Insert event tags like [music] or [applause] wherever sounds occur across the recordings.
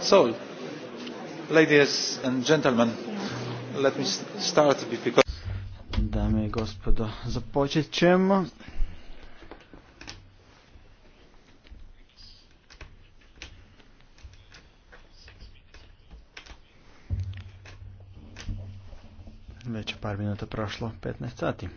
So, ladies and gentlemen, let me start because... Dame i gospodo, započet ćemo. Već par minuta prošlo, 15 sati.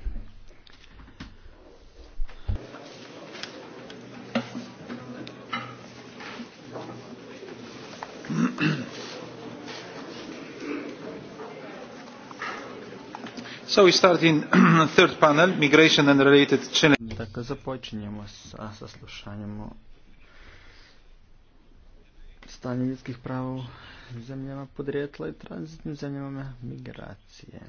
So we start in [clears throat] third panel, migration and related challenges. Dakle, započinjemo sa saslušanjem o stanju ljudskih prava u zemljama podrijetla i tranzitnim zemljama migracije.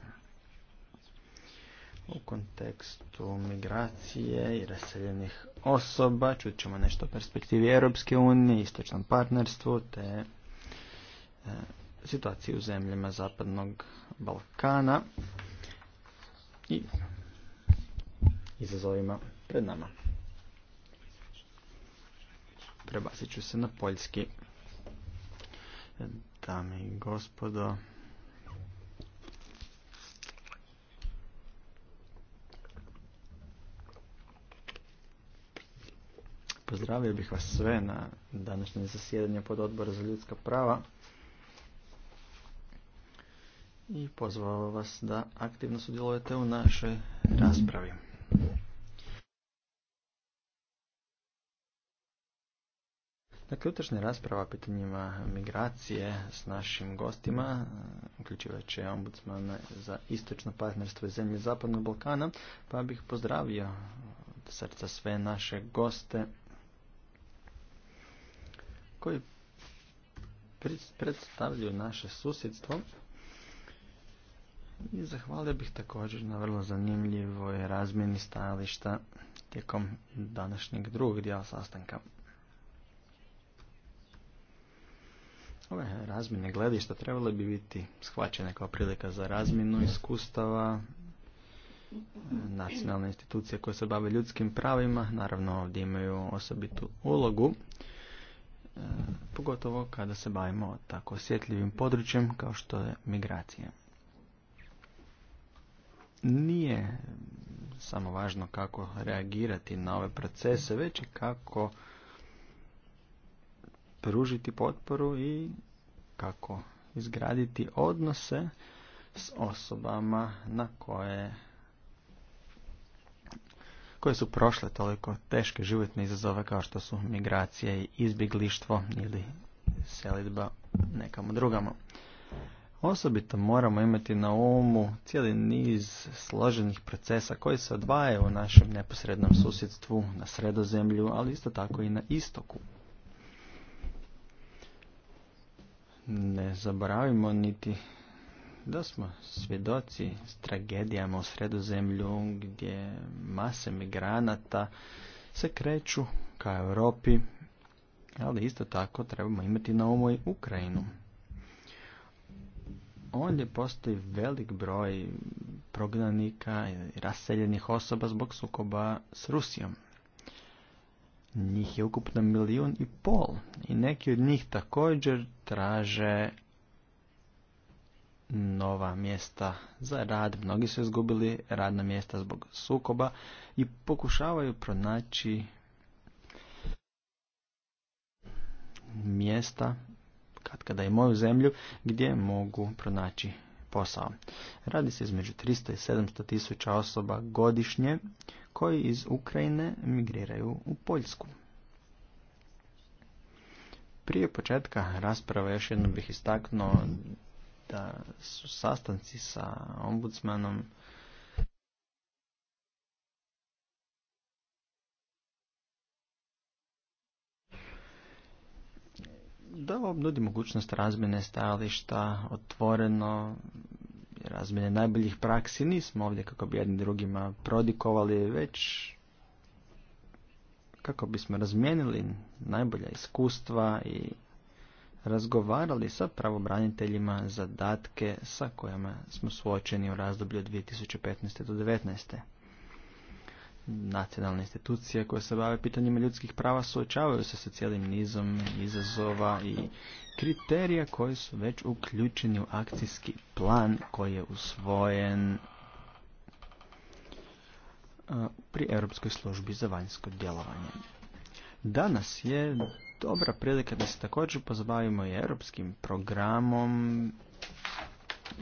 U kontekstu migracije i raseljenih osoba ćemo nešto o perspektivi Europske unije, istočnom partnerstvu te e, situaciji u zemljama Zapadnog Balkana i izazovima pred nama. Prebasit ću se na poljski. Dame i gospodo, pozdravio bih vas sve na današnje zasjedanje pod odbor za ljudska prava i pozvao vas da aktivno sudjelujete u našoj raspravi. Dakle, utrašnja rasprava o pitanjima migracije s našim gostima, uključivajući ombudsmana za istočno partnerstvo i zemlje Zapadnog Balkana, pa bih pozdravio od srca sve naše goste koji predstavljaju naše susjedstvo i zahvalio bih također na vrlo zanimljivoj razmjeni stajališta tijekom današnjeg drugog dijela sastanka. Ove razmjene gledišta trebale bi biti shvaćene kao prilika za razmjenu iskustava nacionalne institucije koje se bave ljudskim pravima. Naravno ovdje imaju osobitu ulogu, e, pogotovo kada se bavimo tako osjetljivim područjem kao što je migracija nije samo važno kako reagirati na ove procese, već i kako pružiti potporu i kako izgraditi odnose s osobama na koje koje su prošle toliko teške životne izazove kao što su migracije i izbjeglištvo ili selidba nekamo drugamo. Osobito moramo imati na umu cijeli niz složenih procesa koji se odvajaju u našem neposrednom susjedstvu, na sredozemlju, ali isto tako i na istoku. Ne zaboravimo niti da smo svjedoci s tragedijama u sredozemlju gdje mase migranata se kreću ka Europi, ali isto tako trebamo imati na umu i Ukrajinu ondje postoji velik broj prognanika i raseljenih osoba zbog sukoba s Rusijom. Njih je ukupno milijun i pol i neki od njih također traže nova mjesta za rad. Mnogi su izgubili radna mjesta zbog sukoba i pokušavaju pronaći mjesta kada i moju zemlju gdje mogu pronaći posao. Radi se između 300 i 700 tisuća osoba godišnje koji iz Ukrajine migriraju u Poljsku. Prije početka rasprave još jednom bih istaknuo da su sastanci sa ombudsmanom da vam nudi mogućnost razmjene stajališta otvoreno, razmjene najboljih praksi. Nismo ovdje kako bi jedni drugima prodikovali, već kako bismo razmijenili najbolja iskustva i razgovarali sa pravobraniteljima zadatke sa kojima smo suočeni u razdoblju od 2015. do 2019 nacionalne institucije koje se bave pitanjima ljudskih prava suočavaju se sa cijelim nizom izazova i kriterija koji su već uključeni u akcijski plan koji je usvojen pri Europskoj službi za vanjsko djelovanje. Danas je dobra prilika da se također pozabavimo i europskim programom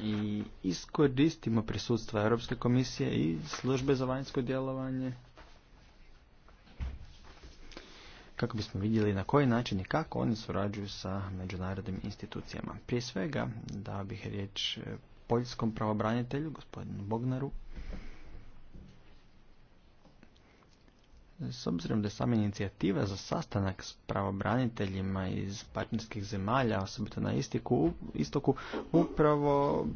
i iskoristimo prisustva Europske komisije i službe za vanjsko djelovanje kako bismo vidjeli na koji način i kako oni surađuju sa međunarodnim institucijama. Prije svega, da bih riječ eh, poljskom pravobranitelju, gospodinu Bognaru, S obzirom da je sama inicijativa za sastanak s pravobraniteljima iz partnerskih zemalja, osobito na istiku, istoku, upravo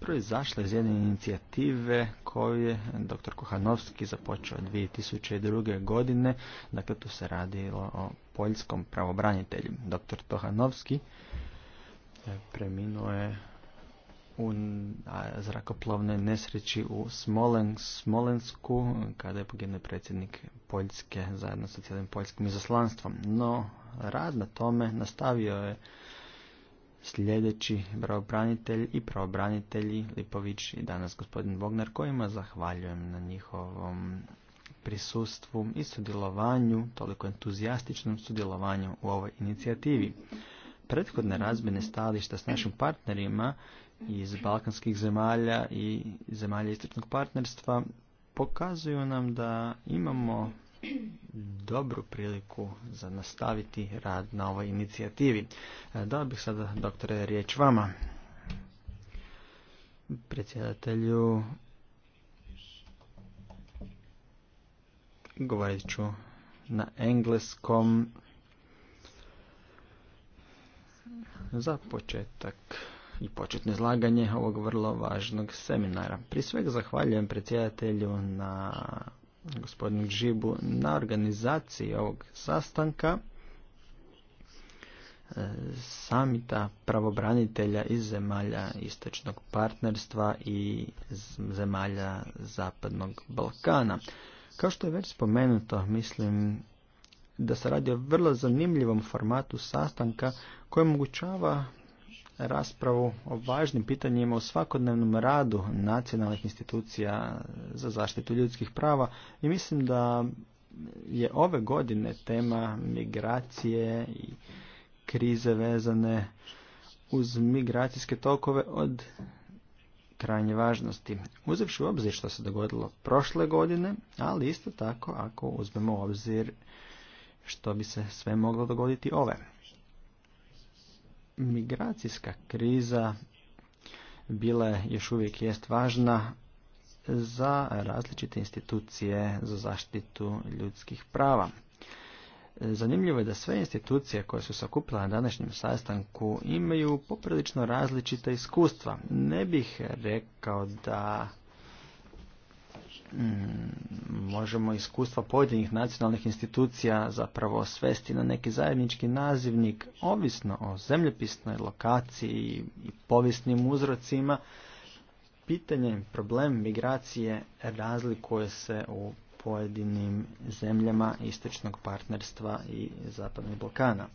proizašla iz jedne inicijative koju je dr. Kohanovski započeo 2002. godine. Dakle, tu se radilo o poljskom pravobranitelju. Dr. Kohanovski e, preminuo je u zrakoplovnoj nesreći u Smolensk, Smolensku, kada je poginuo predsjednik Poljske zajedno sa cijelim poljskim izaslanstvom. No, rad na tome nastavio je sljedeći pravobranitelj i pravobranitelji Lipović i danas gospodin Bognar, kojima zahvaljujem na njihovom prisustvu i sudjelovanju, toliko entuzijastičnom sudjelovanju u ovoj inicijativi. Prethodne razmjene stališta s našim partnerima iz balkanskih zemalja i zemalja istočnog partnerstva pokazuju nam da imamo dobru priliku za nastaviti rad na ovoj inicijativi. E, Dao bih sada, doktore, riječ vama. Predsjedatelju, govorit ću na engleskom za početak i početno izlaganje ovog vrlo važnog seminara. Prije svega zahvaljujem predsjedatelju na gospodinu Žibu na organizaciji ovog sastanka e, samita pravobranitelja iz zemalja istočnog partnerstva i zemalja zapadnog Balkana. Kao što je već spomenuto, mislim da se radi o vrlo zanimljivom formatu sastanka koji omogućava raspravu o važnim pitanjima u svakodnevnom radu nacionalnih institucija za zaštitu ljudskih prava i mislim da je ove godine tema migracije i krize vezane uz migracijske tokove od krajnje važnosti. Uzevši u obzir što se dogodilo prošle godine, ali isto tako ako uzmemo u obzir što bi se sve moglo dogoditi ove. Migracijska kriza bila je još uvijek jest važna za različite institucije za zaštitu ljudskih prava. Zanimljivo je da sve institucije koje su sakupile na današnjem sastanku imaju poprilično različita iskustva. Ne bih rekao da Mm, možemo iskustva pojedinih nacionalnih institucija zapravo svesti na neki zajednički nazivnik ovisno o zemljopisnoj lokaciji i povijesnim uzrocima pitanje problem migracije razlikuje se u pojedinim zemljama istočnog partnerstva i zapadnog Balkana.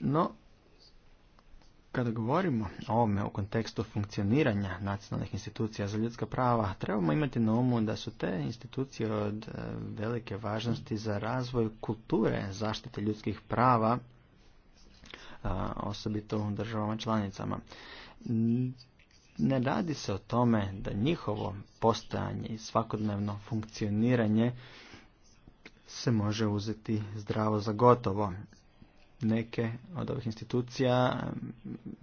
No, kada govorimo o ovome u kontekstu funkcioniranja nacionalnih institucija za ljudska prava, trebamo imati na umu da su te institucije od e, velike važnosti za razvoj kulture zaštite ljudskih prava, e, osobito u državama članicama. Ne radi se o tome da njihovo postojanje i svakodnevno funkcioniranje se može uzeti zdravo za gotovo neke od ovih institucija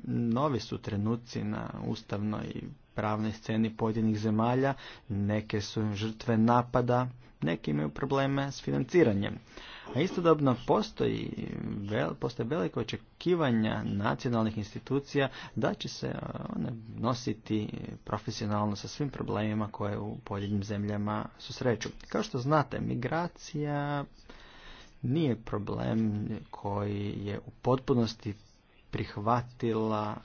novi su trenuci na ustavnoj i pravnoj sceni pojedinih zemalja, neke su žrtve napada, neke imaju probleme s financiranjem. A istodobno postoji, vel, postoje veliko očekivanja nacionalnih institucija da će se e, one nositi profesionalno sa svim problemima koje u pojedinim zemljama susreću. Kao što znate, migracija nije problem koji je u potpunosti prihvatila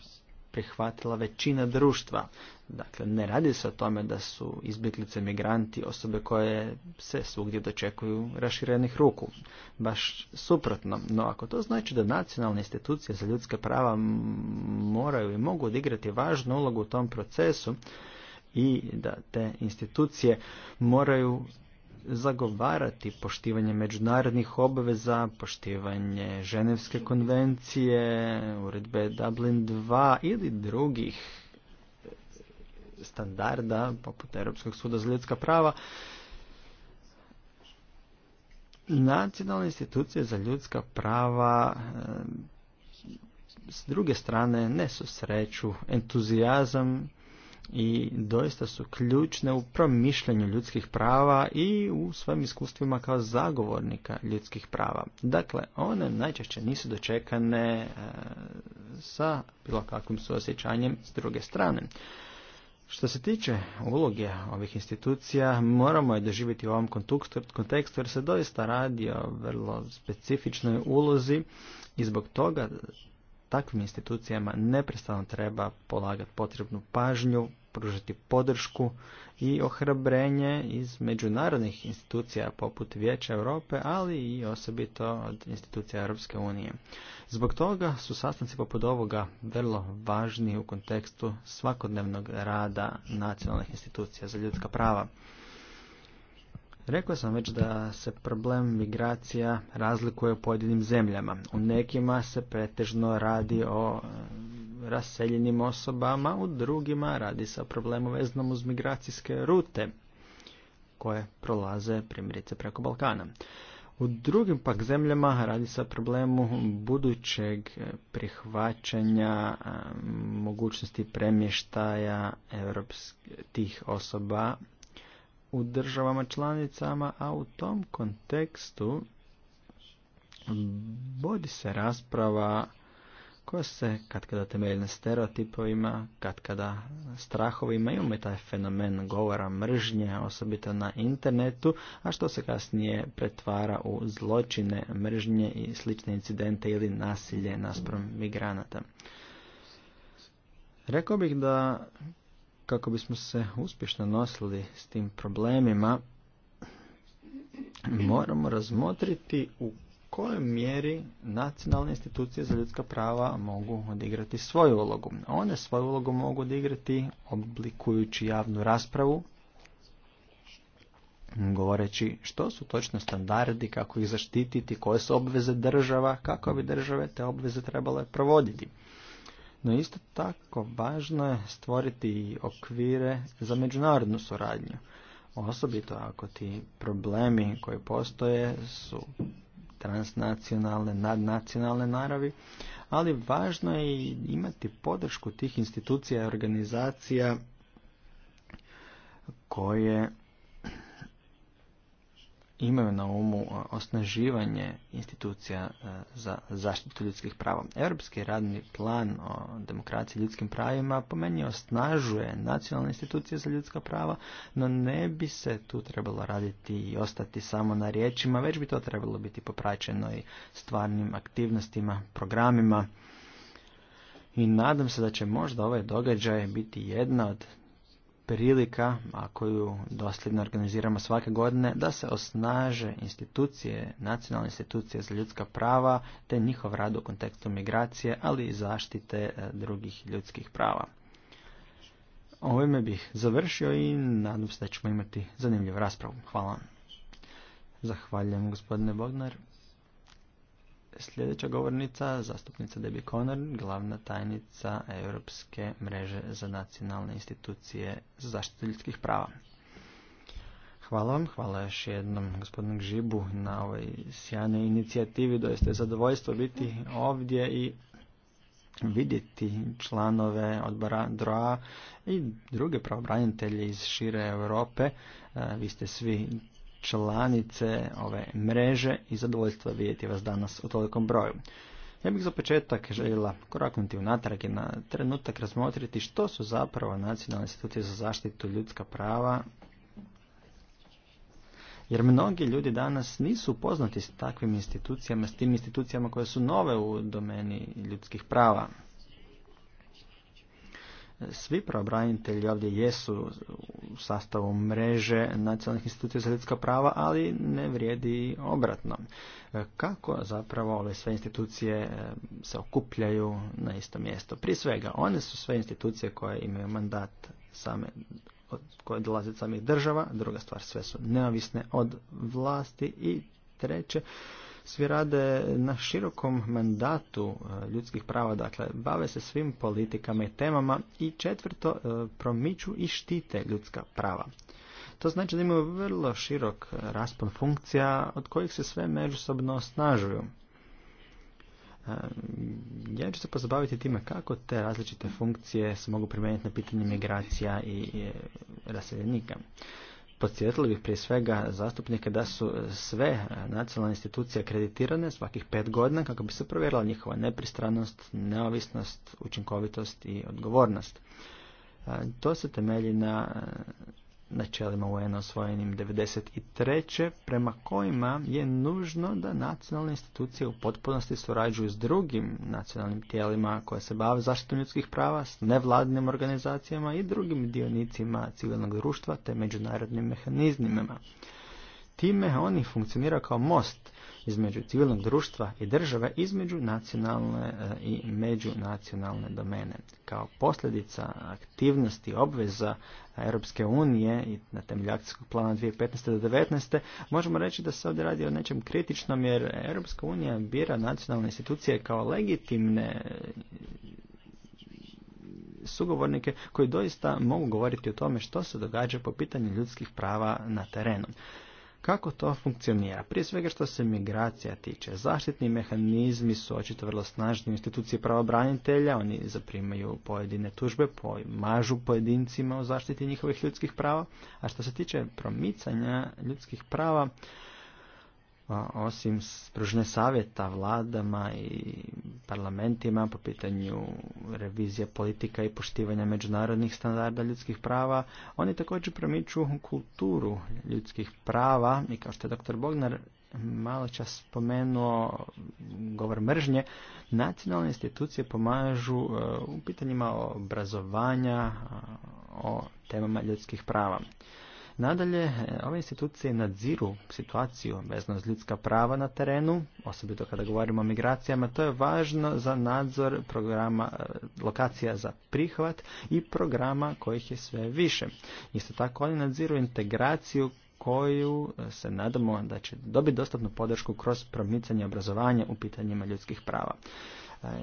prihvatila većina društva. Dakle, ne radi se o tome da su izbjeglice migranti osobe koje se svugdje dočekuju raširenih ruku. Baš suprotno. No ako to znači da nacionalne institucije za ljudska prava moraju i mogu odigrati važnu ulogu u tom procesu i da te institucije moraju zagovarati poštivanje međunarodnih obveza, poštivanje Ženevske konvencije, uredbe Dublin 2 ili drugih standarda poput Europskog suda za ljudska prava, nacionalne institucije za ljudska prava eh, s druge strane ne sreću, entuzijazam i doista su ključne u promišljanju ljudskih prava i u svojim iskustvima kao zagovornika ljudskih prava. Dakle, one najčešće nisu dočekane e, sa bilo kakvim suosjećanjem s druge strane. Što se tiče uloge ovih institucija, moramo je doživjeti u ovom kontekstu jer se doista radi o vrlo specifičnoj ulozi i zbog toga takvim institucijama neprestano treba polagati potrebnu pažnju, pružiti podršku i ohrabrenje iz međunarodnih institucija poput Vijeća Europe, ali i osobito od institucija Europske unije. Zbog toga su sastanci poput ovoga vrlo važni u kontekstu svakodnevnog rada nacionalnih institucija za ljudska prava. Rekao sam već da se problem migracija razlikuje u pojedinim zemljama. U nekima se pretežno radi o e, raseljenim osobama, u drugima radi se o problemu veznom uz migracijske rute koje prolaze primjerice preko Balkana. U drugim pak zemljama radi se o problemu budućeg e, prihvaćanja e, mogućnosti premještaja tih osoba u državama članicama, a u tom kontekstu vodi se rasprava koja se kad kada temelji na stereotipovima, kad kada strahovima, imamo i taj fenomen govora mržnje, osobito na internetu, a što se kasnije pretvara u zločine mržnje i slične incidente ili nasilje naspram migranata. Rekao bih da kako bismo se uspješno nosili s tim problemima, moramo razmotriti u kojoj mjeri nacionalne institucije za ljudska prava mogu odigrati svoju ulogu. One svoju ulogu mogu odigrati oblikujući javnu raspravu, govoreći što su točno standardi, kako ih zaštititi, koje su obveze država, kako bi države te obveze trebale provoditi. No isto tako važno je stvoriti okvire za međunarodnu suradnju. Osobito ako ti problemi koji postoje su transnacionalne, nadnacionalne naravi, ali važno je imati podršku tih institucija i organizacija koje imaju na umu osnaživanje institucija e, za zaštitu ljudskih prava. Europski radni plan o demokraciji i ljudskim pravima po meni osnažuje nacionalne institucije za ljudska prava, no ne bi se tu trebalo raditi i ostati samo na riječima, već bi to trebalo biti popraćeno i stvarnim aktivnostima, programima. I nadam se da će možda ovaj događaj biti jedna od prilika, a koju dosljedno organiziramo svake godine, da se osnaže institucije, nacionalne institucije za ljudska prava, te njihov rad u kontekstu migracije, ali i zaštite e, drugih ljudskih prava. Ovime bih završio i nadam se da ćemo imati zanimljivu raspravu. Hvala. Zahvaljujem gospodine Bognar. Sljedeća govornica, zastupnica Debbie Conner, glavna tajnica Europske mreže za nacionalne institucije za zaštitu ljudskih prava. Hvala vam, hvala još jednom gospodinu Gžibu na ovoj sjajnoj inicijativi, doista je zadovoljstvo biti ovdje i vidjeti članove odbora DROA i druge pravobranitelje iz šire Europe. E, vi ste svi članice ove mreže i zadovoljstva vidjeti vas danas u tolikom broju. Ja bih za početak željela koraknuti unatrag i na trenutak razmotriti što su zapravo nacionalne institucije za zaštitu ljudska prava jer mnogi ljudi danas nisu upoznati s takvim institucijama, s tim institucijama koje su nove u domeni ljudskih prava. Svi pravobranitelji ovdje jesu u sastavu mreže nacionalnih institucija za ljudska prava, ali ne vrijedi obratno. E, kako zapravo ove sve institucije e, se okupljaju na isto mjesto? Prije svega, one su sve institucije koje imaju mandat same od koje dolaze od samih država, druga stvar sve su neovisne od vlasti i treće svi rade na širokom mandatu e, ljudskih prava, dakle bave se svim politikama i temama i četvrto e, promiču i štite ljudska prava. To znači da imaju vrlo širok e, raspon funkcija od kojih se sve međusobno snažuju. Ja ću se pozabaviti time kako te različite funkcije se mogu primijeniti na pitanje migracija i raseljenika. Podsjetili bih prije svega zastupnike da su sve nacionalne institucije akreditirane svakih pet godina kako bi se provjerila njihova nepristranost, neovisnost, učinkovitost i odgovornost. To se temelji na načelima UN osvojenim 1993. prema kojima je nužno da nacionalne institucije u potpunosti surađuju s drugim nacionalnim tijelima koje se bave zaštitom ljudskih prava, s nevladnim organizacijama i drugim dionicima civilnog društva te međunarodnim mehanizmima. Time oni funkcionira kao most između civilnog društva i države, između nacionalne e, i međunacionalne domene. Kao posljedica aktivnosti obveza Europske unije i na temelju akcijskog plana 2015. do 2019. možemo reći da se ovdje radi o nečem kritičnom jer Europska unija bira nacionalne institucije kao legitimne e, sugovornike koji doista mogu govoriti o tome što se događa po pitanju ljudskih prava na terenu. Kako to funkcionira? Prije svega što se migracija tiče, zaštitni mehanizmi su očito vrlo snažni u instituciji pravobranitelja, oni zaprimaju pojedine tužbe, pomažu pojedincima u zaštiti njihovih ljudskih prava, a što se tiče promicanja ljudskih prava, osim spružne savjeta vladama i parlamentima po pitanju revizije politika i poštivanja međunarodnih standarda ljudskih prava, oni također promiču kulturu ljudskih prava i kao što je dr. Bognar malo čas spomenuo govor mržnje, nacionalne institucije pomažu e, u pitanjima obrazovanja, o temama ljudskih prava. Nadalje, e, ove institucije nadziru situaciju vezno s ljudska prava na terenu, osobito kada govorimo o migracijama, to je važno za nadzor programa e, lokacija za prihvat i programa kojih je sve više. Isto tako oni nadziru integraciju koju e, se nadamo da će dobiti dostatnu podršku kroz promicanje obrazovanja u pitanjima ljudskih prava.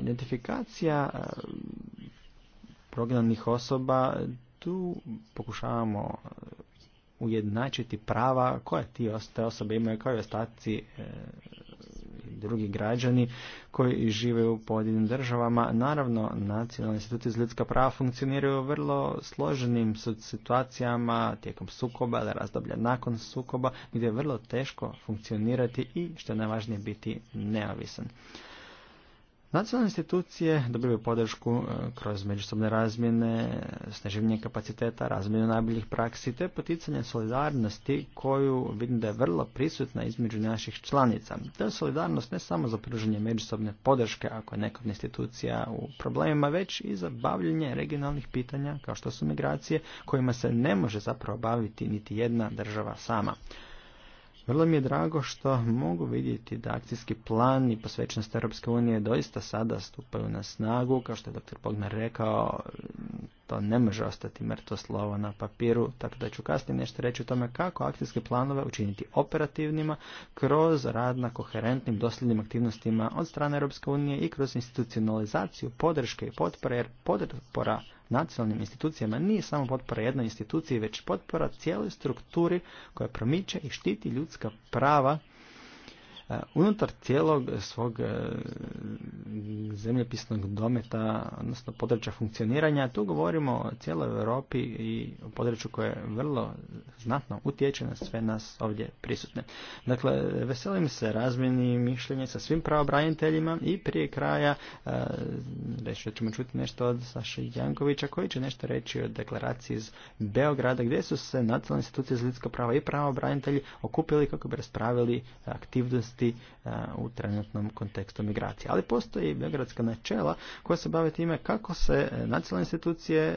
Identifikacija prognanih osoba tu pokušavamo ujednačiti prava koja ti te osobe imaju kao i ostaci e, drugi građani koji žive u pojedinim državama. Naravno, nacionalni instituti za ljudska prava funkcioniraju u vrlo složenim situacijama tijekom sukoba ili razdoblja nakon sukoba gdje je vrlo teško funkcionirati i što je najvažnije biti neovisan. Nacionalne institucije dobivaju podršku e, kroz međusobne razmjene, snaživanje kapaciteta, razmjenu najboljih praksi te poticanje solidarnosti koju vidim da je vrlo prisutna između naših članica. To je solidarnost ne samo za pružanje međusobne podrške ako je neka institucija u problemima, već i za bavljenje regionalnih pitanja kao što su migracije kojima se ne može zapravo baviti niti jedna država sama. Vrlo mi je drago što mogu vidjeti da akcijski plan i posvećenost Europske unije doista sada stupaju na snagu. Kao što je dr. Pogner rekao, to ne može ostati mrtvo slovo na papiru, tako da ću kasnije nešto reći o tome kako akcijske planove učiniti operativnima kroz rad na koherentnim dosljednim aktivnostima od strane Europske unije i kroz institucionalizaciju podrške i potpore, jer potpora nacionalnim institucijama nije samo potpora jednoj instituciji, već potpora cijeloj strukturi koja promiče i štiti ljudska prava unutar cijelog svog e, zemljopisnog dometa, odnosno područja funkcioniranja. Tu govorimo o cijeloj Europi i o području koje je vrlo znatno utječe na sve nas ovdje prisutne. Dakle, veselim se razmjeni mišljenje sa svim pravobraniteljima i prije kraja e, reći da ćemo čuti nešto od Saša Jankovića koji će nešto reći o deklaraciji iz Beograda gdje su se nacionalne institucije za ljudska prava i pravobranitelji okupili kako bi raspravili aktivnost E, u trenutnom kontekstu migracije. Ali postoji biogradska načela koja se bave time kako se e, nacionalne institucije e,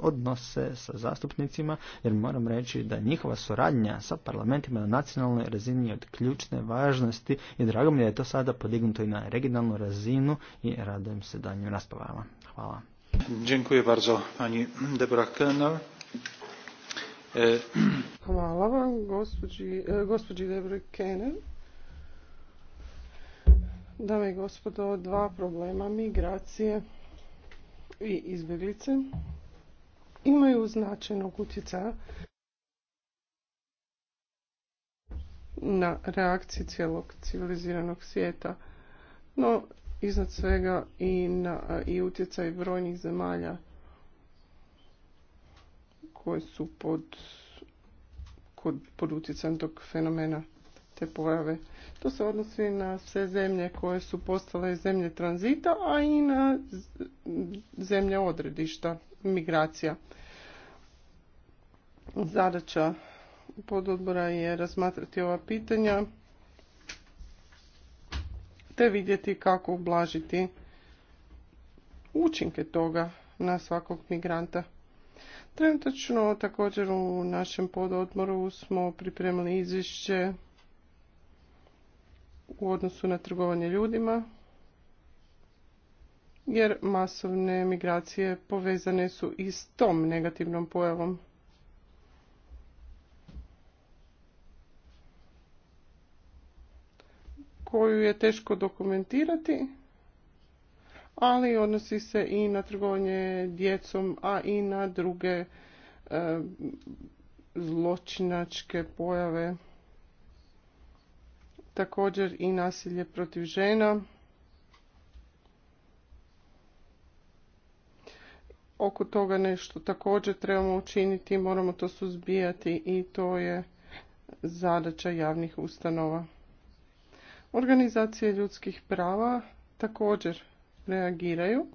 odnose sa zastupnicima, jer moram reći da njihova suradnja sa parlamentima na nacionalnoj razini je od ključne važnosti i drago mi je da je to sada podignuto i na regionalnu razinu i radujem se danju raspravama. Hvala. Dziękuję bardzo pani Hvala vam, gospođi, Dame i gospodo, dva problema migracije i izbjeglice imaju značajnog utjecaja na reakciju cijelog civiliziranog svijeta, no iznad svega i, na, i utjecaj brojnih zemalja koje su pod, pod utjecajem tog fenomena te pojave. To se odnosi na sve zemlje koje su postale zemlje tranzita, a i na zemlje odredišta migracija. Zadaća pododbora je razmatrati ova pitanja te vidjeti kako ublažiti učinke toga na svakog migranta. Trenutačno također u našem pododmoru smo pripremili izvješće u odnosu na trgovanje ljudima, jer masovne migracije povezane su i s tom negativnom pojavom. koju je teško dokumentirati, ali odnosi se i na trgovanje djecom, a i na druge e, zločinačke pojave također i nasilje protiv žena. Oko toga nešto također trebamo učiniti, moramo to suzbijati i to je zadaća javnih ustanova. Organizacije ljudskih prava također reagiraju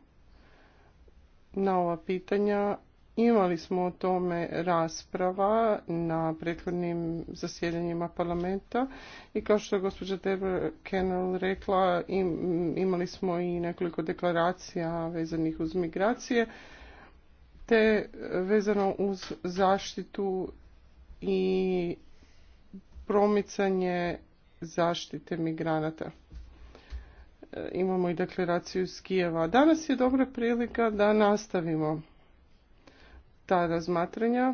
na ova pitanja Imali smo o tome rasprava na prethodnim zasjedanjima parlamenta i kao što je gospođa Deborah Kennel rekla, imali smo i nekoliko deklaracija vezanih uz migracije, te vezano uz zaštitu i promicanje zaštite migranata e, imamo i deklaraciju iz Kijeva. Danas je dobra prilika da nastavimo ta razmatranja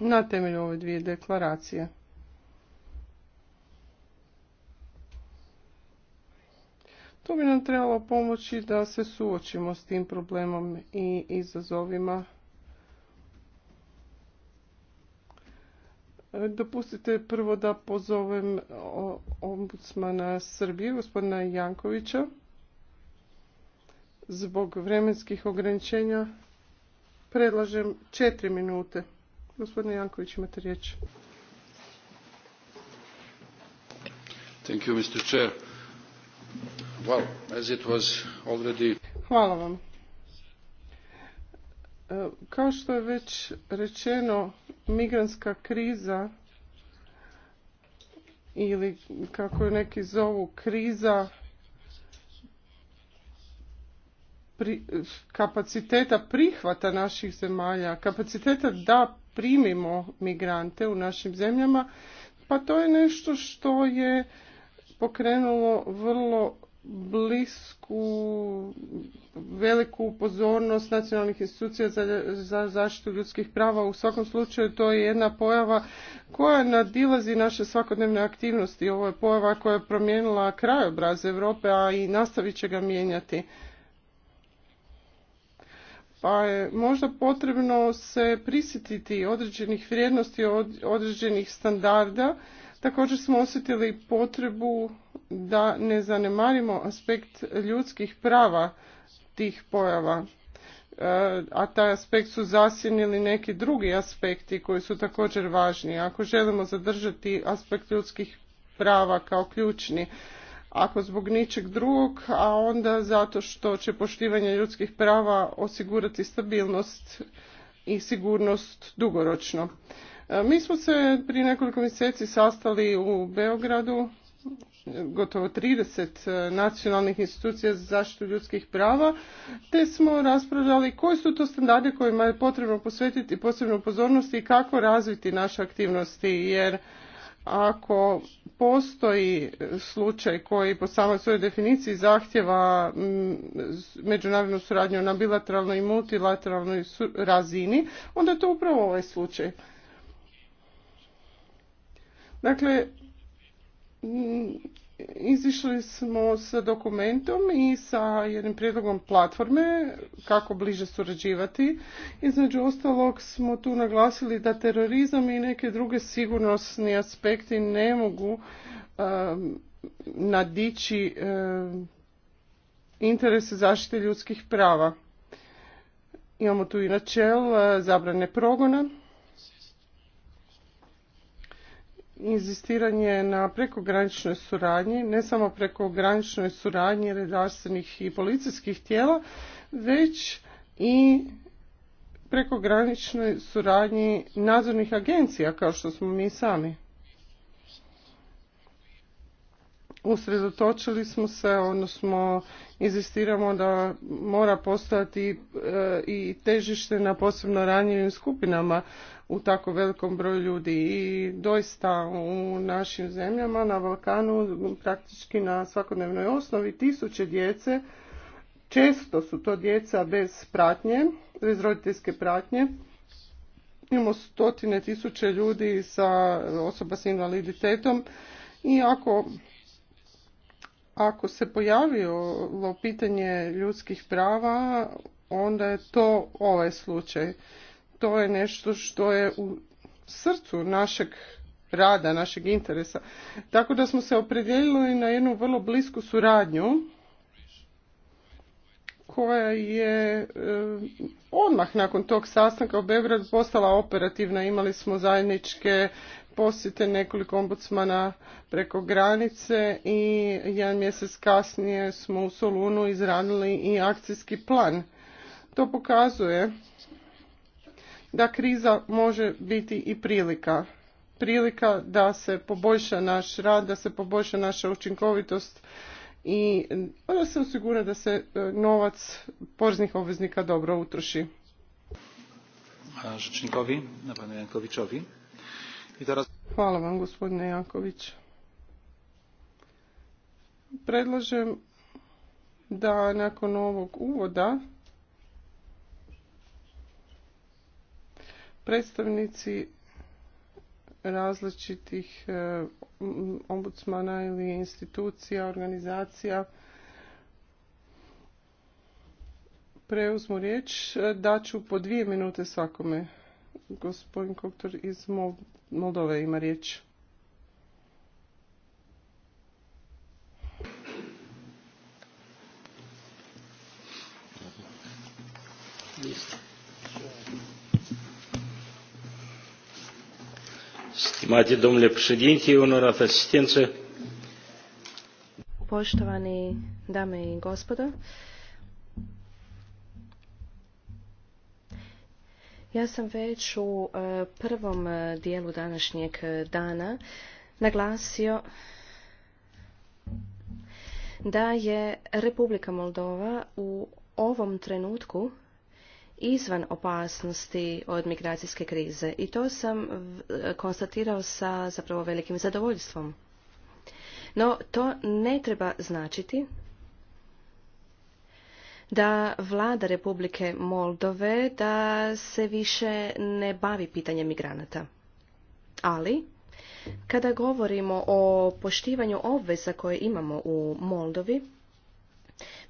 na temelju ove dvije deklaracije. To bi nam trebalo pomoći da se suočimo s tim problemom i izazovima. Dopustite prvo da pozovem ombudsmana Srbije, gospodina Jankovića, zbog vremenskih ograničenja. Predlažem četiri minute. Gospodine Janković, imate riječ. Thank you, Mr. Chair. Hvala vam. E, kao što je već rečeno, migranska kriza ili kako je neki zovu kriza pri, kapaciteta prihvata naših zemalja, kapaciteta da primimo migrante u našim zemljama, pa to je nešto što je pokrenulo vrlo blisku veliku pozornost nacionalnih institucija za, zaštitu ljudskih prava. U svakom slučaju to je jedna pojava koja nadilazi naše svakodnevne aktivnosti. Ovo je pojava koja je promijenila krajobraz Europe, a i nastavit će ga mijenjati pa je možda potrebno se prisjetiti određenih vrijednosti, određenih standarda. Također smo osjetili potrebu da ne zanemarimo aspekt ljudskih prava tih pojava. E, a taj aspekt su zasjenili neki drugi aspekti koji su također važni. Ako želimo zadržati aspekt ljudskih prava kao ključni, ako zbog ničeg drugog, a onda zato što će poštivanje ljudskih prava osigurati stabilnost i sigurnost dugoročno. E, mi smo se prije nekoliko mjeseci sastali u Beogradu, gotovo 30 e, nacionalnih institucija za zaštitu ljudskih prava, te smo raspravljali koji su to standarde kojima je potrebno posvetiti posebnu pozornost i kako razviti naše aktivnosti, jer ako postoji slučaj koji po samoj svojoj definiciji zahtjeva mm, međunarodnu suradnju na bilateralnoj i multilateralnoj razini, onda je to upravo ovaj slučaj. Dakle, mm, izišli smo sa dokumentom i sa jednim prijedlogom platforme kako bliže surađivati. Između ostalog smo tu naglasili da terorizam i neke druge sigurnosni aspekti ne mogu nadići interese zaštite ljudskih prava. Imamo tu i načel eh, zabrane progona inzistiranje na prekograničnoj suradnji, ne samo prekograničnoj suradnji redarstvenih i policijskih tijela, već i prekograničnoj suradnji nadzornih agencija, kao što smo mi sami. usredotočili smo se, odnosno inzistiramo da mora postojati e, i težište na posebno ranjivim skupinama u tako velikom broju ljudi i doista u našim zemljama na Balkanu praktički na svakodnevnoj osnovi tisuće djece često su to djeca bez pratnje, bez roditeljske pratnje imamo stotine tisuće ljudi sa osoba s invaliditetom i ako ako se pojavilo pitanje ljudskih prava, onda je to ovaj slučaj. To je nešto što je u srcu našeg rada, našeg interesa. Tako da smo se opredijelili na jednu vrlo blisku suradnju koja je eh, odmah nakon tog sastanka u Beogradu postala operativna. Imali smo zajedničke posjete nekoliko ombudsmana preko granice i jedan mjesec kasnije smo u Solunu izradili i akcijski plan. To pokazuje da kriza može biti i prilika. Prilika da se poboljša naš rad, da se poboljša naša učinkovitost i da se osigura da se novac poreznih obveznika dobro utroši. panu Hvala vam gospodine Janković. Predlažem da nakon ovog uvoda predstavnici različitih e, ombudsmana ili institucija, organizacija preuzmu riječ. E, ću po dvije minute svakome. Gospodin Koktor iz Moldove ima riječ. Stimate domnule președinte, onorat asistență. Poštovani dame i gospodo, Ja sam već u e, prvom e, dijelu današnjeg e, dana naglasio da je Republika Moldova u ovom trenutku izvan opasnosti od migracijske krize i to sam konstatirao sa zapravo velikim zadovoljstvom. No, to ne treba značiti da vlada Republike Moldove da se više ne bavi pitanjem migranata. Ali, kada govorimo o poštivanju obveza koje imamo u Moldovi,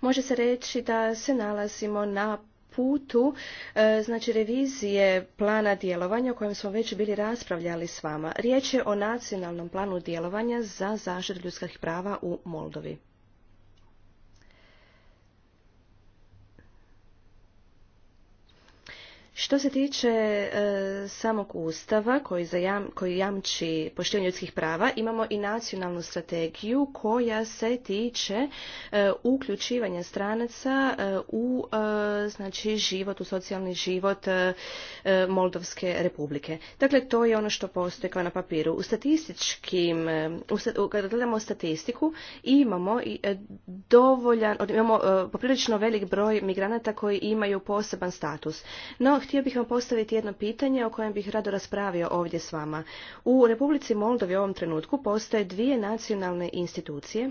može se reći da se nalazimo na putu e, znači revizije plana djelovanja o kojem smo već bili raspravljali s vama. Riječ je o nacionalnom planu djelovanja za zaštitu ljudskih prava u Moldovi. Što se tiče e, samog ustava koji, jamči poštivanje ljudskih prava, imamo i nacionalnu strategiju koja se tiče e, uključivanja stranaca e, u znači život, u socijalni život Moldovske republike. Dakle, to je ono što postoji kao na papiru. U statističkim, kada gledamo statistiku, imamo dovoljan, imamo poprilično velik broj migranata koji imaju poseban status. No, htio bih vam postaviti jedno pitanje o kojem bih rado raspravio ovdje s vama. U Republici Moldovi u ovom trenutku postoje dvije nacionalne institucije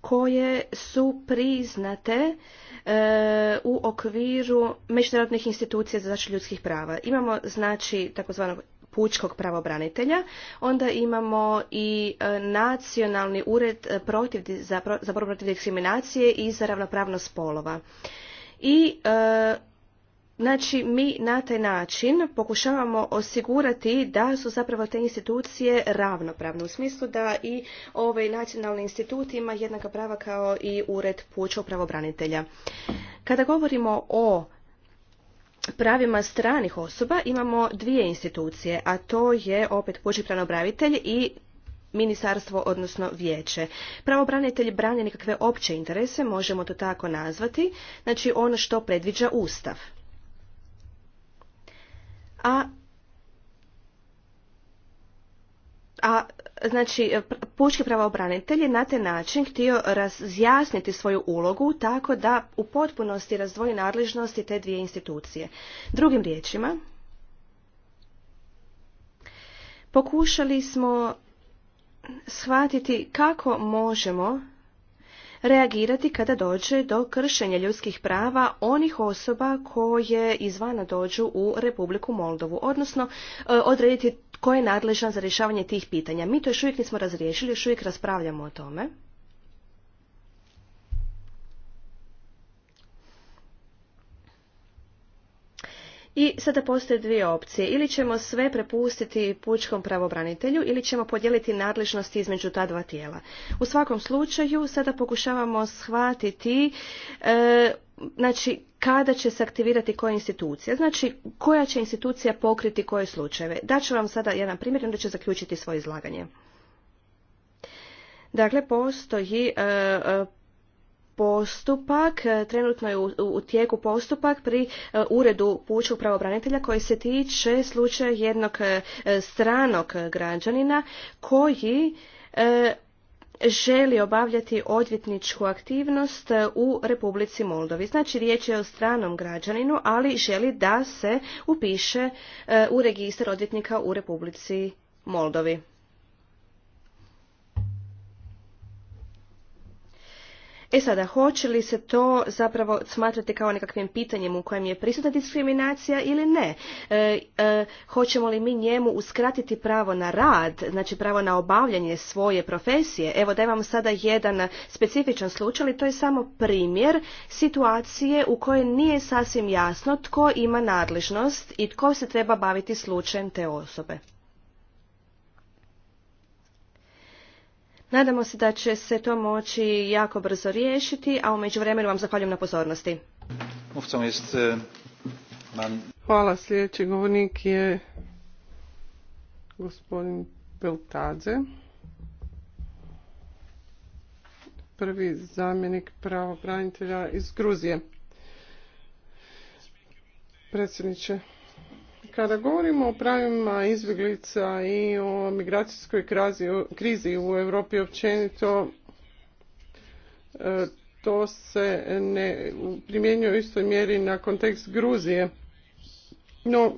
koje su priznate e, u okviru međunarodnih institucija za zaštitu ljudskih prava. Imamo znači takozvanog pučkog pravobranitelja, onda imamo i e, nacionalni ured e, protiv, za, za borbu protiv diskriminacije i za ravnopravnost spolova i e, Znači, mi na taj način pokušavamo osigurati da su zapravo te institucije ravnopravne, u smislu da i ovaj nacionalni institut ima jednaka prava kao i ured pučog pravobranitelja. Kada govorimo o pravima stranih osoba imamo dvije institucije, a to je opet pučki pravobranitelj i ministarstvo, odnosno vijeće. Pravobranitelj brani nekakve opće interese, možemo to tako nazvati, znači ono što predviđa Ustav. A a znači pučki pravobranitelj je na taj način htio razjasniti svoju ulogu tako da u potpunosti razdvoji nadležnosti te dvije institucije. Drugim riječima, pokušali smo shvatiti kako možemo reagirati kada dođe do kršenja ljudskih prava onih osoba koje izvana dođu u Republiku Moldovu, odnosno e, odrediti tko je nadležan za rješavanje tih pitanja. Mi to još uvijek nismo razriješili, još uvijek raspravljamo o tome. I sada postoje dvije opcije. Ili ćemo sve prepustiti pučkom pravobranitelju ili ćemo podijeliti nadležnosti između ta dva tijela. U svakom slučaju sada pokušavamo shvatiti e, znači kada će se aktivirati koja institucija, znači koja će institucija pokriti koje slučajeve. Daću vam sada jedan primjer i onda ću zaključiti svoje izlaganje. Dakle, postoji e, e, postupak, e, trenutno je u, tijeku postupak pri e, uredu pučkog pravobranitelja koji se tiče slučaja jednog e, stranog građanina koji želi obavljati odvjetničku aktivnost u Republici Moldovi. Znači riječ je o stranom građaninu, ali želi da se upiše u registar odvjetnika u Republici Moldovi. E sada, hoće li se to zapravo smatrati kao nekakvim pitanjem u kojem je prisutna diskriminacija ili ne? E, e, hoćemo li mi njemu uskratiti pravo na rad, znači pravo na obavljanje svoje profesije? Evo da imamo sada jedan specifičan slučaj, ali to je samo primjer situacije u kojoj nije sasvim jasno tko ima nadležnost i tko se treba baviti slučajem te osobe. Nadamo se da će se to moći jako brzo riješiti, a u međuvremenu vam zahvaljujem na pozornosti. E, Hvala, sljedeći govornik je gospodin Peltadze, prvi zamjenik pravobranitelja iz Gruzije. Predsjedniče, kada govorimo o pravima izbjeglica i o migracijskoj krizi u Europi općenito, e, to se ne primjenjuje u istoj mjeri na kontekst Gruzije. No,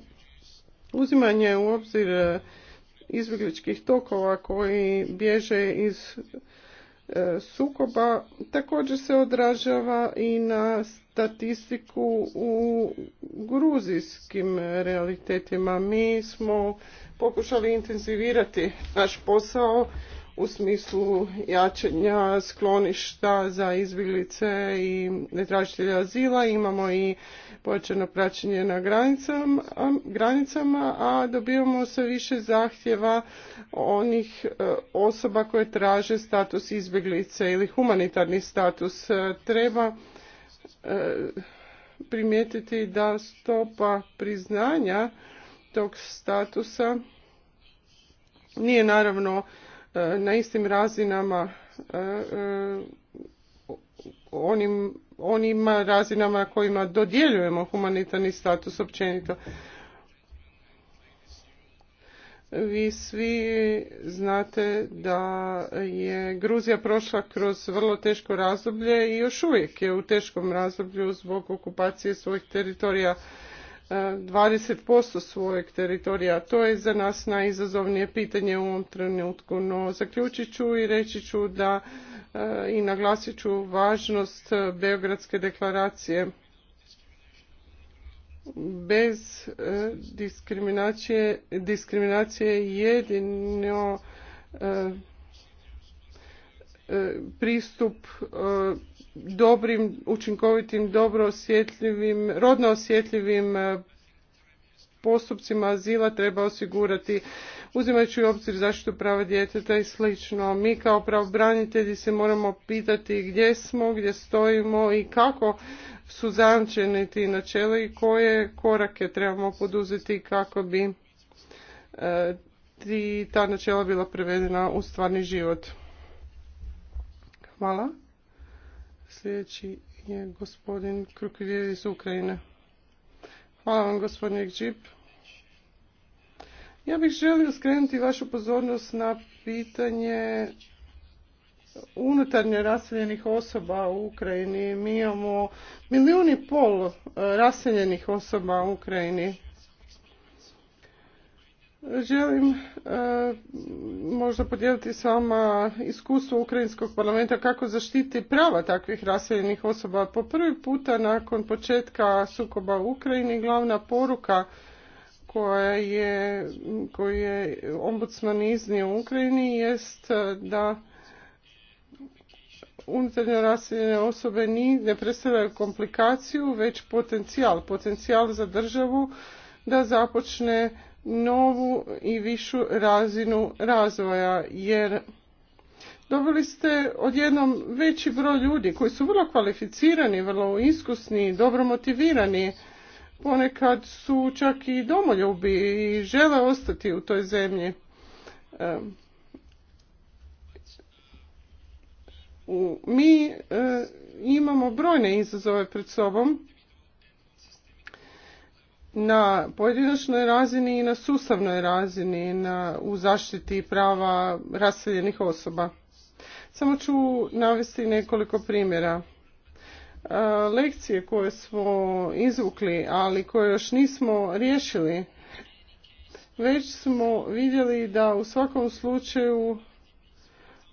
uzimanje u obzir e, izbjegličkih tokova koji bježe iz E, sukoba također se odražava i na statistiku u gruzijskim realitetima. Mi smo pokušali intenzivirati naš posao u smislu jačanja skloništa za izbjeglice i netražitelja azila. Imamo i pojačano praćenje na granicama, granicama, a dobivamo sve više zahtjeva onih e, osoba koje traže status izbjeglice ili humanitarni status. E, treba e, primijetiti da stopa priznanja tog statusa nije naravno E, na istim razinama e, e, onim, onima razinama kojima dodjeljujemo humanitarni status općenito. Vi svi znate da je Gruzija prošla kroz vrlo teško razdoblje i još uvijek je u teškom razdoblju zbog okupacije svojih teritorija 20% svojeg teritorija. To je za nas najizazovnije pitanje u ovom trenutku, no zaključit ću i reći ću da e, i naglasit ću važnost Beogradske deklaracije. Bez e, diskriminacije, diskriminacije jedino e, pristup dobrim, učinkovitim, dobro osjetljivim, rodno osjetljivim e, postupcima azila treba osigurati uzimajući u obzir zaštitu prava djeteta i slično. Mi kao pravobranitelji se moramo pitati gdje smo, gdje stojimo i kako su zajamčeni ti načeli i koje korake trebamo poduzeti kako bi e, ta načela bila prevedena u stvarni život. Hvala. Sljedeći je gospodin Krukvir iz Ukrajine. Hvala vam gospodin Ekđip. Ja bih želio skrenuti vašu pozornost na pitanje unutarnje raseljenih osoba u Ukrajini. Mi imamo milijun pol eh, raseljenih osoba u Ukrajini. Želim e, možda podijeliti s vama iskustvo Ukrajinskog parlamenta kako zaštiti prava takvih raseljenih osoba. Po prvi puta nakon početka sukoba u Ukrajini glavna poruka koja je, koju je ombudsman iznio u Ukrajini jest da unutarnje raseljene osobe ne predstavljaju komplikaciju već potencijal, potencijal za državu da započne novu i višu razinu razvoja jer dobili ste odjednom veći broj ljudi koji su vrlo kvalificirani, vrlo iskusni, dobro motivirani. Ponekad su čak i domoljubi i žele ostati u toj zemlji. Mi e, imamo brojne izazove pred sobom na pojedinačnoj razini i na sustavnoj razini na, u zaštiti prava raseljenih osoba. Samo ću navesti nekoliko primjera. E, lekcije koje smo izvukli, ali koje još nismo riješili, već smo vidjeli da u svakom slučaju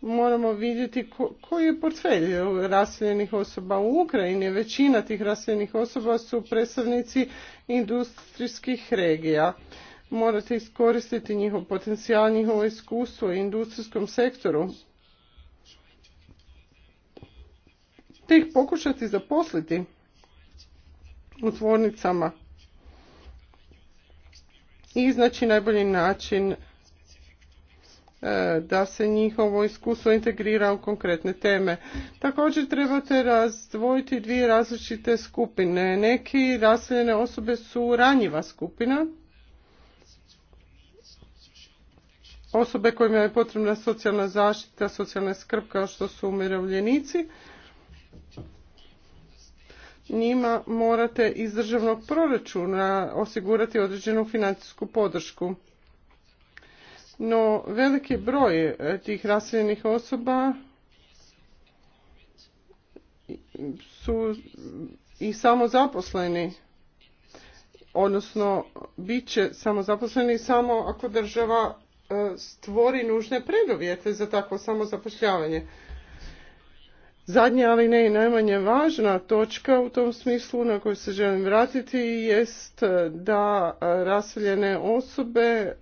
moramo vidjeti koji je portfelj raseljenih osoba u Ukrajini. Većina tih raseljenih osoba su predstavnici industrijskih regija. Morate iskoristiti njihov potencijal, njihovo iskustvo u industrijskom sektoru. Te ih pokušati zaposliti u tvornicama i iznaći najbolji način E, da se njihovo iskustvo integrira u konkretne teme. Također trebate razdvojiti dvije različite skupine. Neki raseljene osobe su ranjiva skupina, osobe kojima je potrebna socijalna zaštita, socijalna skrb kao što su umirovljenici. Njima morate iz državnog proračuna osigurati određenu financijsku podršku no veliki broj e, tih raseljenih osoba su i samozaposleni odnosno bit će samozaposleni samo ako država e, stvori nužne preduvjete za takvo samozapošljavanje Zadnja, ali ne i najmanje važna točka u tom smislu na koju se želim vratiti jest e, da e, raseljene osobe e,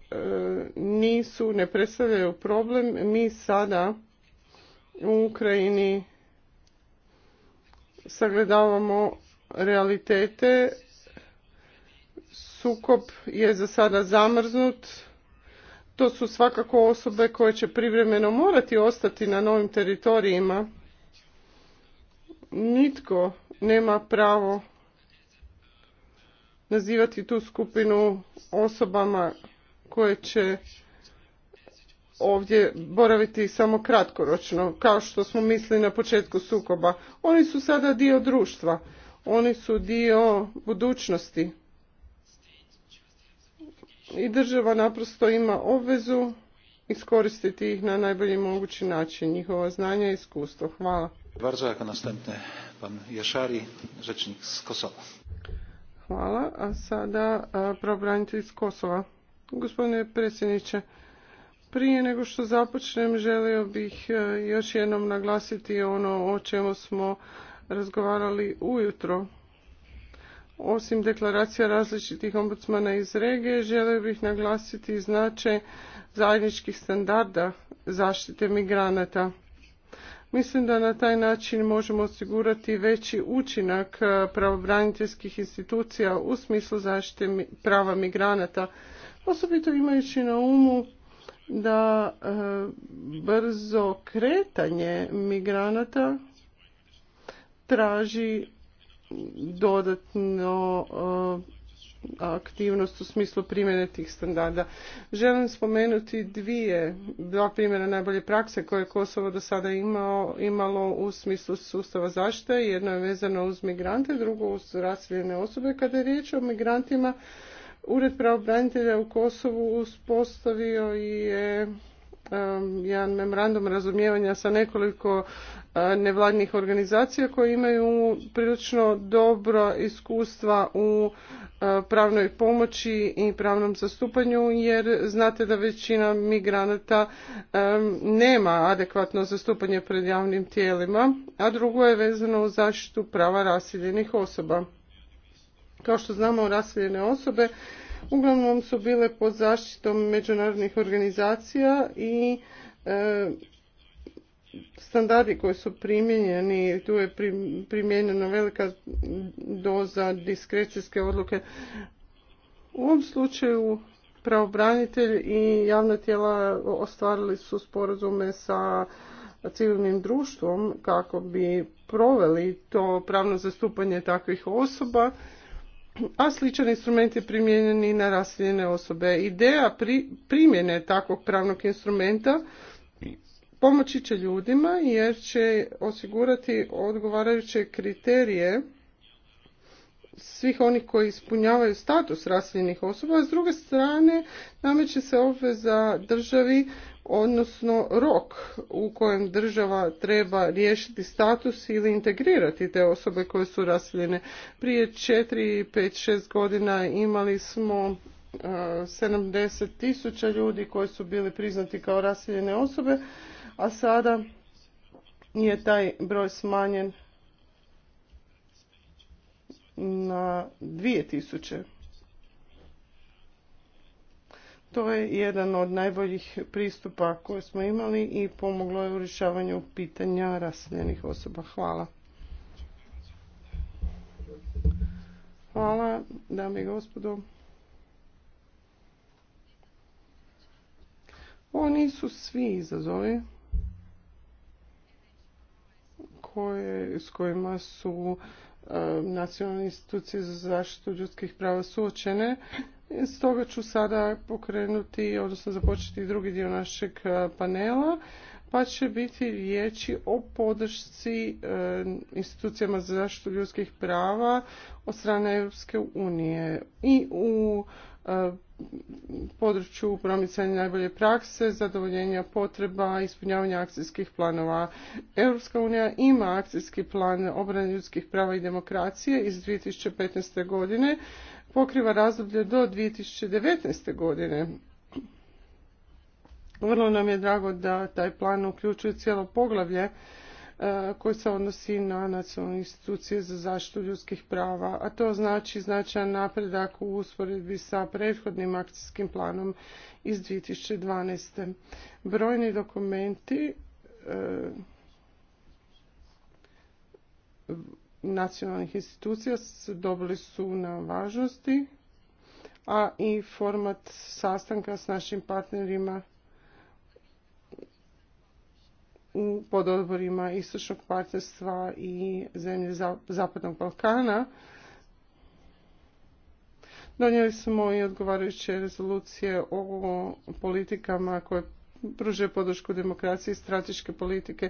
nisu, ne predstavljaju problem. Mi sada u Ukrajini sagledavamo realitete. Sukob je za sada zamrznut. To su svakako osobe koje će privremeno morati ostati na novim teritorijima nitko nema pravo nazivati tu skupinu osobama koje će ovdje boraviti samo kratkoročno, kao što smo mislili na početku sukoba. Oni su sada dio društva, oni su dio budućnosti. I država naprosto ima obvezu iskoristiti ih na najbolji mogući način, njihova znanja i iskustvo. Hvala. Bardzo, Hvala, a sada e, pravobranitelj Kosova. Gospodine predsjedniče, prije nego što započnem želio bih e, još jednom naglasiti ono o čemu smo razgovarali ujutro. Osim deklaracija različitih ombudsmana iz regije, želio bih naglasiti značaj zajedničkih standarda zaštite migranata Mislim da na taj način možemo osigurati veći učinak e, pravobraniteljskih institucija u smislu zaštite prava migranata, osobito imajući na umu da e, brzo kretanje migranata traži dodatno e, aktivnost u smislu primjene tih standarda. Želim spomenuti dvije, dva primjera najbolje prakse koje je Kosovo do sada imao, imalo u smislu sustava zaštite. Jedno je vezano uz migrante, drugo uz raseljene osobe. Kada je riječ o migrantima, Ured pravobranitelja u Kosovu uspostavio je um, jedan memorandum razumijevanja sa nekoliko nevladnih organizacija koje imaju prilično dobro iskustva u pravnoj pomoći i pravnom zastupanju jer znate da većina migranata nema adekvatno zastupanje pred javnim tijelima, a drugo je vezano u zaštitu prava raseljenih osoba. Kao što znamo, raseljene osobe uglavnom su bile pod zaštitom međunarodnih organizacija i standardi koji su primijenjeni, tu je primijenjena velika doza diskrecijske odluke. U ovom slučaju pravobranitelj i javna tijela ostvarili su sporazume sa civilnim društvom kako bi proveli to pravno zastupanje takvih osoba, a sličan instrument je primijenjen i na rasiljene osobe. Ideja primjene takvog pravnog instrumenta Pomoći će ljudima jer će osigurati odgovarajuće kriterije svih onih koji ispunjavaju status raseljenih osoba, a s druge strane nameće se obveza državi, odnosno rok u kojem država treba riješiti status ili integrirati te osobe koje su raseljene. Prije 4, 5, 6 godina imali smo 70 e, tisuća ljudi koji su bili priznati kao raseljene osobe, a sada je taj broj smanjen na 2000. To je jedan od najboljih pristupa koje smo imali i pomoglo je u rješavanju pitanja raseljenih osoba. Hvala. Hvala, dame i gospodo. Oni su svi izazovi s kojima su e, nacionalne institucije za zaštitu ljudskih prava suočene. Stoga ću sada pokrenuti, odnosno započeti drugi dio našeg e, panela, pa će biti riječi o podršci e, institucijama za zaštitu ljudskih prava od strane Europske unije i u području promicanja najbolje prakse, zadovoljenja potreba, ispunjavanja akcijskih planova. Europska unija ima akcijski plan obrane ljudskih prava i demokracije iz 2015. godine, pokriva razdoblje do 2019. godine. Vrlo nam je drago da taj plan uključuje cijelo poglavlje E, koji se odnosi na nacionalne institucije za zaštitu ljudskih prava, a to znači značajan napredak u usporedbi sa prethodnim akcijskim planom iz 2012. Brojni dokumenti e, nacionalnih institucija dobili su na važnosti, a i format sastanka s našim partnerima u pododborima Istočnog partnerstva i zemlje Zapadnog Balkana. Donijeli smo i odgovarajuće rezolucije o politikama koje pružaju podršku demokraciji, strateške politike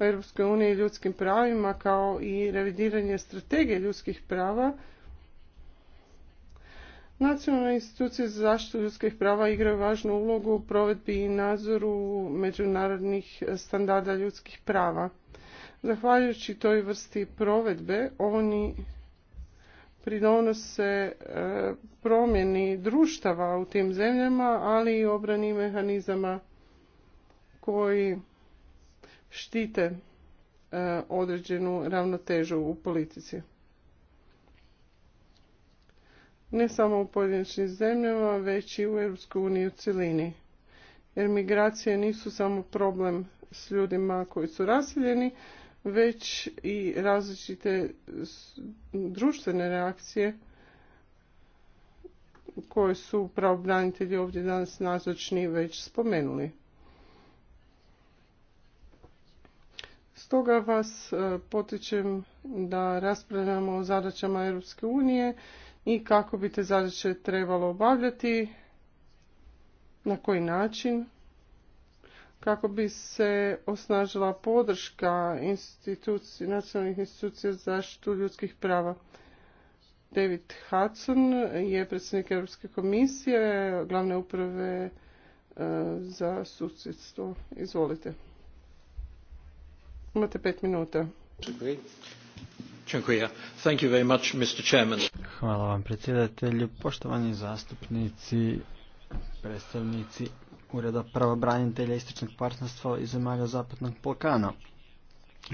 u EU i ljudskim pravima, kao i revidiranje strategije ljudskih prava Nacionalne institucije za zaštitu ljudskih prava igraju važnu ulogu u provedbi i nadzoru međunarodnih standarda ljudskih prava. Zahvaljujući toj vrsti provedbe, oni pridonose e, promjeni društava u tim zemljama, ali i obrani mehanizama koji štite e, određenu ravnotežu u politici ne samo u pojedinačnim zemljama, već i u EU u cjelini. Jer migracije nisu samo problem s ljudima koji su raseljeni, već i različite društvene reakcije koje su pravobranitelji ovdje danas nazočni već spomenuli. Stoga vas e, potičem da raspravljamo o zadaćama Europske unije i kako bi te zadaće trebalo obavljati, na koji način, kako bi se osnažila podrška nacionalnih institucija za zaštitu ljudskih prava. David Hudson je predsjednik Europske komisije, glavne uprave e, za susjedstvo. Izvolite. Imate pet minuta. Thank you Hvala vam predsjedatelju, poštovani zastupnici, predstavnici Ureda pravobranitelja istočnog partnerstva i zemalja zapadnog Balkana.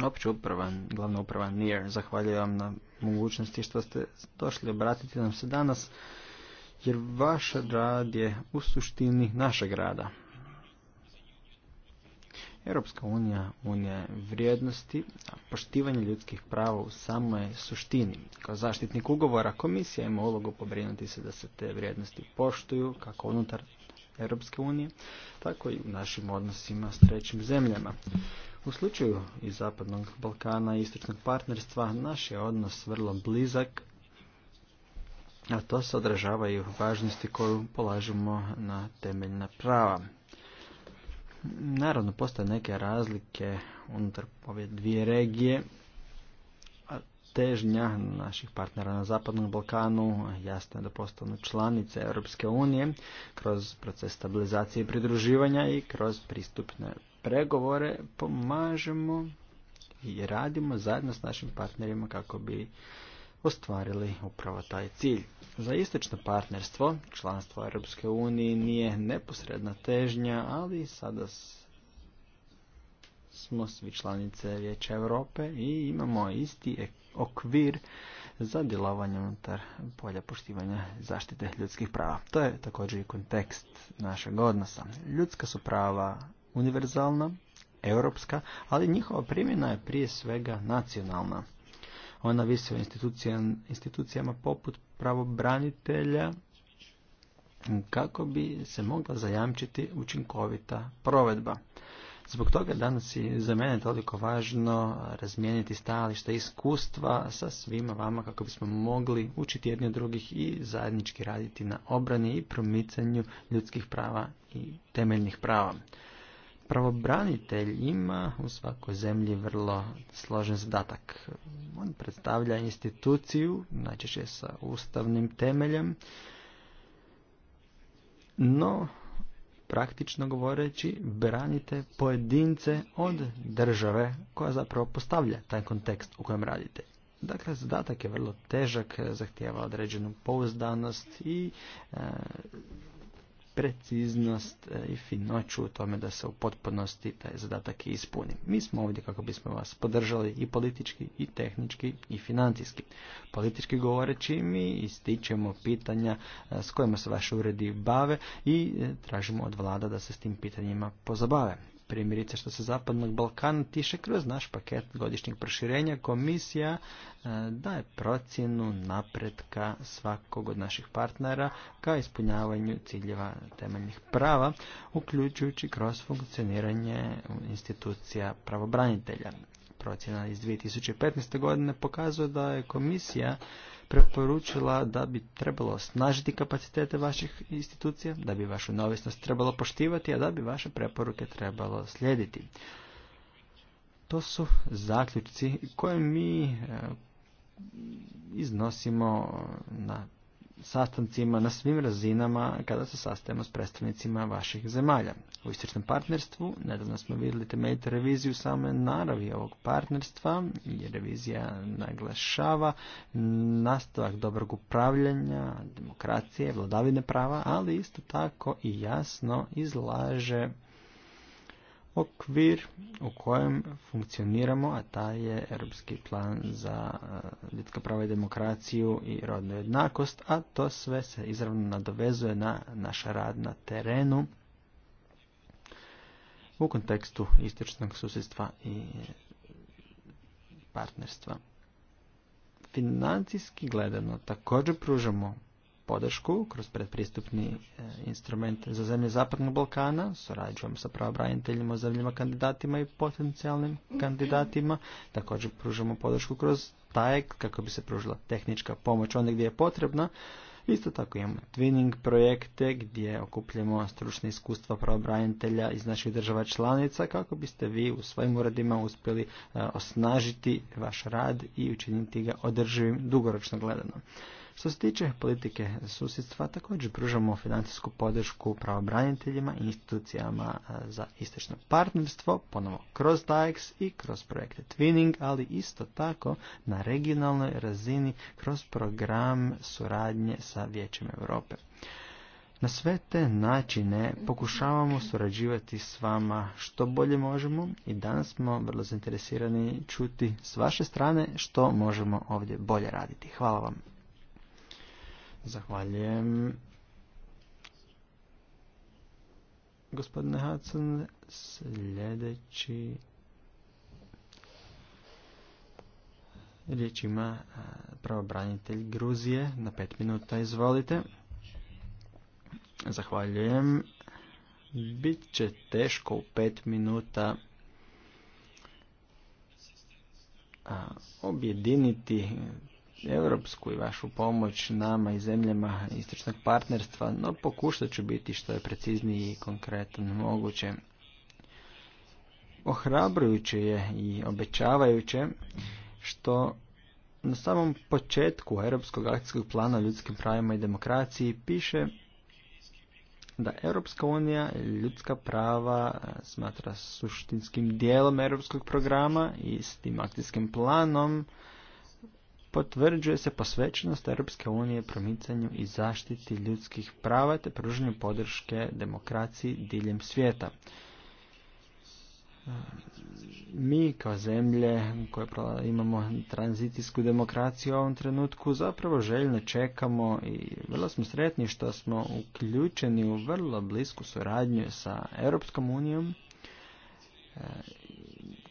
Opća uprava, glavna uprava NIR, zahvaljujem vam na mogućnosti što ste došli obratiti nam se danas, jer vaš rad je u suštini našeg rada. Europska unija, unija vrijednosti, a poštivanje ljudskih prava u samoj suštini. Kao zaštitnik ugovora komisija ima ulogu pobrinuti se da se te vrijednosti poštuju kako unutar Europske unije, tako i u našim odnosima s trećim zemljama. U slučaju i Zapadnog Balkana i Istočnog partnerstva naš je odnos vrlo blizak, a to se odražava i u važnosti koju polažemo na temeljna prava. Naravno, postoje neke razlike unutar ove dvije regije. Težnja naših partnera na Zapadnom Balkanu jasno je da postanu članice Europske unije kroz proces stabilizacije i pridruživanja i kroz pristupne pregovore pomažemo i radimo zajedno s našim partnerima kako bi ostvarili upravo taj cilj. Za istočno partnerstvo, članstvo Europske unije nije neposredna težnja, ali sada smo svi članice Vijeća Europe i imamo isti e- okvir za djelovanje unutar polja poštivanja zaštite ljudskih prava. To je također i kontekst našeg odnosa. Ljudska su prava univerzalna, europska, ali njihova primjena je prije svega nacionalna. Ona visi o institucijama poput pravobranitelja kako bi se mogla zajamčiti učinkovita provedba. Zbog toga danas je za mene toliko važno razmijeniti stajališta iskustva sa svima vama kako bismo mogli učiti jedni od drugih i zajednički raditi na obrani i promicanju ljudskih prava i temeljnih prava. Pravobranitelj ima u svakoj zemlji vrlo složen zadatak. On predstavlja instituciju, najčešće sa ustavnim temeljem, no praktično govoreći branite pojedince od države koja zapravo postavlja taj kontekst u kojem radite. Dakle, zadatak je vrlo težak, zahtjeva određenu pouzdanost i e, preciznost e, i finoću u tome da se u potpunosti taj zadatak ispuni. Mi smo ovdje kako bismo vas podržali i politički, i tehnički, i financijski. Politički govoreći mi ističemo pitanja e, s kojima se vaši uredi bave i e, tražimo od vlada da se s tim pitanjima pozabave primjerice što se Zapadnog Balkana tiše kroz naš paket godišnjeg proširenja, komisija e, daje procjenu napretka svakog od naših partnera ka ispunjavanju ciljeva temeljnih prava, uključujući kroz funkcioniranje institucija pravobranitelja. Procjena iz 2015. godine pokazuje da je komisija preporučila da bi trebalo snažiti kapacitete vaših institucija, da bi vašu novisnost trebalo poštivati, a da bi vaše preporuke trebalo slijediti. To su zaključci koje mi e, iznosimo na sastancima na svim razinama kada se sastajemo s predstavnicima vaših zemalja. U istočnom partnerstvu nedavno smo vidjeli temeljite reviziju same naravi ovog partnerstva jer revizija naglašava nastavak dobrog upravljanja, demokracije, vladavine prava, ali isto tako i jasno izlaže okvir u kojem funkcioniramo, a taj je Europski plan za eh, ljudska prava i demokraciju i rodnu jednakost, a to sve se izravno nadovezuje na naš rad na terenu u kontekstu istočnog susjedstva i partnerstva. Financijski gledano također pružamo podršku kroz predpristupni e, instrument za zemlje Zapadnog Balkana. Surađujemo sa pravobraniteljima, zemljima kandidatima i potencijalnim kandidatima. Također pružamo podršku kroz TAEK kako bi se pružila tehnička pomoć onda gdje je potrebna. Isto tako imamo twinning projekte gdje okupljamo stručne iskustva pravobranitelja iz naših država članica kako biste vi u svojim uradima uspjeli e, osnažiti vaš rad i učiniti ga održivim dugoročno gledano. Što se tiče politike susjedstva, također pružamo financijsku podršku pravobraniteljima i institucijama e, za istočno partnerstvo, ponovo kroz DAEX i kroz projekte Twinning, ali isto tako na regionalnoj razini kroz program suradnje sa Vijećem Europe. Na sve te načine pokušavamo surađivati s vama što bolje možemo i danas smo vrlo zainteresirani čuti s vaše strane što možemo ovdje bolje raditi. Hvala vam. Zahvaljujem. Gospodine Hudson, sljedeći riječ ima pravobranitelj Gruzije. Na pet minuta izvolite. Zahvaljujem. Bit će teško u pet minuta objediniti europsku i vašu pomoć nama i zemljama istočnog partnerstva, no pokušat ću biti što je precizniji i konkretan moguće. Ohrabrujuće je i obećavajuće što na samom početku Europskog akcijskog plana ljudskim pravima i demokraciji piše da Europska unija ljudska prava smatra suštinskim dijelom europskog programa i s tim akcijskim planom potvrđuje se posvećenost Europske unije promicanju i zaštiti ljudskih prava te pružanju podrške demokraciji diljem svijeta. Mi kao zemlje koje imamo tranzicijsku demokraciju u ovom trenutku zapravo željno čekamo i vrlo smo sretni što smo uključeni u vrlo blisku suradnju sa Europskom unijom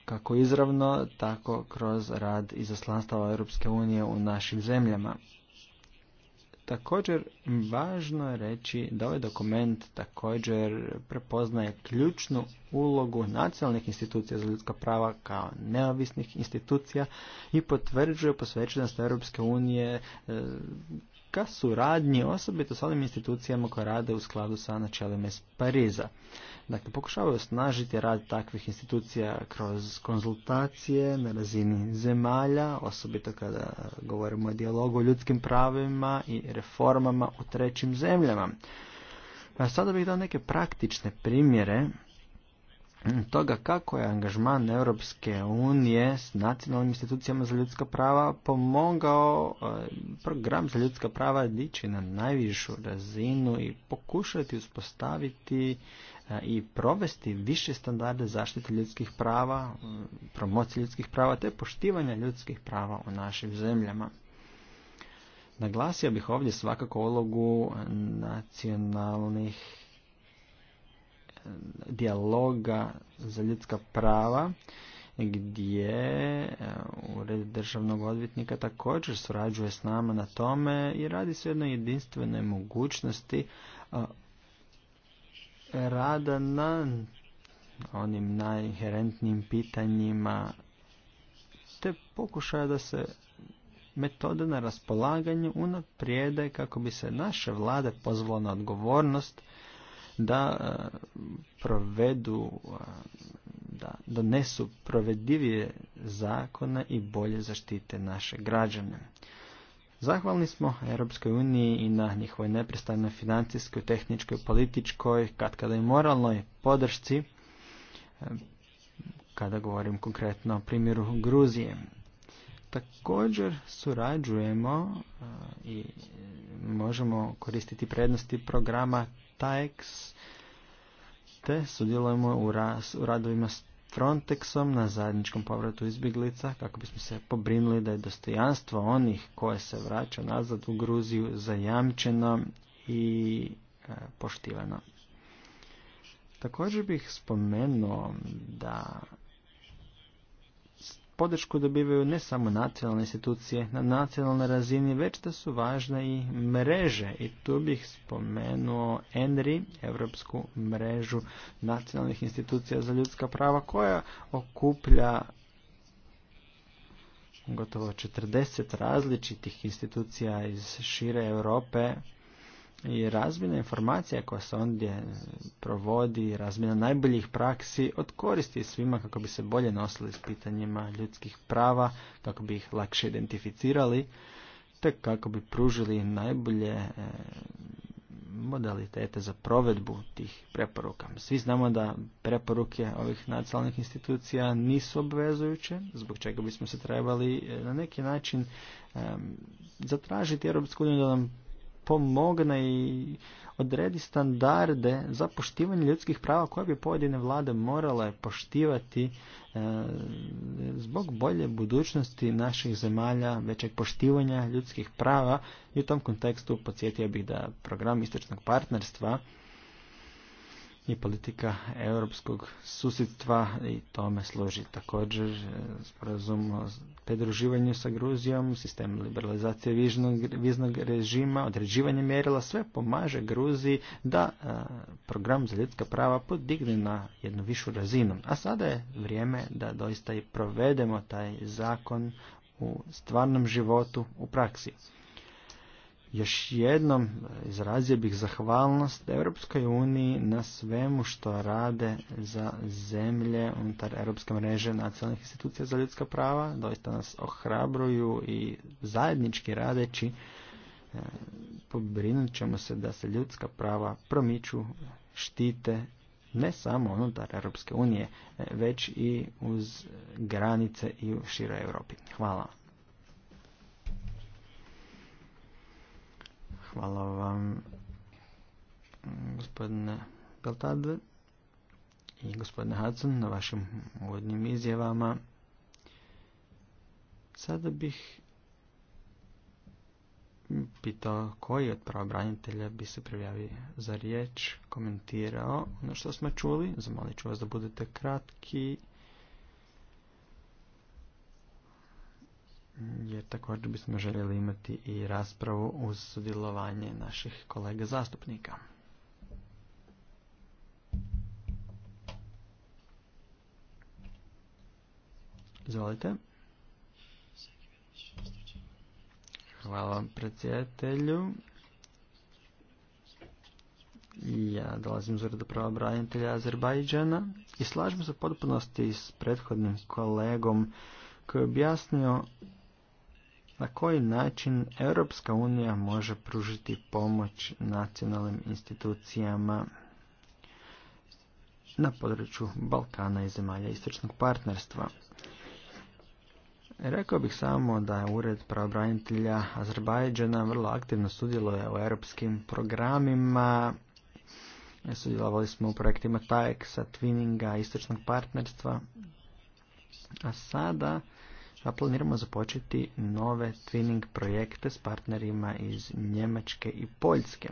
kako izravno, tako kroz rad izaslanstava Europske unije u našim zemljama. Također, važno je reći da ovaj dokument također prepoznaje ključnu ulogu nacionalnih institucija za ljudska prava kao neovisnih institucija i potvrđuje posvećenost Europske unije e, ka suradnji osobito s onim institucijama koje rade u skladu sa načelima iz Pariza. Dakle, pokušavaju osnažiti rad takvih institucija kroz konzultacije na razini zemalja, osobito kada govorimo o dijalogu o ljudskim pravima i reformama u trećim zemljama. A sada bih dao neke praktične primjere toga kako je angažman Europske unije s nacionalnim institucijama za ljudska prava pomogao e, program za ljudska prava dići na najvišu razinu i pokušati uspostaviti i provesti više standarde zaštite ljudskih prava, promocije ljudskih prava te poštivanja ljudskih prava u našim zemljama. Naglasio bih ovdje svakako ulogu nacionalnih dijaloga za ljudska prava gdje e, Ured državnog odvjetnika također surađuje s nama na tome i radi se o jednoj jedinstvenoj mogućnosti rada na onim najherentnijim pitanjima te pokušaja da se metode na raspolaganju unaprijede kako bi se naše vlade pozvalo na odgovornost da e, provedu, e, da donesu provedivije zakone i bolje zaštite naše građane. Zahvalni smo Europskoj uniji i na njihovoj neprestanoj financijskoj, tehničkoj, političkoj, kad kada i moralnoj podršci, e, kada govorim konkretno o primjeru Gruzije. Također surađujemo e, i možemo koristiti prednosti programa TAEX te sudjelujemo u, u radovima Frontexom na zajedničkom povratu izbjeglica kako bismo se pobrinuli da je dostojanstvo onih koje se vraća nazad u Gruziju zajamčeno i e, poštivano. Također bih spomenuo da podršku dobivaju ne samo nacionalne institucije na nacionalnoj razini, već da su važne i mreže. I tu bih spomenuo ENRI, Europsku mrežu nacionalnih institucija za ljudska prava, koja okuplja gotovo 40 različitih institucija iz šire Europe i razmjena informacija koja se ondje provodi, razmjena najboljih praksi od svima kako bi se bolje nosili s pitanjima ljudskih prava, kako bi ih lakše identificirali, te kako bi pružili najbolje eh, modalitete za provedbu tih preporuka. Svi znamo da preporuke ovih nacionalnih institucija nisu obvezujuće, zbog čega bismo se trebali eh, na neki način zatražiti Europsku uniju da nam pomogne i odredi standarde za poštivanje ljudskih prava koje bi pojedine vlade morale poštivati e, zbog bolje budućnosti naših zemalja, većeg poštivanja ljudskih prava i u tom kontekstu podsjetio bih da program istočnog partnerstva i politika europskog susjedstva i tome služi također e, sporazum o pridruživanju sa Gruzijom, sistem liberalizacije viznog, režima, određivanje mjerila, sve pomaže Gruziji da e, program za ljudska prava podigne na jednu višu razinu. A sada je vrijeme da doista i provedemo taj zakon u stvarnom životu u praksi još jednom izrazio bih zahvalnost Europskoj uniji na svemu što rade za zemlje unutar Europske mreže nacionalnih institucija za ljudska prava. Doista nas ohrabruju i zajednički radeći e, pobrinut ćemo se da se ljudska prava promiču, štite ne samo unutar Europske unije, e, već i uz granice i u široj Europi. Hvala. Hvala vam gospodine Beltadve i gospodine Hudson na vašim uvodnim izjavama. Sada bih pitao koji od pravobranitelja bi se prijavio za riječ, komentirao ono što smo čuli. Zamolit ću vas da budete kratki. jer također bismo željeli imati i raspravu uz sudjelovanje naših kolega zastupnika. Izvolite. Hvala vam predsjedatelju. Ja dolazim iz ureda pravobranitelja Azerbajdžana i slažem se potpunosti s prethodnim kolegom koji je objasnio na koji način Europska unija može pružiti pomoć nacionalnim institucijama na području Balkana i zemalja istočnog partnerstva. Rekao bih samo da je Ured pravobranitelja Azerbajdžana vrlo aktivno sudjeluje u europskim programima. Sudjelovali smo u projektima TAEX-a, Twinninga, istočnog partnerstva. A sada a planiramo započeti nove twinning projekte s partnerima iz Njemačke i Poljske.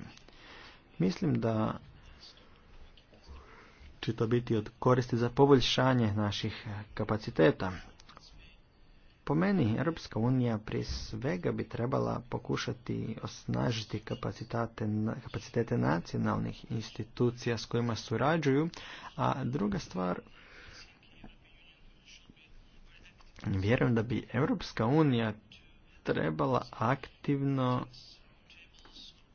Mislim da će to biti od koristi za poboljšanje naših kapaciteta. Po meni, Europska unija prije svega bi trebala pokušati osnažiti kapacitete nacionalnih institucija s kojima surađuju, a druga stvar Vjerujem da bi Europska unija trebala aktivno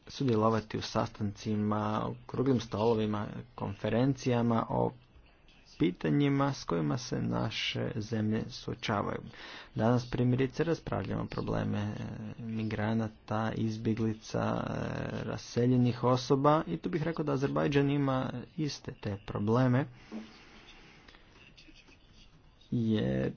sudjelovati u sastancima, u kruglim stolovima, konferencijama o pitanjima s kojima se naše zemlje suočavaju. Danas primjerice raspravljamo probleme e, migranata, izbjeglica, e, raseljenih osoba i tu bih rekao da Azerbajdžan ima iste te probleme jer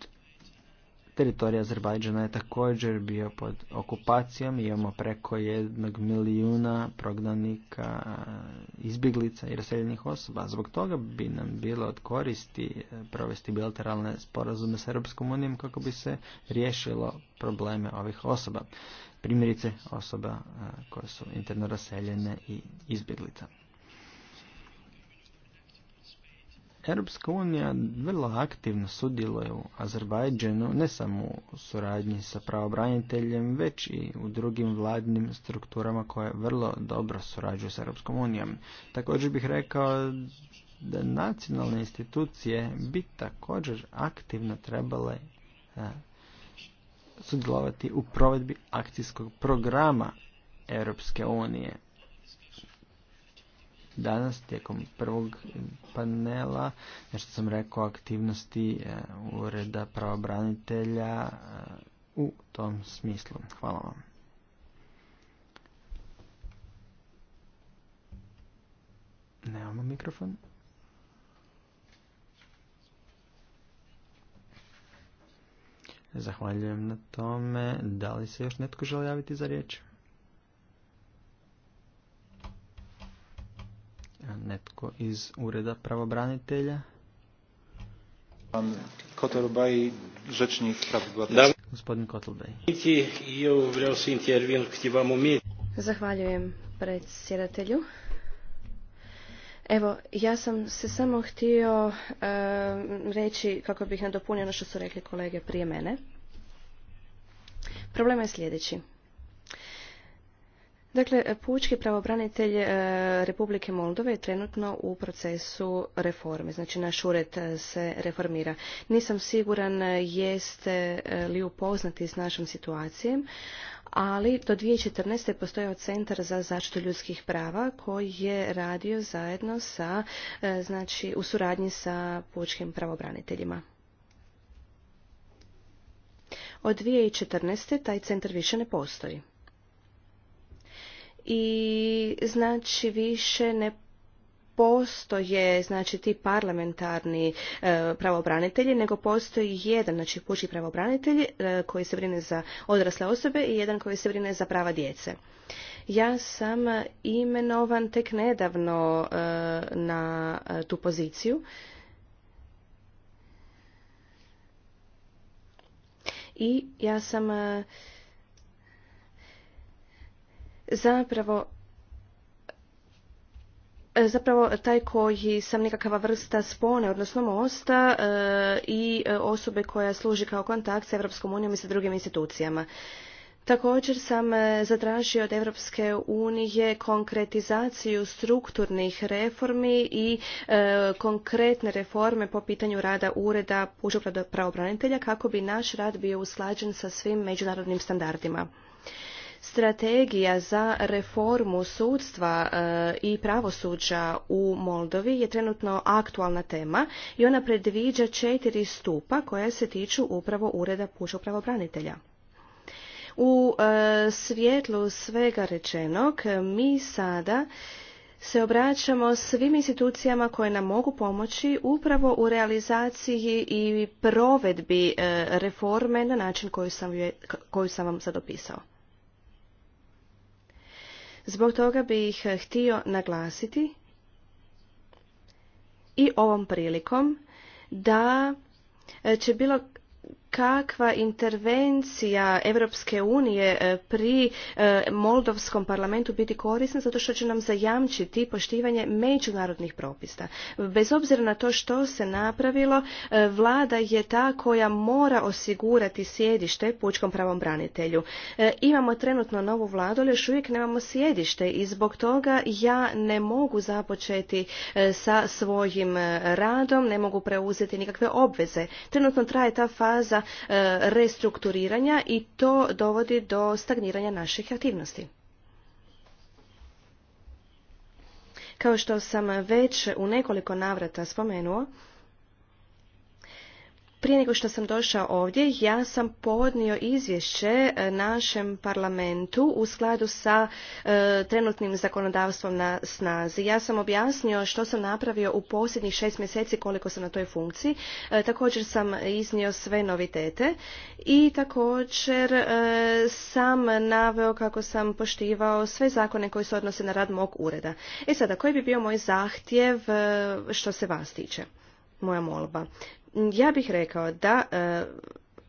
Teritorija Azerbajdžana je također bio pod okupacijom i imamo preko jednog milijuna prognanika, eh, izbjeglica i raseljenih osoba. Zbog toga bi nam bilo od koristi eh, provesti bilateralne sporazume s Europskom unijom kako bi se riješilo probleme ovih osoba. Primjerice osoba eh, koje su interno raseljene i izbjeglica. Europska unija vrlo aktivno sudjeluje u Azerbajdžanu, ne samo u suradnji sa pravobraniteljem, već i u drugim vladnim strukturama koje vrlo dobro surađuju s Europskom unijom. Također bih rekao da nacionalne institucije bi također aktivno trebale eh, sudjelovati u provedbi akcijskog programa Europske unije danas tijekom prvog panela, nešto sam rekao aktivnosti eh, ureda pravobranitelja eh, u tom smislu. Hvala vam. Nemamo mikrofon. Zahvaljujem na tome. Da li se još netko želi javiti za riječ? netko iz ureda pravobranitelja. Gospodin Zahvaljujem predsjedatelju. Evo, ja sam se samo htio reći kako bih nadopunio ono što su rekli kolege prije mene. Problem je sljedeći. Dakle, pučki pravobranitelj e, Republike Moldove je trenutno u procesu reforme. Znači, naš ured e, se reformira. Nisam siguran e, jeste li upoznati s našom situacijom, ali do 2014. postojao centar za zaštitu ljudskih prava koji je radio zajedno sa, znači, u suradnji sa pučkim pravobraniteljima. Od 2014. taj centar više ne postoji i znači više ne postoje znači ti parlamentarni e, pravobranitelji nego postoji jedan znači pučki pravobranitelj e, koji se brine za odrasle osobe i jedan koji se brine za prava djece ja sam imenovan tek nedavno e, na tu poziciju i ja sam zapravo e, zapravo taj koji sam nekakva vrsta spone, odnosno mosta e, i e, osobe koja služi kao kontakt sa Europskom unijom i sa drugim institucijama. Također sam e, zatražio od Europske unije konkretizaciju strukturnih reformi i konkretne reforme po pitanju rada ureda pučkog pravobranitelja kako bi naš rad bio usklađen sa svim međunarodnim standardima. Strategija za reformu sudstva eh, i pravosuđa u Moldovi je trenutno aktualna tema i ona predviđa četiri stupa koja se tiču upravo Ureda pučkog pravobranitelja. U eh, svjetlu svega rečenog mi sada se obraćamo svim institucijama koje nam mogu pomoći upravo u realizaciji i provedbi eh, reforme na način koju sam, sam vam sad opisao. Zbog toga bih eh, htio naglasiti i ovom prilikom da eh, će bilo kakva intervencija Europske unije e, pri e, Moldovskom parlamentu biti korisna zato što će nam zajamčiti poštivanje međunarodnih propisa. Bez obzira na to što se napravilo, e, vlada je ta koja mora osigurati sjedište pučkom branitelju. Imamo trenutno novu vladu, ali još uvijek nemamo sjedište i zbog toga ja ne mogu započeti sa svojim radom, ne mogu preuzeti nikakve obveze. Trenutno traje ta faza E, restrukturiranja i to dovodi do stagniranja naših aktivnosti. Kao što sam već u nekoliko navrata spomenuo, prije nego što sam došao ovdje, ja sam podnio izvješće e, našem parlamentu u skladu sa e, trenutnim zakonodavstvom na snazi. Ja sam objasnio što sam napravio u posljednjih šest mjeseci koliko sam na toj funkciji. E, također sam iznio sve novitete i također sam naveo kako sam poštivao sve zakone koji se odnose na rad mog ureda. E sada, koji bi bio moj zahtjev što se vas tiče? moja molba ja bih rekao da e,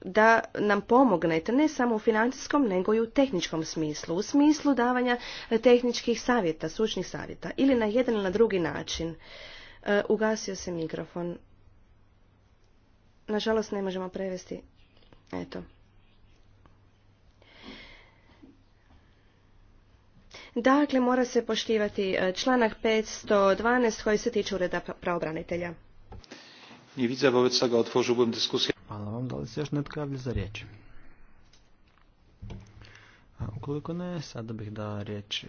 da nam pomognete ne samo u financijskom nego i u tehničkom smislu, u smislu davanja tehničkih savjeta, sučnih savjeta ili na jedan ili na drugi način. E, ugasio se mikrofon. Nažalost ne možemo prevesti. Eto. Dakle, mora se poštivati e, članak 512 koji se tiče ureda pravobranitelja. Nie widzę, wobec tego otworzyłbym dyskusję. Hvala vam, da li se još za riječ? A ukoliko ne, sada bih dao riječ e,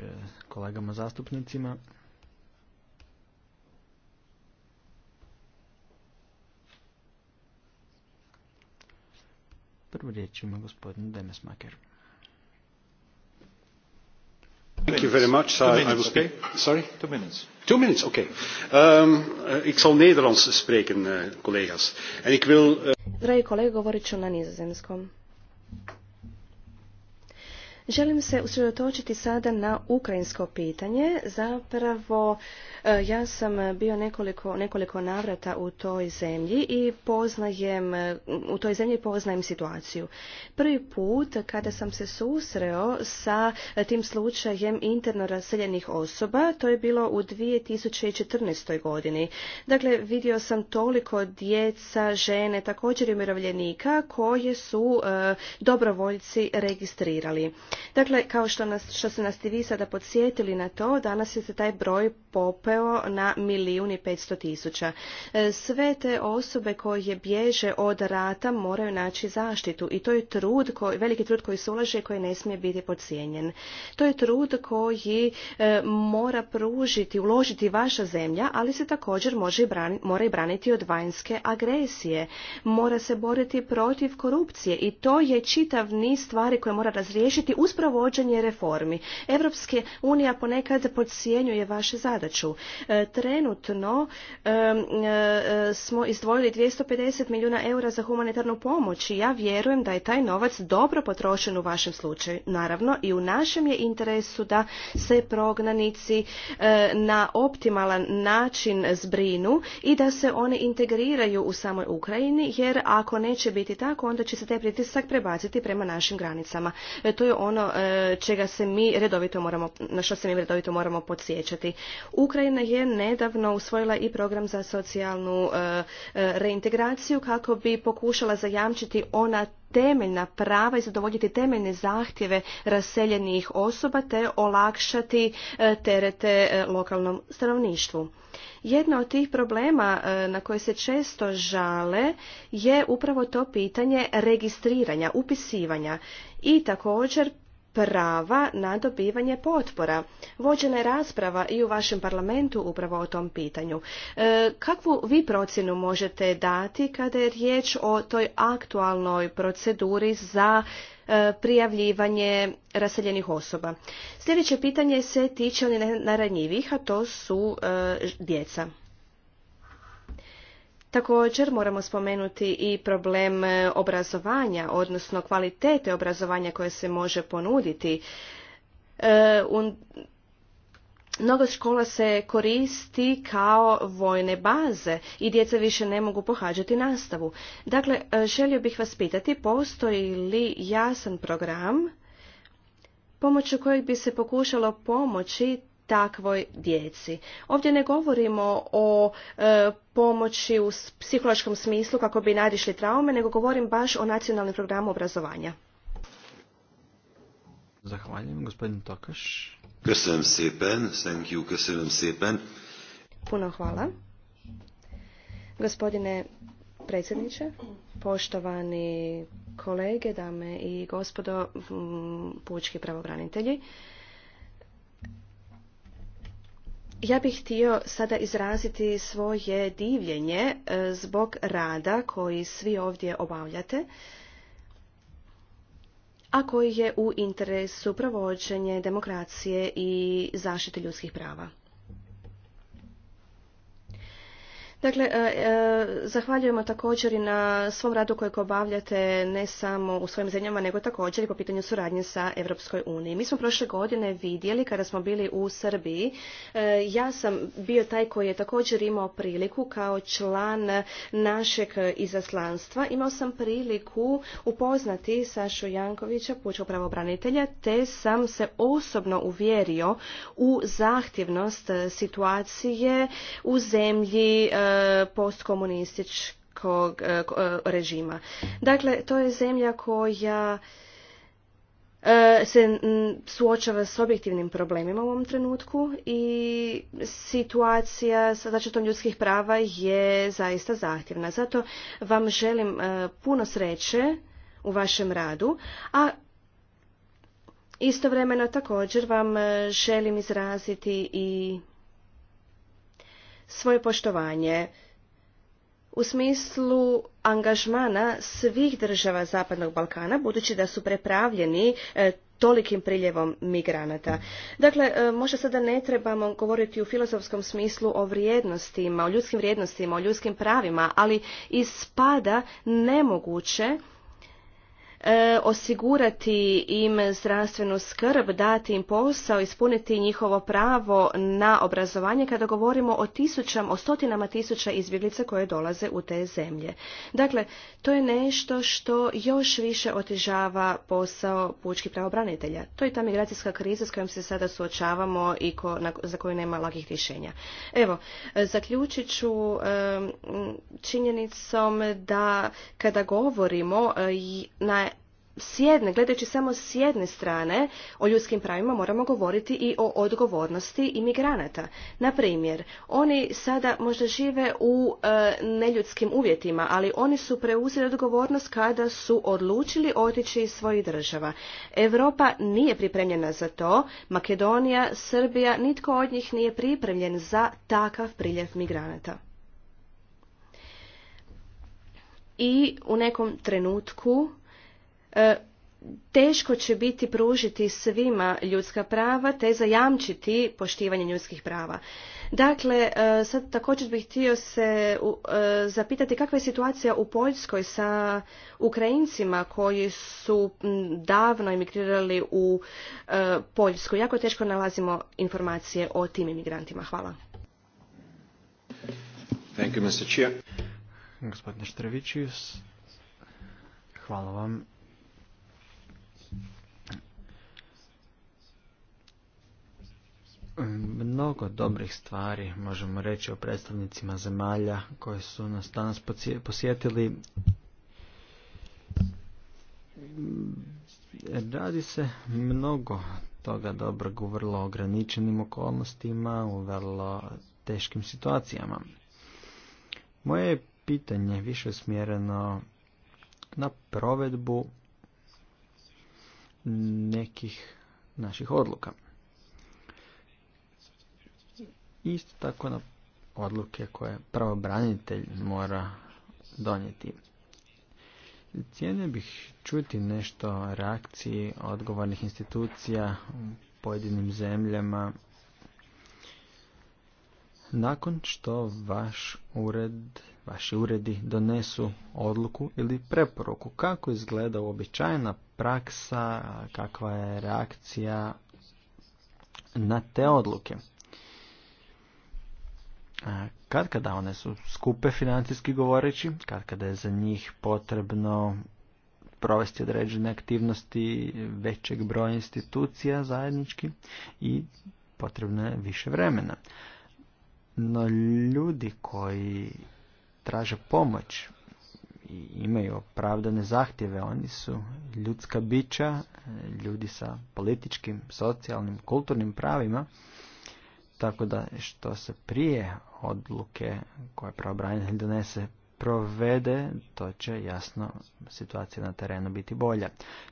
kolegama zastupnicima. Prvu riječ ima gospodin Maker. Thank you very much. Two minutes, okay? Sorry? Two minutes. Two minutes, oké. Okay. Um, eh, ik zal Nederlands spreken, eh, collega's. En ik wil... Eh, Dragi kolege, govorit ću na nizozemskom. Želim se usredotočiti sada na ukrajinsko pitanje. Zapravo e, ja sam bio nekoliko, nekoliko navrata u toj zemlji i poznajem, u toj zemlji poznajem situaciju. Prvi put kada sam se susreo sa tim slučajem interno raseljenih osoba, to je bilo u 2014. godini. Dakle, vidio sam toliko djeca, žene, također i umirovljenika koje su e, dobrovoljci registrirali. Dakle, kao što, nas, što ste nas i vi sada podsjetili na to, danas je se taj broj popeo na milijun i petsto tisuća. E, sve te osobe koje bježe od rata moraju naći zaštitu i to je trud, koji, veliki trud koji se ulaže i koji ne smije biti podcijenjen. To je trud koji e, mora pružiti, uložiti vaša zemlja, ali se također može mora i braniti od vanjske agresije. Mora se boriti protiv korupcije i to je čitav niz stvari koje mora razriješiti u uz reformi. Europske unija ponekad podcijenjuje vašu zadaću. E, trenutno e, e, smo izdvojili 250 milijuna eura za humanitarnu pomoć i ja vjerujem da je taj novac dobro potrošen u vašem slučaju. Naravno i u našem je interesu da se prognanici na optimalan način zbrinu i da se one integriraju u samoj Ukrajini jer ako neće biti tako onda će se taj pritisak prebaciti prema našim granicama. To je ono ono e, čega se mi redovito moramo, na što se mi redovito moramo podsjećati. Ukrajina je nedavno usvojila i program za socijalnu e, e, reintegraciju kako bi pokušala zajamčiti ona temeljna prava i zadovoljiti temeljne zahtjeve raseljenih osoba te olakšati terete lokalnom stanovništvu. Jedna od tih problema na koje se često žale je upravo to pitanje registriranja, upisivanja i također prava na dobivanje potpora. Vođena je rasprava i u vašem parlamentu upravo o tom pitanju. E, kakvu vi procjenu možete dati kada je riječ o toj aktualnoj proceduri za e, prijavljivanje raseljenih osoba? Sljedeće pitanje se tiče naranjivih, a to su e, djeca. Također moramo spomenuti i problem e, obrazovanja, odnosno kvalitete obrazovanja koje se može ponuditi. E, mnogo škola se koristi kao vojne baze i djeca više ne mogu pohađati nastavu. Dakle, e, želio bih vas pitati, postoji li jasan program pomoću kojeg bi se pokušalo pomoći takvoj djeci. Ovdje ne govorimo o e, pomoći u psihološkom smislu kako bi nadišli traume, nego govorim baš o nacionalnom programu obrazovanja. Zahvaljujem, gospodin Tokaš. thank you, Puno hvala. Gospodine predsjedniče, poštovani kolege, dame i gospodo, pučki pravobranitelji, Ja bih htio sada izraziti svoje divljenje e, zbog rada koji svi ovdje obavljate, a koji je u interesu provođenje demokracije i zaštite ljudskih prava. Dakle, e, e, zahvaljujemo također i na svom radu kojeg obavljate ne samo u svojim zemljama, nego također i po pitanju suradnje sa Europskoj uniji. Mi smo prošle godine vidjeli kada smo bili u Srbiji, e, ja sam bio taj koji je također imao priliku kao član našeg izaslanstva. Imao sam priliku upoznati Sašu Jankovića, pučkog pravobranitelja, te sam se osobno uvjerio u zahtjevnost situacije u zemlji postkomunističkog e, e, režima. Dakle, to je zemlja koja e, se suočava s objektivnim problemima u ovom trenutku i situacija sa zaštitom ljudskih prava je zaista zahtjevna. Zato vam želim puno sreće u vašem radu, a istovremeno također vam želim izraziti i svoje poštovanje u smislu angažmana svih država Zapadnog Balkana, budući da su prepravljeni e, tolikim priljevom migranata. Dakle, e, možda sada ne trebamo govoriti u filozofskom smislu o vrijednostima, o ljudskim vrijednostima, o ljudskim pravima, ali ispada nemoguće E, osigurati im zdravstvenu skrb, dati im posao, ispuniti njihovo pravo na obrazovanje kada govorimo o tisućama, o stotinama tisuća izbjeglica koje dolaze u te zemlje. Dakle, to je nešto što još više otežava posao pučkih pravobranitelja. To je ta migracijska kriza s kojom se sada suočavamo i ko, za koju nema lakih rješenja. Evo, zaključit ću e, činjenicom da kada govorimo e, na s jedne, gledajući samo s jedne strane o ljudskim pravima moramo govoriti i o odgovornosti imigranata. Na primjer, oni sada možda žive u e, neljudskim uvjetima, ali oni su preuzeli odgovornost kada su odlučili otići iz svojih država. Europa nije pripremljena za to, Makedonija, Srbija, nitko od njih nije pripremljen za takav priljev migranata. I u nekom trenutku E, teško će biti pružiti svima ljudska prava te zajamčiti poštivanje ljudskih prava. Dakle, e, sad također bih htio se e, zapitati kakva je situacija u Poljskoj sa Ukrajincima koji su davno emigrirali u Poljsku. Jako teško nalazimo informacije o tim imigrantima. Hvala. Thank you, Mr. Gospodine hvala vam Mnogo dobrih stvari možemo reći o predstavnicima zemalja koje su nas danas posjetili. Radi se mnogo toga dobrog u vrlo ograničenim okolnostima, u vrlo teškim situacijama. Moje pitanje više smjereno na provedbu nekih naših odluka isto tako na odluke koje pravobranitelj mora donijeti. Cijene bih čuti nešto o reakciji odgovornih institucija u pojedinim zemljama nakon što vaš ured, vaši uredi donesu odluku ili preporuku kako izgleda uobičajena praksa, kakva je reakcija na te odluke. Kad kada one su skupe financijski govoreći, kad kada je za njih potrebno provesti određene aktivnosti većeg broja institucija zajednički i potrebno je više vremena. No ljudi koji traže pomoć i imaju opravdane zahtjeve, oni su ljudska bića, ljudi sa političkim, socijalnim, kulturnim pravima tako da što se prije odluke koje pravobranitelj donese provede, to će jasno situacija na terenu biti bolja.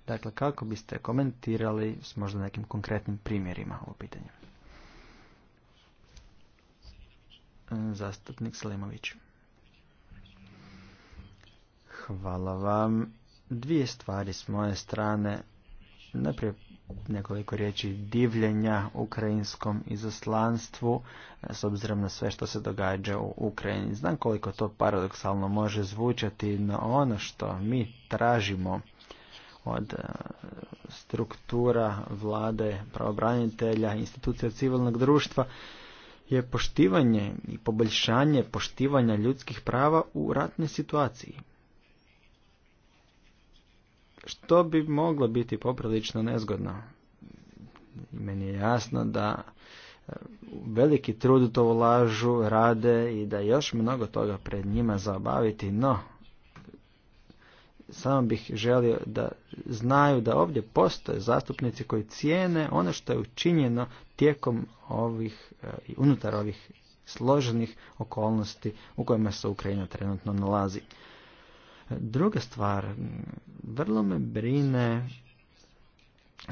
Dakle, kako biste komentirali s možda nekim konkretnim primjerima ovo pitanje? Zastupnik slimović Hvala vam. Dvije stvari s moje strane. Najprije nekoliko riječi divljenja ukrajinskom izaslanstvu e, s obzirom na sve što se događa u Ukrajini. Znam koliko to paradoksalno može zvučati, na ono što mi tražimo od e, struktura vlade, pravobranitelja, institucija civilnog društva je poštivanje i poboljšanje poštivanja ljudskih prava u ratnoj situaciji što bi moglo biti poprilično nezgodno. meni je jasno da e, veliki trud u to ulažu, rade i da još mnogo toga pred njima zabaviti, no samo bih želio da znaju da ovdje postoje zastupnici koji cijene ono što je učinjeno tijekom ovih, e, unutar ovih složenih okolnosti u kojima se Ukrajina trenutno nalazi. Druga stvar, vrlo me brine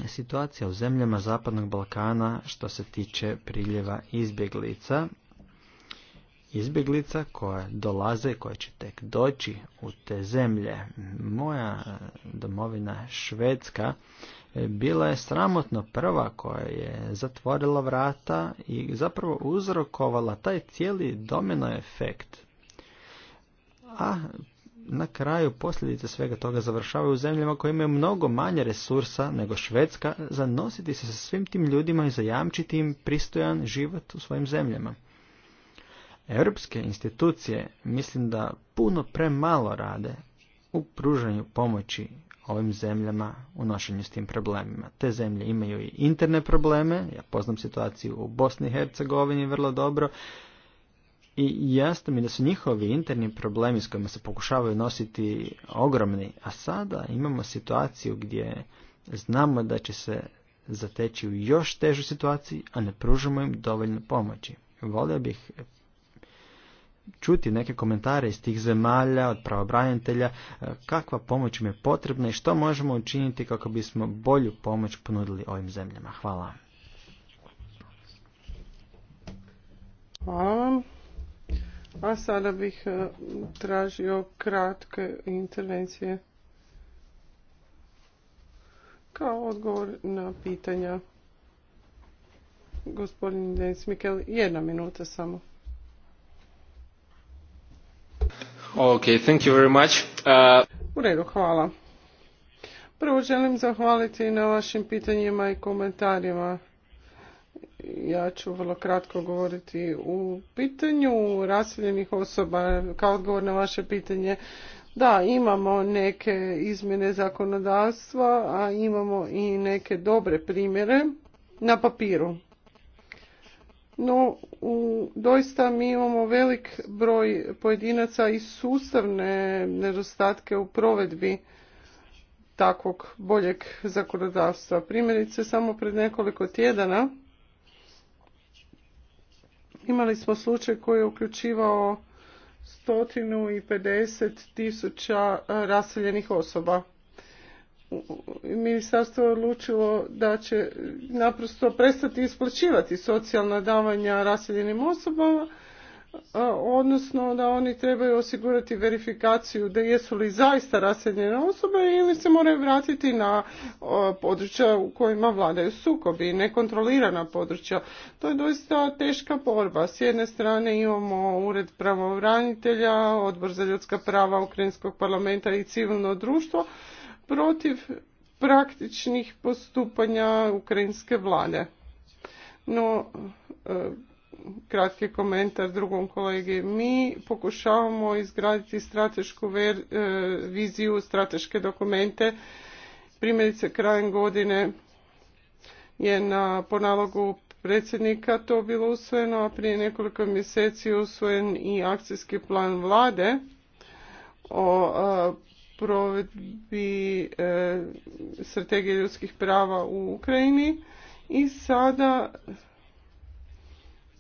situacija u zemljama Zapadnog Balkana što se tiče priljeva izbjeglica. Izbjeglica koje dolaze i koje će tek doći u te zemlje. Moja domovina Švedska e, bila je sramotno prva koja je zatvorila vrata i zapravo uzrokovala taj cijeli domino efekt. A na kraju posljedice svega toga završavaju u zemljama koje imaju mnogo manje resursa nego Švedska za nositi se sa svim tim ljudima i zajamčiti im pristojan život u svojim zemljama. Europske institucije mislim da puno premalo rade u pružanju pomoći ovim zemljama u nošenju s tim problemima. Te zemlje imaju i interne probleme, ja poznam situaciju u Bosni i Hercegovini vrlo dobro, i jasno mi da su njihovi interni problemi s kojima se pokušavaju nositi ogromni, a sada imamo situaciju gdje znamo da će se zateći u još težu situaciji, a ne pružamo im dovoljno pomoći. Volio bih čuti neke komentare iz tih zemalja, od pravobranitelja, e, kakva pomoć im je potrebna i što možemo učiniti kako bismo bolju pomoć ponudili ovim zemljama. Hvala. Hvala a sada bih e, tražio kratke intervencije kao odgovor na pitanja. Gospodin Denis Mikel, jedna minuta samo. Okay, thank you very much. Uh, U redu, hvala. Prvo želim zahvaliti na vašim pitanjima i komentarima ja ću vrlo kratko govoriti u pitanju raseljenih osoba kao odgovor na vaše pitanje da imamo neke izmjene zakonodavstva a imamo i neke dobre primjere na papiru no u, doista mi imamo velik broj pojedinaca i sustavne nedostatke u provedbi takvog boljeg zakonodavstva primjerice samo pred nekoliko tjedana Imali smo slučaj koji je uključivao 150 tisuća e, raseljenih osoba. Ministarstvo je odlučilo da će naprosto prestati isplaćivati socijalna davanja raseljenim osobama odnosno da oni trebaju osigurati verifikaciju da jesu li zaista raseljene osobe ili se moraju vratiti na područja u kojima vladaju sukobi i nekontrolirana područja. To je doista teška borba. S jedne strane imamo ured pravobranitelja, odbor za ljudska prava Ukrajinskog parlamenta i civilno društvo protiv praktičnih postupanja ukrajinske vlade. No, kratki komentar drugom kolegi. Mi pokušavamo izgraditi stratešku e, viziju, strateške dokumente. Primjerice krajem godine je na, po nalogu predsjednika to bilo usvojeno, a prije nekoliko mjeseci usvojen i akcijski plan vlade o e, provedbi e, strategije ljudskih prava u Ukrajini i sada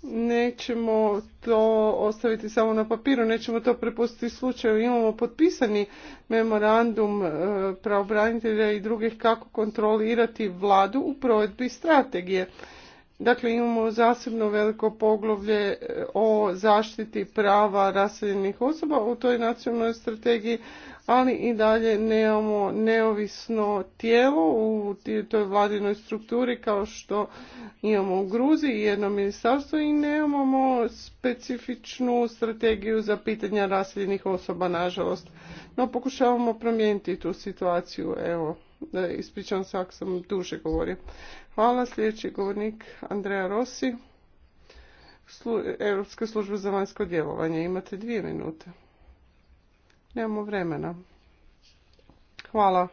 nećemo to ostaviti samo na papiru, nećemo to prepustiti slučaju. Imamo potpisani memorandum e, pravobranitelja i drugih kako kontrolirati vladu u provedbi strategije. Dakle, imamo zasebno veliko poglavlje e, o zaštiti prava raseljenih osoba u toj nacionalnoj strategiji, ali i dalje nemamo neovisno tijelo u toj vladinoj strukturi kao što imamo u Gruziji jedno ministarstvo i nemamo specifičnu strategiju za pitanja raseljenih osoba, nažalost. No pokušavamo promijeniti tu situaciju, evo. Da, e, ispričam se ako sam duže govorio. Hvala, sljedeći govornik Andreja Rossi, Europske službe za vanjsko djelovanje. Imate dvije minute. Nemamo vremena. Hvala.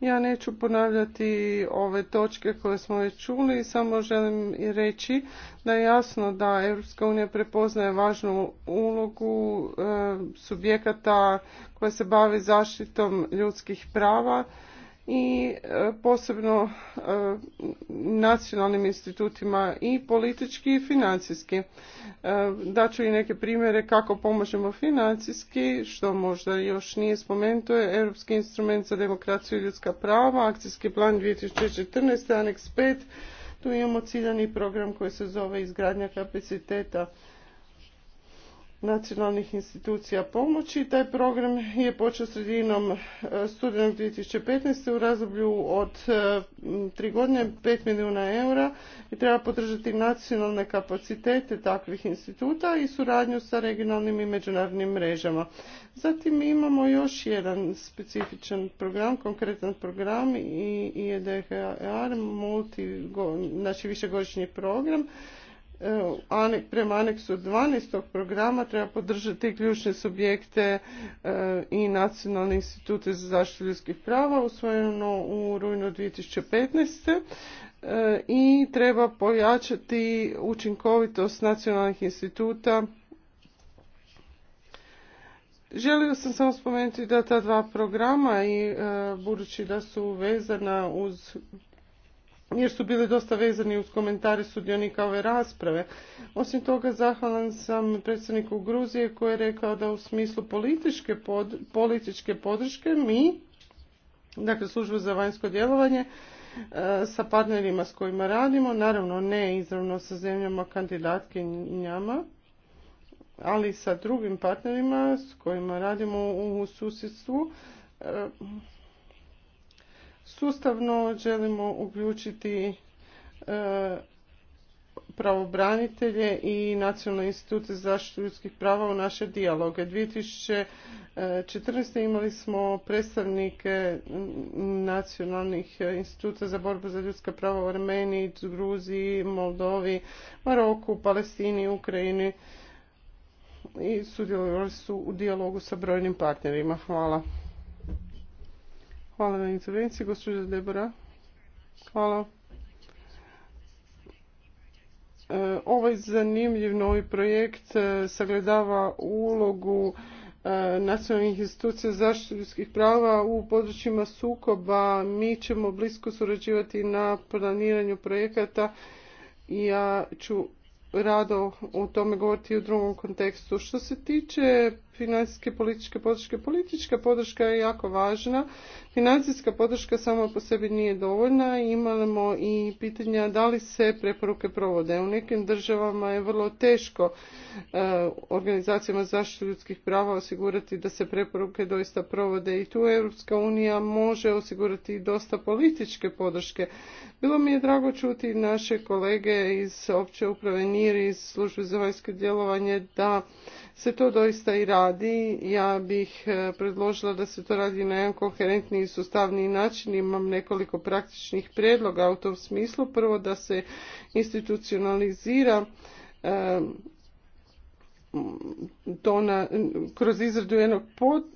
Ja neću ponavljati ove točke koje smo već čuli, samo želim i reći da je jasno da Europska unija prepoznaje važnu ulogu e, subjekata koja se bavi zaštitom ljudskih prava i e, posebno e, nacionalnim institutima i politički i financijski. E, Daću i neke primjere kako pomožemo financijski, što možda još nije spomenuto je Europski instrument za demokraciju i ljudska prava, akcijski plan 2014. aneks 5. Tu imamo ciljani program koji se zove izgradnja kapaciteta nacionalnih institucija pomoći. Taj program je počeo sredinom e, studenog 2015. u razdoblju od e, tri godine 5 milijuna eura i treba podržati nacionalne kapacitete takvih instituta i suradnju sa regionalnim i međunarodnim mrežama. Zatim imamo još jedan specifičan program, konkretan program i EDHR, er multi, znači višegodišnji program Eh, prema aneksu 12. programa treba podržati ključne subjekte eh, i Nacionalni institute za zaštitu ljudskih prava usvojeno u rujnu 2015 eh, i treba pojačati učinkovitost nacionalnih instituta. Želio sam samo spomenuti da ta dva programa i budući da su vezana uz jer su bili dosta vezani uz komentare sudionika ove rasprave. Osim toga, zahvalan sam predsjedniku Gruzije koji je rekao da u smislu političke, političke podrške mi, dakle služba za vanjsko djelovanje, e, sa partnerima s kojima radimo, naravno ne izravno sa zemljama kandidatkinjama, ali sa drugim partnerima s kojima radimo u susjedstvu, e, Sustavno želimo uključiti e, pravobranitelje i nacionalne institute za zaštitu ljudskih prava u naše dijaloge. 2014. imali smo predstavnike nacionalnih instituta za borbu za ljudska prava u Armeniji, Gruziji, Moldovi, Maroku, Palestini, Ukrajini i sudjelovali su u dijalogu sa brojnim partnerima. Hvala. Hvala na intervenciji, gospođa Debora. Hvala. E, ovaj zanimljiv novi projekt e, sagledava ulogu e, nacionalnih institucija zaštite ljudskih prava u područjima sukoba. Mi ćemo blisko surađivati na planiranju projekata i ja ću rado o tome govoriti u drugom kontekstu. Što se tiče financijske, političke, podrške. Politička podrška je jako važna. Financijska podrška sama po sebi nije dovoljna. Imamo i pitanja da li se preporuke provode. U nekim državama je vrlo teško eh, organizacijama zaštite ljudskih prava osigurati da se preporuke doista provode i tu Europska unija može osigurati dosta političke podrške. Bilo mi je drago čuti naše kolege iz opće uprave NIR iz službe za vanjsko djelovanje da se to doista i radi. Ja bih e, predložila da se to radi na jedan koherentniji i sustavniji način. Imam nekoliko praktičnih predloga u tom smislu. Prvo da se institucionalizira e, kroz izradu jednog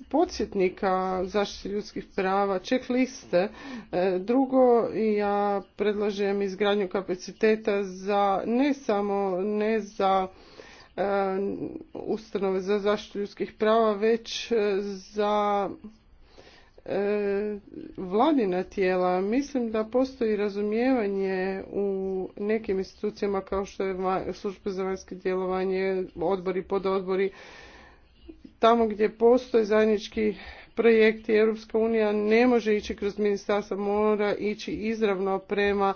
podsjetnika zaštite ljudskih prava, ček liste. E, drugo, ja predlažem izgradnju kapaciteta za ne samo ne za E, ustanove za zaštitu ljudskih prava, već e, za e, vladina tijela. Mislim da postoji razumijevanje u nekim institucijama kao što je služba za vanjske djelovanje, odbori, pododbori, tamo gdje postoji zajednički projekti Europska unija ne može ići kroz ministarstvo, mora ići izravno prema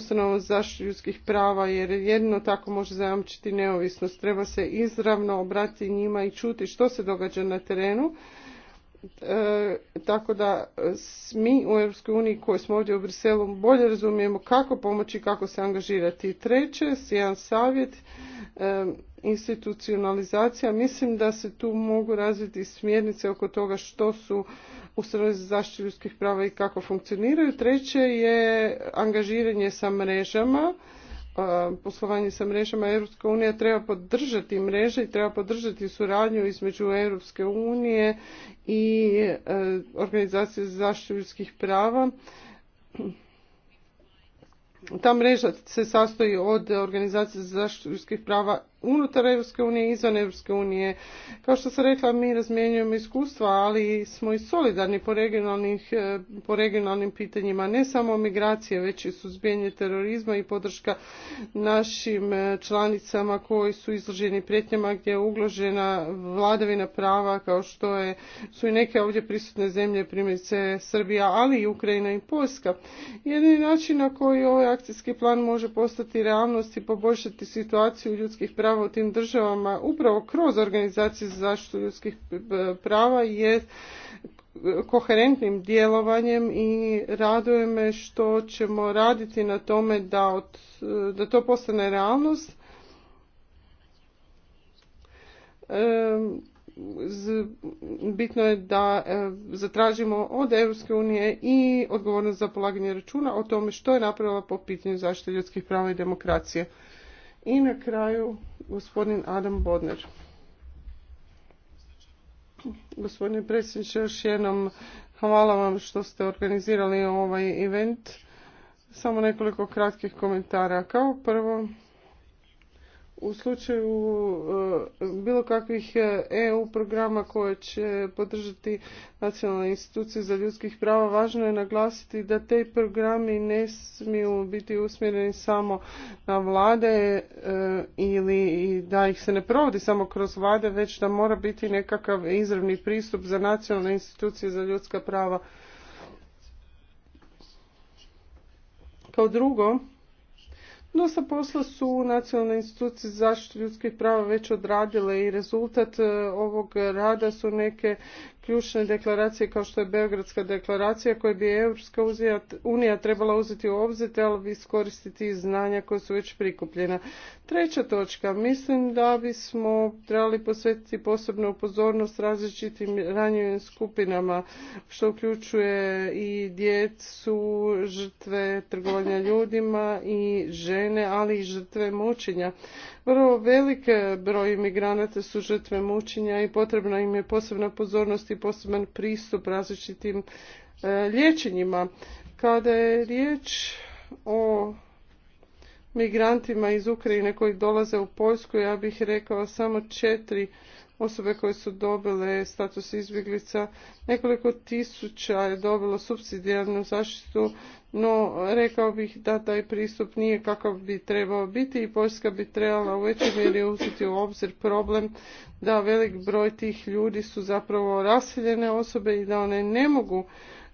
za zaštitu ljudskih prava jer jedino tako može zajamčiti neovisnost. Treba se izravno obratiti njima i čuti što se događa na terenu. E, tako da mi u Europskoj uniji koji smo ovdje u Briselu bolje razumijemo kako pomoći, kako se angažirati. Treće, jedan savjet, e, institucionalizacija. Mislim da se tu mogu razviti smjernice oko toga što su ustanove za zaštitu ljudskih prava i kako funkcioniraju. Treće je angažiranje sa mrežama poslovanje sa mrežama Europska unija treba podržati mreže i treba podržati suradnju između Europske unije i e, organizacije za zaštitu ljudskih prava. Ta mreža se sastoji od organizacije za zaštitu ljudskih prava unutar Europske unije i izvan Europske unije. Kao što sam rekla, mi razmjenjujemo iskustva, ali smo i solidarni po, eh, po regionalnim pitanjima, ne samo migracije, već i suzbijanje terorizma i podrška našim eh, članicama koji su izloženi prijetnjama gdje je ugložena vladavina prava, kao što je, su i neke ovdje prisutne zemlje, primjerice Srbija, ali i Ukrajina i Poljska. Jedini način na koji ovaj akcijski plan može postati realnost i poboljšati situaciju ljudskih prava prava u tim državama upravo kroz organizacije za zaštitu ljudskih prava je koherentnim djelovanjem i raduje me što ćemo raditi na tome da, da to postane realnost. bitno je da e, zatražimo od Europske unije i odgovornost za polaganje računa o tome što je napravila po pitanju zaštite ljudskih prava i demokracije. I na kraju gospodin Adam Bodner. Gospodine predsjedniče, još jednom hvala vam što ste organizirali ovaj event. Samo nekoliko kratkih komentara. Kao prvo, u slučaju e, bilo kakvih EU e programa koje će podržati nacionalne institucije za ljudskih prava, važno je naglasiti da te programi ne smiju biti usmjereni samo na vlade e, ili da ih se ne provodi samo kroz vlade, već da mora biti nekakav izravni pristup za nacionalne institucije za ljudska prava. Kao drugo, Dosta posla su nacionalne institucije za zaštitu ljudskih prava već odradile i rezultat e, ovog rada su neke ključne deklaracije kao što je Beogradska deklaracija koje bi Europska unija trebala uzeti u obzir, ali iskoristiti znanja koja su već prikupljena. Treća točka, mislim da bismo trebali posvetiti posebnu pozornost različitim ranjivim skupinama, što uključuje i djecu, žrtve trgovanja ljudima i žene, ali i žrtve mučenja. Prvo, velike broj imigranata su žrtve mučenja i potrebna im je posebna pozornost i poseban pristup različitim e, liječenjima. Kada je riječ o migrantima iz Ukrajine koji dolaze u Poljsku, ja bih rekao samo četiri osobe koje su dobile status izbjeglica. Nekoliko tisuća je dobilo supsidijarnu zaštitu, no rekao bih da taj pristup nije kakav bi trebao biti i Poljska bi trebala u većoj mjeri uzeti u obzir problem da velik broj tih ljudi su zapravo raseljene osobe i da one ne mogu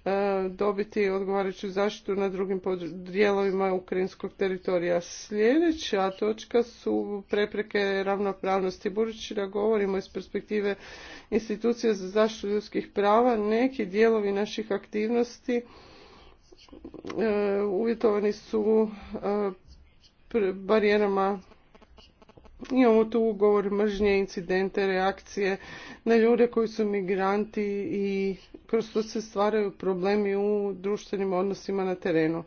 E, dobiti odgovarajuću zaštitu na drugim dijelovima ukrajinskog teritorija. Sljedeća točka su prepreke ravnopravnosti. Budući da govorimo iz perspektive institucija za zaštitu ljudskih prava, neki dijelovi naših aktivnosti e, uvjetovani su e, barijerama Imamo tu ugovor mržnje, incidente, reakcije na ljude koji su migranti i kroz to se stvaraju problemi u društvenim odnosima na terenu.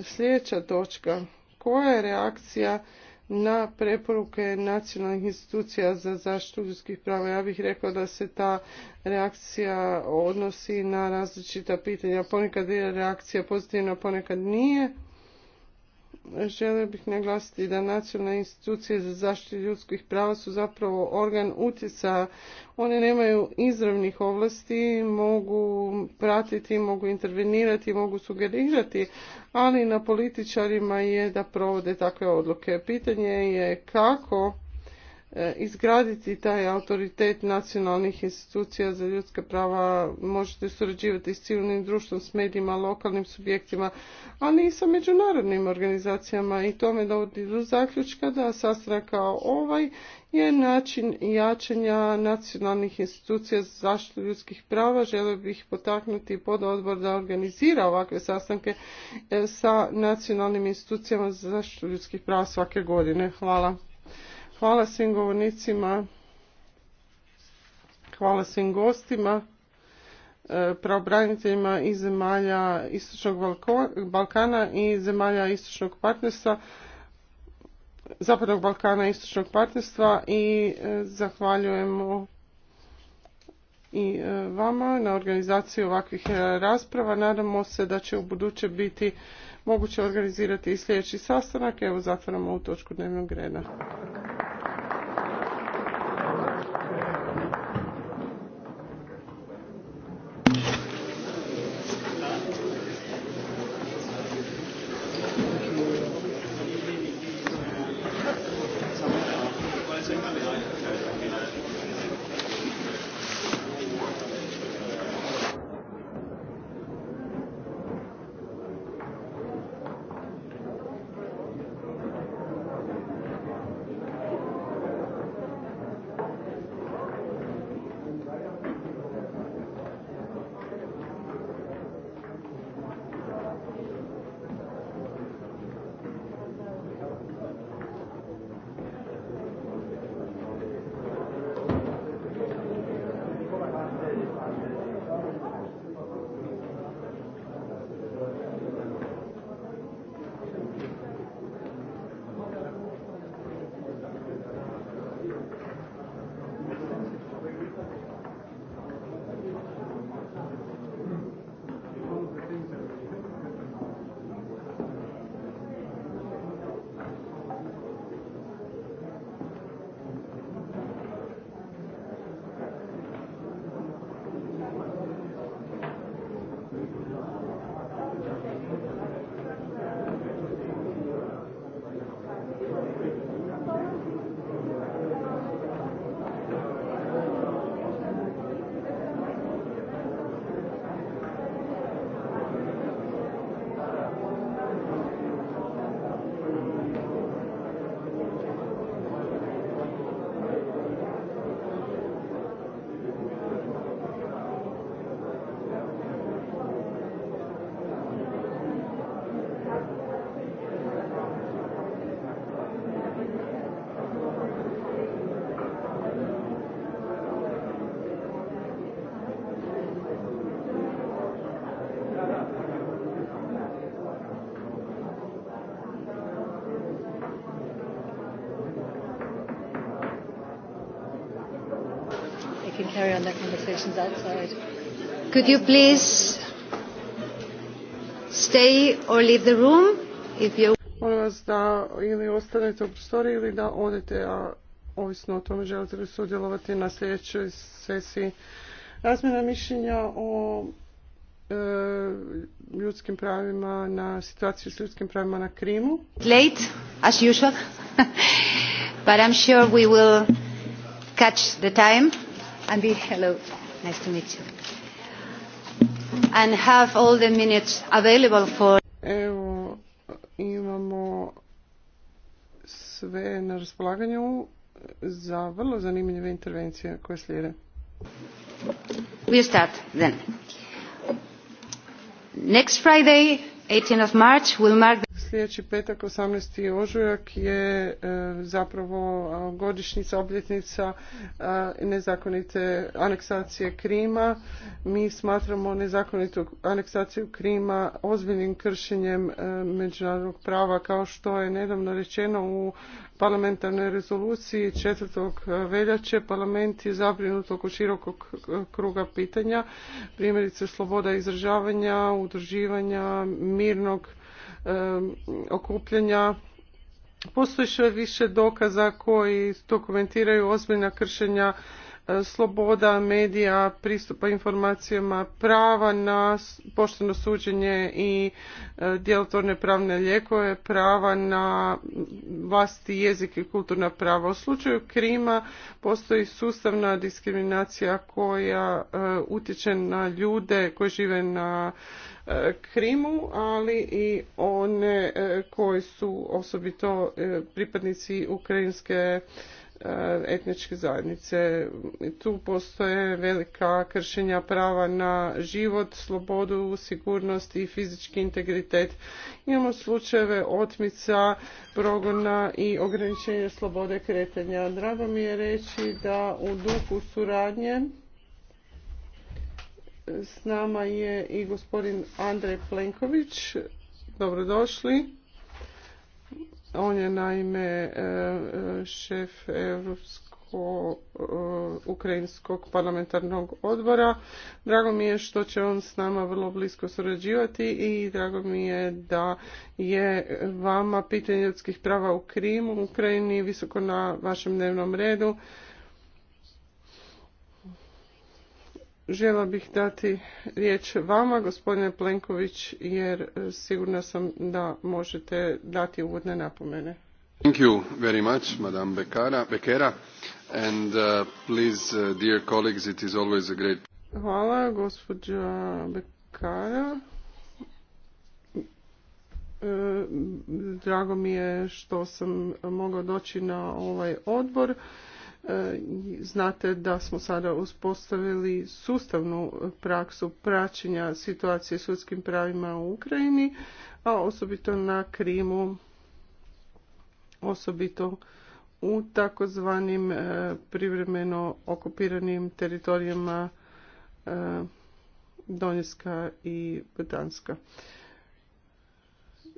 Sljedeća točka. Koja je reakcija na preporuke nacionalnih institucija za zaštitu ljudskih prava. Ja bih rekao da se ta reakcija odnosi na različita pitanja. Ponekad je reakcija pozitivna, ponekad nije želio bih naglasiti da nacionalne institucije za zaštitu ljudskih prava su zapravo organ utjecaja. One nemaju izravnih ovlasti, mogu pratiti, mogu intervenirati, mogu sugerirati, ali na političarima je da provode takve odluke. Pitanje je kako E, izgraditi taj autoritet nacionalnih institucija za ljudska prava, možete surađivati s civilnim društvom, s medijima, lokalnim subjektima, ali i sa međunarodnim organizacijama i to me dovodi do zaključka da sastanak kao ovaj je način jačanja nacionalnih institucija za zaštitu ljudskih prava. Želio bih potaknuti odbor da organizira ovakve sastanke e, sa nacionalnim institucijama za zaštitu ljudskih prava svake godine. Hvala. Hvala svim govornicima, hvala svim gostima, e, pravobraniteljima iz zemalja Istočnog Balkana i zemalja Istočnog partnerstva, Zapadnog Balkana i Istočnog partnerstva i e, zahvaljujemo i e, vama na organizaciji ovakvih rasprava. Nadamo se da će u buduće biti moguće organizirati i sljedeći sastanak. Evo zatvaramo ovu točku dnevnog reda. instructions outside. Could you please stay or leave the room if you... Molim vas da ili ostanete u prostoriji ili da odete, a ovisno o tome želite li sudjelovati na sljedećoj sesiji. Razmjena mišljenja o e, ljudskim pravima na situaciju s ljudskim pravima na Krimu. Late, as usual, [laughs] but I'm sure we will catch the time and be hello. Nice to meet you. And have all the minutes available for... Evo, imamo sve na raspolaganju za vrlo zanimljive intervencije koje slijede. We start then. Next Friday, 18 of March, will mark the sljedeći petak 18. ožujak je e, zapravo godišnjica obljetnica nezakonite aneksacije Krima. Mi smatramo nezakonitu aneksaciju Krima ozbiljnim kršenjem e, međunarodnog prava kao što je nedavno rečeno u parlamentarnoj rezoluciji 4. E, veljače parlament je zabrinut oko širokog kruga pitanja primjerice sloboda izražavanja, udruživanja, mirnog okupljanja. Postoji je više dokaza koji dokumentiraju ozbiljna kršenja e, sloboda medija, pristupa informacijama, prava na pošteno suđenje i e, djelotvorne pravne lijekove, prava na vlasti, jezik i kulturna prava. U slučaju Krima postoji sustavna diskriminacija koja e, utječe na ljude koji žive na E, Krimu, ali i one e, koji su osobito e, pripadnici ukrajinske etničke zajednice. Tu postoje velika kršenja prava na život, slobodu, sigurnost i fizički integritet. Imamo slučajeve otmica, progona i ograničenja slobode kretanja. Drago mi je reći da u duhu suradnje s nama je i gospodin Andrej Plenković. Dobrodošli. On je naime e, e, šef evropsko e, ukrajinskog parlamentarnog odbora. Drago mi je što će on s nama vrlo blisko surađivati i drago mi je da je vama pitanje ljudskih prava u Krimu, u Ukrajini visoko na vašem dnevnom redu Žela bih dati riječ vama, gospodine Plenković, jer e, sigurna sam da možete dati uvodne napomene. Thank you very much, Madame Bekara, Bekera, and uh, please, uh, dear colleagues, it is always a great... Hvala, gospođa Bekara. E, drago mi je što sam mogao doći na ovaj odbor. E, znate da smo sada uspostavili sustavnu praksu praćenja situacije s sudskim pravima u Ukrajini, a osobito na Krimu, osobito u takozvanim e, privremeno okupiranim teritorijama e, Donjska i Britanska.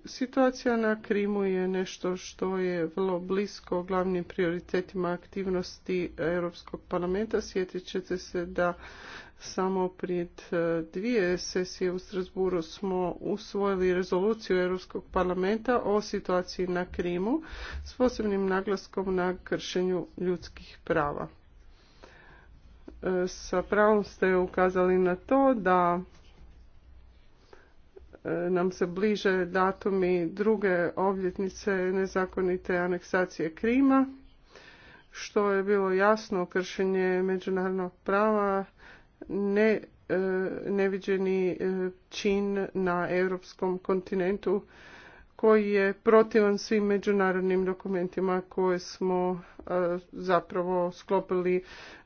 Situacija na Krimu je nešto što je vrlo blisko glavnim prioritetima aktivnosti Europskog parlamenta. Sjetit ćete se da samo pred e, dvije sesije u Strasburu smo usvojili rezoluciju Europskog parlamenta o situaciji na Krimu s posebnim naglaskom na kršenju ljudskih prava. E, sa pravom ste ukazali na to da nam se bliže datumi druge obljetnice nezakonite aneksacije Krima, što je bilo jasno kršenje međunarodnog prava, ne e, neviđeni e, čin na europskom kontinentu koji je protivan svim međunarodnim dokumentima koje smo e, zapravo sklopili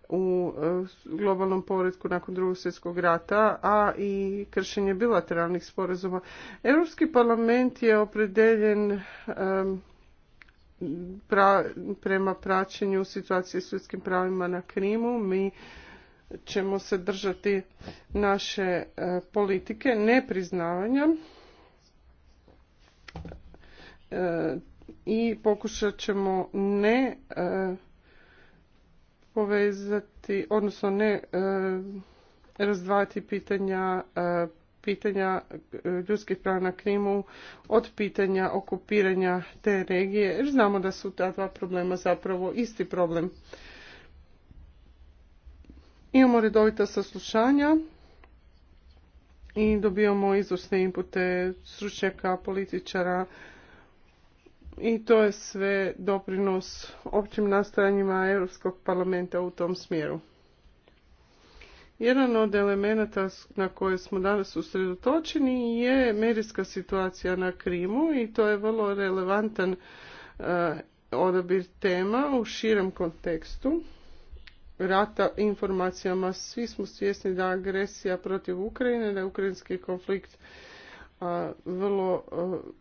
u e, globalnom poredku nakon drugog svjetskog rata, a i kršenje bilateralnih sporazuma. Europski parlament je opredeljen prema praćenju situacije s ljudskim pravima na Krimu. Mi ćemo se držati naše e, politike nepriznavanja e, i pokušat ćemo ne povezati, odnosno ne e, razdvajati pitanja e, pitanja e, ljudskih prava na Krimu od pitanja okupiranja te regije, jer znamo da su ta dva problema zapravo isti problem. Imamo redovita saslušanja i dobijamo izvrsne impute stručnjaka, političara, i to je sve doprinos općim nastojanjima Europskog parlamenta u tom smjeru. Jedan od elemenata na koje smo danas usredotočeni je medijska situacija na Krimu i to je vrlo relevantan e, odabir tema u širem kontekstu rata informacijama. Svi smo svjesni da agresija protiv Ukrajine, da je ukrajinski konflikt vrlo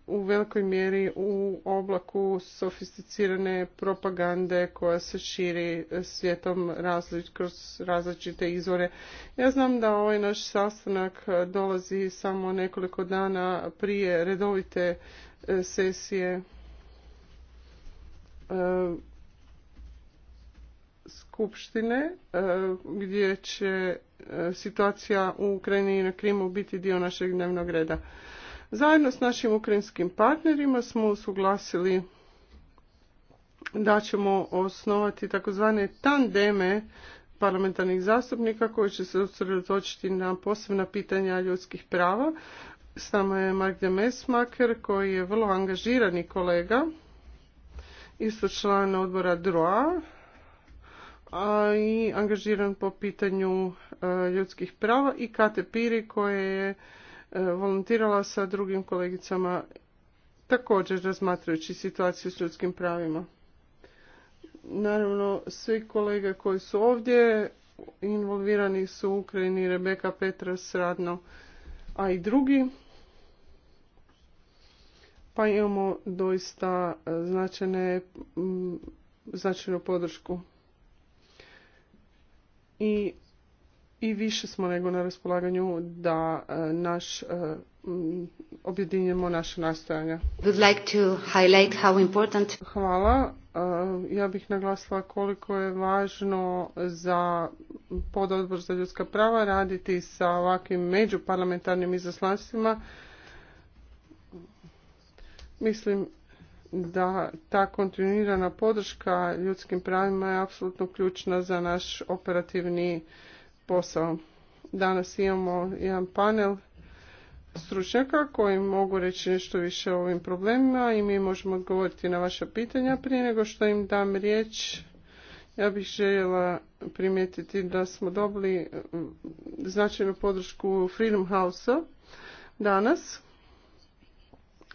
u velikoj mjeri u oblaku sofisticirane propagande koja se širi svijetom kroz različite izvore. Ja znam da ovaj naš sastanak dolazi samo nekoliko dana prije redovite e, sesije e, skupštine e, gdje će e, situacija u Ukrajini i na Krimu biti dio našeg dnevnog reda. Zajedno s našim ukrajinskim partnerima smo usuglasili da ćemo osnovati takozvane tandeme parlamentarnih zastupnika koji će se usredotočiti na posebna pitanja ljudskih prava. S nama je Mark de Mesmaker koji je vrlo angažirani kolega, isto član odbora DROA, a i angažiran po pitanju e, ljudskih prava i Kate Piri koja je e, volontirala sa drugim kolegicama također razmatrajući situaciju s ljudskim pravima. Naravno, svi kolege koji su ovdje involvirani su u Ukrajini Rebeka Petras radno, a i drugi. Pa imamo doista e, značajne, značajnu podršku i i više smo nego na raspolaganju da e, naš e, objedinjemo naše nastojanja. Hvala. E, ja bih naglasila koliko je važno za pododbor za ljudska prava raditi sa ovakvim međuparlamentarnim izaslanstvima. Mislim da ta kontinuirana podrška ljudskim pravima je apsolutno ključna za naš operativni posao. Danas imamo jedan panel stručnjaka koji mogu reći nešto više o ovim problemima i mi možemo odgovoriti na vaša pitanja. Prije nego što im dam riječ, ja bih željela primijetiti da smo dobili mm, značajnu podršku Freedom House-a danas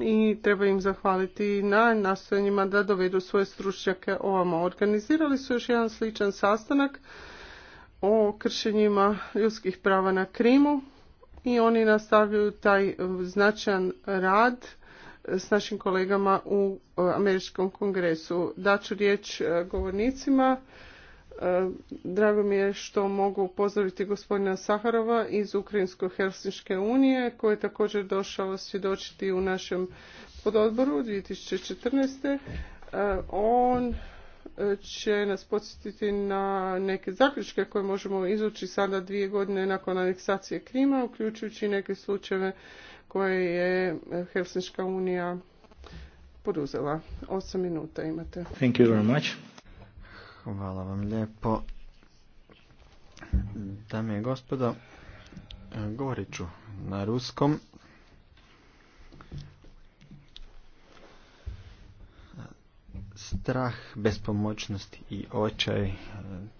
i treba im zahvaliti na nastojanjima da dovedu svoje stručnjake ovamo. Organizirali su još jedan sličan sastanak o kršenjima ljudskih prava na Krimu i oni nastavljaju taj značajan rad s našim kolegama u e, Američkom kongresu. Daću riječ e, govornicima. E, drago mi je što mogu pozdraviti gospodina Saharova iz Ukrajinsko-Helsinške unije koji je također došao svjedočiti u našem pododboru 2014. E, on e, će nas podsjetiti na neke zaključke koje možemo izući sada dvije godine nakon aneksacije Krima, uključujući neke slučajeve koje je Helsinška unija poduzela. Osam minuta imate. Thank you very much. Hvala vam lijepo. Dame i gospodo, govorit ću na ruskom. strah, bespomoćnost i očaj, e,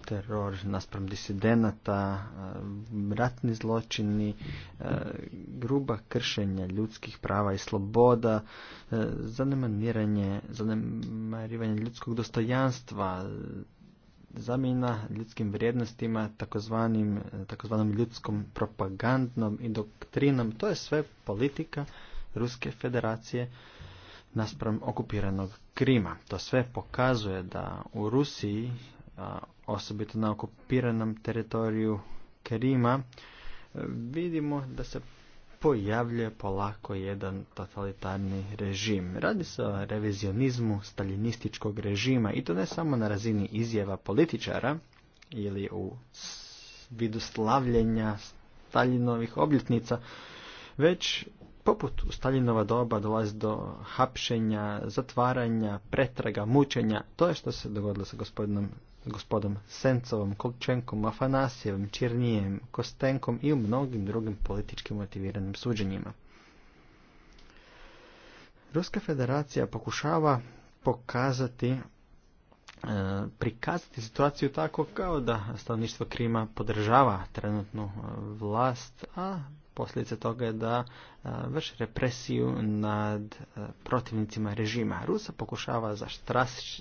teror naspram disidenata, e, ratni zločini, e, gruba kršenja ljudskih prava i sloboda, zanemaniranje zanemarivanje ljudskog dostojanstva, zamjena ljudskim vrijednostima, takozvanim, takozvanom ljudskom propagandnom i doktrinom. To je sve politika Ruske federacije naspram okupiranog Krima. To sve pokazuje da u Rusiji, osobito na okupiranom teritoriju Krima, e, vidimo da se pojavljuje polako jedan totalitarni režim. Radi se o revizionizmu staljinističkog režima i to ne samo na razini izjava političara ili u vidu slavljenja Stalinovih obljetnica, već poput u Staljinova doba dolazi do hapšenja, zatvaranja, pretraga, mučenja. To je što se dogodilo sa gospodinom gospodom Sencovom, Kolčenkom, Afanasijevom, Čirnijem, Kostenkom i u mnogim drugim politički motiviranim suđenjima. Ruska federacija pokušava pokazati, e, prikazati situaciju tako kao da stanovništvo Krima podržava trenutnu e, vlast, a Posljedica toga je da vrši represiju nad protivnicima režima. Rusa pokušava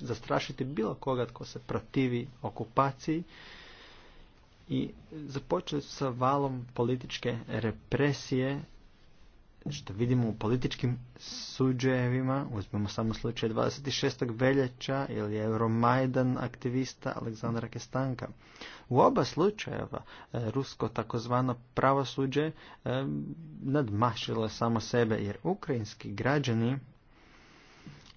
zastrašiti bilo koga tko se protivi okupaciji i započeli su sa valom političke represije što vidimo u političkim suđevima, uzmemo samo slučaj 26. veljača ili Euromajdan aktivista Aleksandra Kestanka. U oba slučajeva e, rusko takozvano pravosuđe e, nadmašilo samo sebe jer ukrajinski građani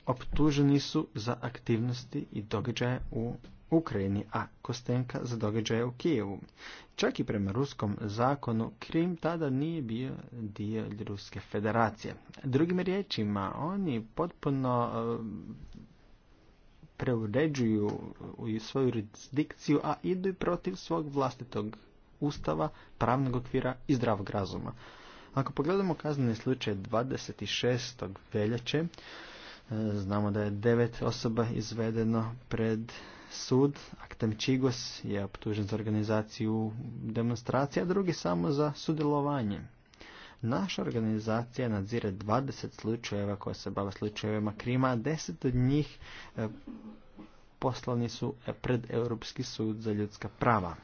optuženi su za aktivnosti i događaje u Ukrajini, a Kostenka za događaje u Kijevu. Čak i prema ruskom zakonu, Krim tada nije bio dio Ruske federacije. Drugim riječima, oni potpuno eh, preuređuju svoju jurisdikciju, a idu i protiv svog vlastitog ustava, pravnog okvira i zdravog razuma. Ako pogledamo kazneni slučaj 26. veljače, eh, znamo da je devet osoba izvedeno pred sud, Aktem Čigos je optužen za organizaciju demonstracija, a drugi samo za sudjelovanje. Naša organizacija nadzire 20 slučajeva koja se bava slučajevima krima, a deset od njih e, poslani su pred Europski sud za ljudska prava.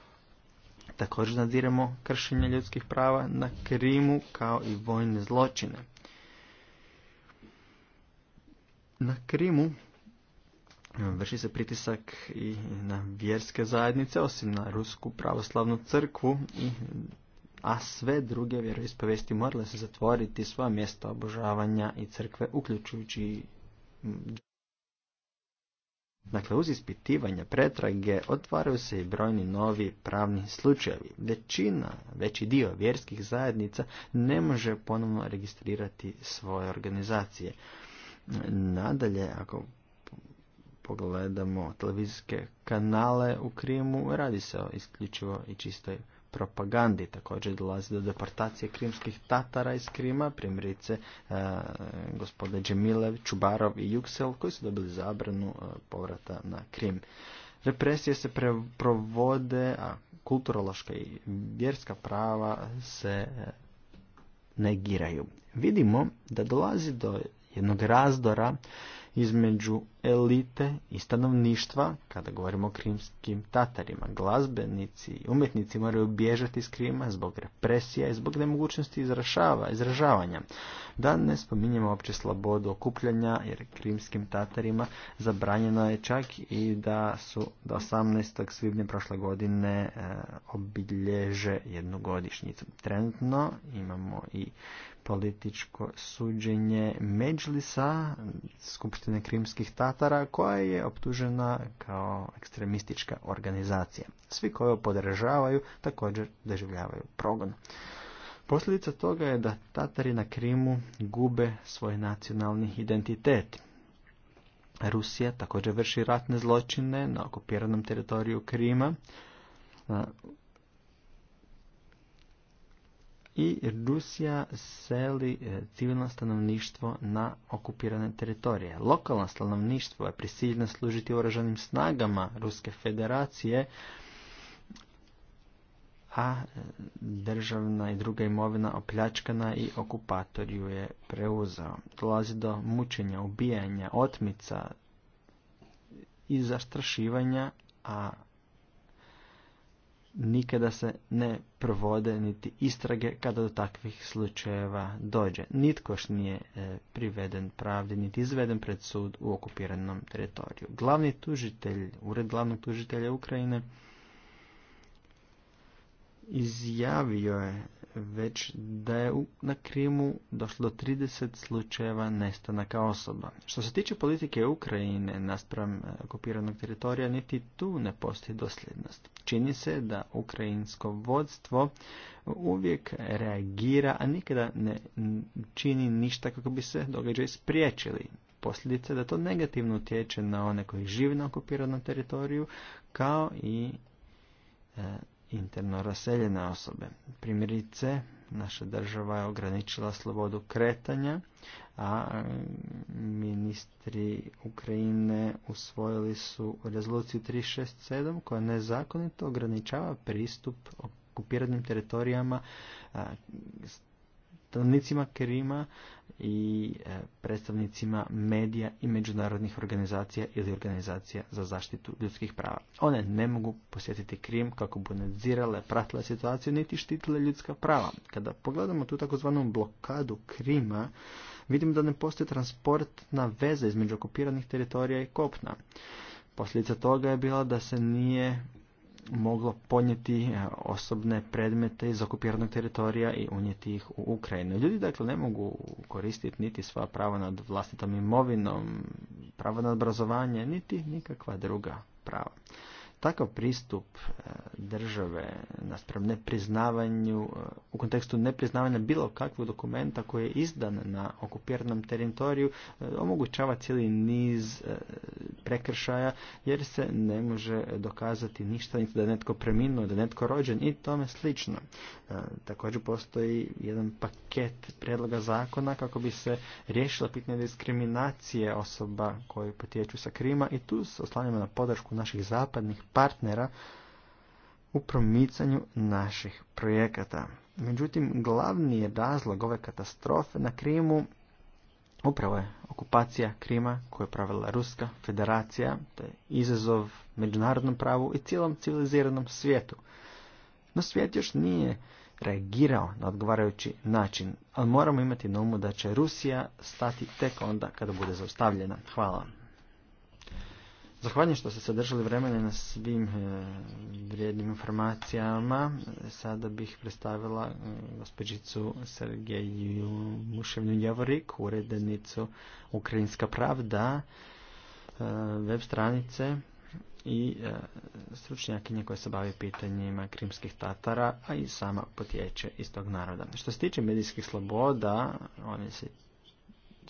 Također nadziremo kršenje ljudskih prava na Krimu kao i vojne zločine. Na Krimu Vrši se pritisak i na vjerske zajednice, osim na Rusku pravoslavnu crkvu, i, a sve druge vjeroispovesti morale se zatvoriti svoja mjesta obožavanja i crkve, uključujući Dakle, uz ispitivanje pretrage otvaraju se i brojni novi pravni slučajevi. Većina, veći dio vjerskih zajednica ne može ponovno registrirati svoje organizacije. Nadalje, ako pogledamo televizijske kanale u Krimu, radi se o isključivo i čistoj propagandi. Također dolazi do deportacije krimskih tatara iz Krima, primjerice e, gospode Džemilev, Čubarov i Juksel, koji su dobili zabranu e, povrata na Krim. Represije se provode, a kulturološka i vjerska prava se e, negiraju. Vidimo da dolazi do jednog razdora između elite i stanovništva, kada govorimo o krimskim tatarima. Glazbenici i umjetnici moraju bježati iz Krima zbog represija i zbog nemogućnosti izrašava, izražavanja. Da ne spominjemo opće slobodu okupljanja, jer krimskim tatarima zabranjeno je čak i da su do 18. svibnja prošle godine eh, obilježe jednu godišnjicu. Trenutno imamo i političko suđenje Međlisa, Skupštine krimskih tatara, koja je optužena kao ekstremistička organizacija. Svi koji podržavaju također doživljavaju progon. Posljedica toga je da Tatari na Krimu gube svoj nacionalni identitet. Rusija također vrši ratne zločine na okupiranom teritoriju Krima, i Rusija seli e, civilno stanovništvo na okupirane teritorije. Lokalno stanovništvo je prisiljeno služiti oružanim snagama Ruske federacije, a e, državna i druga imovina opljačkana i okupator ju je preuzao. Dolazi do mučenja, ubijanja, otmica i zastrašivanja, a nikada se ne provode niti istrage kada do takvih slučajeva dođe. Nitko nije e, priveden pravdi niti izveden pred sud u okupiranom teritoriju. Glavni tužitelj, ured glavnog tužitelja Ukrajine izjavio je već da je na Krimu došlo do 30 slučajeva nestanaka osoba. Što se tiče politike Ukrajine naspram eh, okupiranog teritorija, niti tu ne postoji dosljednost. Čini se da ukrajinsko vodstvo uvijek reagira, a nikada ne čini ništa kako bi se događaj spriječili. Posljedice da to negativno utječe na one koji žive na okupiranom teritoriju, kao i eh, interno raseljene osobe. Primjerice, naša država je ograničila slobodu kretanja, a mm, ministri Ukrajine usvojili su rezoluciju 367 koja nezakonito ograničava pristup okupiranim teritorijama stanovnicima Krima i e, predstavnicima medija i međunarodnih organizacija ili organizacija za zaštitu ljudskih prava. One ne mogu posjetiti Krim kako bi nadzirale, pratile situaciju, niti štitile ljudska prava. Kada pogledamo tu takozvanu blokadu Krima, vidimo da ne postoji transportna veza između okupiranih teritorija i kopna. Posljedica toga je bila da se nije moglo ponijeti e, osobne predmete iz okupiranog teritorija i unijeti ih u Ukrajinu. Ljudi dakle ne mogu koristiti niti sva prava nad vlastitom imovinom, pravo nad obrazovanje, niti nikakva druga prava. Takav pristup e, države naspram nepriznavanju, e, u kontekstu nepriznavanja bilo kakvog dokumenta koji je izdan na okupiranom teritoriju, e, omogućava cijeli niz prekršaja jer se ne može dokazati ništa, niti da je netko preminuo, da je netko rođen i tome slično. Također postoji jedan paket predloga zakona kako bi se riješila pitanje diskriminacije osoba koje potječu sa Krima i tu se oslanjamo na podršku naših zapadnih partnera u promicanju naših projekata. Međutim, glavni je razlog ove katastrofe na Krimu upravo je okupacija Krima koju je pravila Ruska federacija, to je izazov međunarodnom pravu i cijelom civiliziranom svijetu. No svijet još nije reagirao na odgovarajući način, ali moramo imati na umu da će Rusija stati tek onda kada bude zaustavljena. Hvala vam. Zahvaljujem što ste se držali vremena na svim e, vrijednim informacijama. Sada bih predstavila e, gospođicu Sergeju Muševnu Javorik, uredenicu Ukrajinska pravda, e, web stranice i stručnjakinje koje se bavi pitanjima krimskih tatara, a i sama potječe iz tog naroda. Što se tiče medijskih sloboda, oni se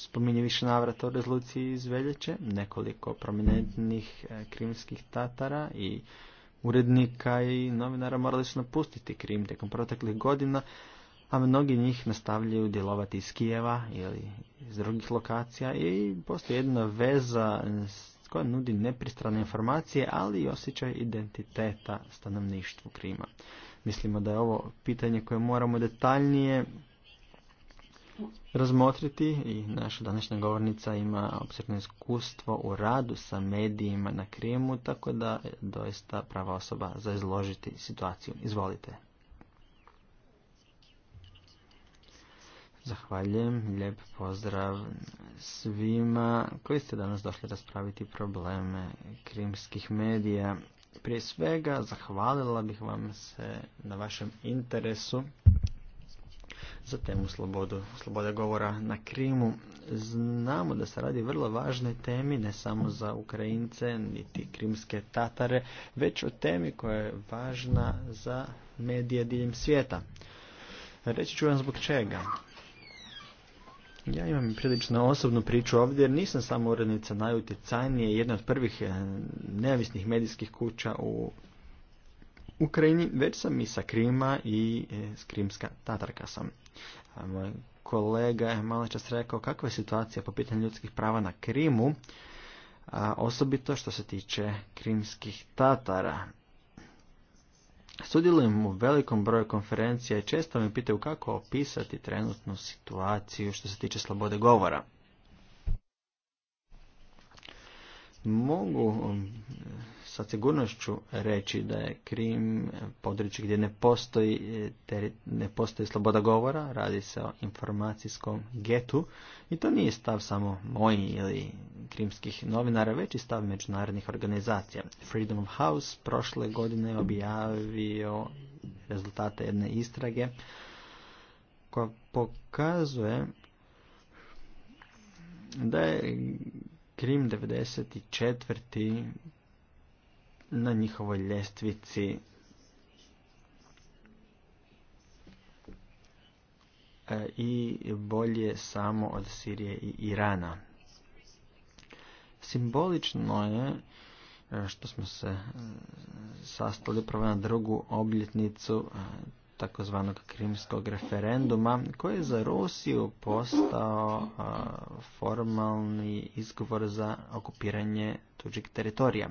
spominje više navrata u rezoluciji iz Veljeće, nekoliko prominentnih e, krimskih tatara i urednika i novinara morali su napustiti Krim tijekom proteklih godina, a mnogi njih nastavljaju djelovati iz Kijeva ili iz drugih lokacija i postoji jedna veza koja nudi nepristrane informacije, ali i osjećaj identiteta stanovništvu Krima. Mislimo da je ovo pitanje koje moramo detaljnije razmotriti i naša današnja govornica ima opsirno iskustvo u radu sa medijima na Krimu, tako da je doista prava osoba za izložiti situaciju. Izvolite. Zahvaljujem, lijep pozdrav svima koji ste danas došli raspraviti probleme krimskih medija. Prije svega zahvalila bih vam se na vašem interesu za temu slobodu, slobode govora na Krimu. Znamo da se radi vrlo važnoj temi, ne samo za Ukrajince, niti krimske tatare, već o temi koja je važna za medije diljem svijeta. Reći ću vam zbog čega. Ja imam prilično osobnu priču ovdje jer nisam samo urednica najutjecajnije, jedna od prvih eh, neavisnih medijskih kuća u Ukrajini, već sam i sa Krima i eh, s Krimska Tatarka sam moj kolega je malo čas rekao kakva je situacija po pitanju ljudskih prava na Krimu, a osobito što se tiče krimskih tatara. Sudjelujem u velikom broju konferencija i često me pitaju kako opisati trenutnu situaciju što se tiče slobode govora. Mogu sa sigurnošću reći da je Krim područje gdje ne postoji, e, ne postoji sloboda govora, radi se o informacijskom getu i to nije stav samo moji ili krimskih novinara, već i stav međunarodnih organizacija. Freedom of House prošle godine objavio rezultate jedne istrage koja pokazuje da je Krim 94 na njihovoj ljestvici e, i bolje samo od Sirije i Irana. Simbolično je e, što smo se e, sastali upravo na drugu obljetnicu takozvanog krimskog referenduma koji je za Rusiju postao formalni izgovor za okupiranje tuđeg teritorija.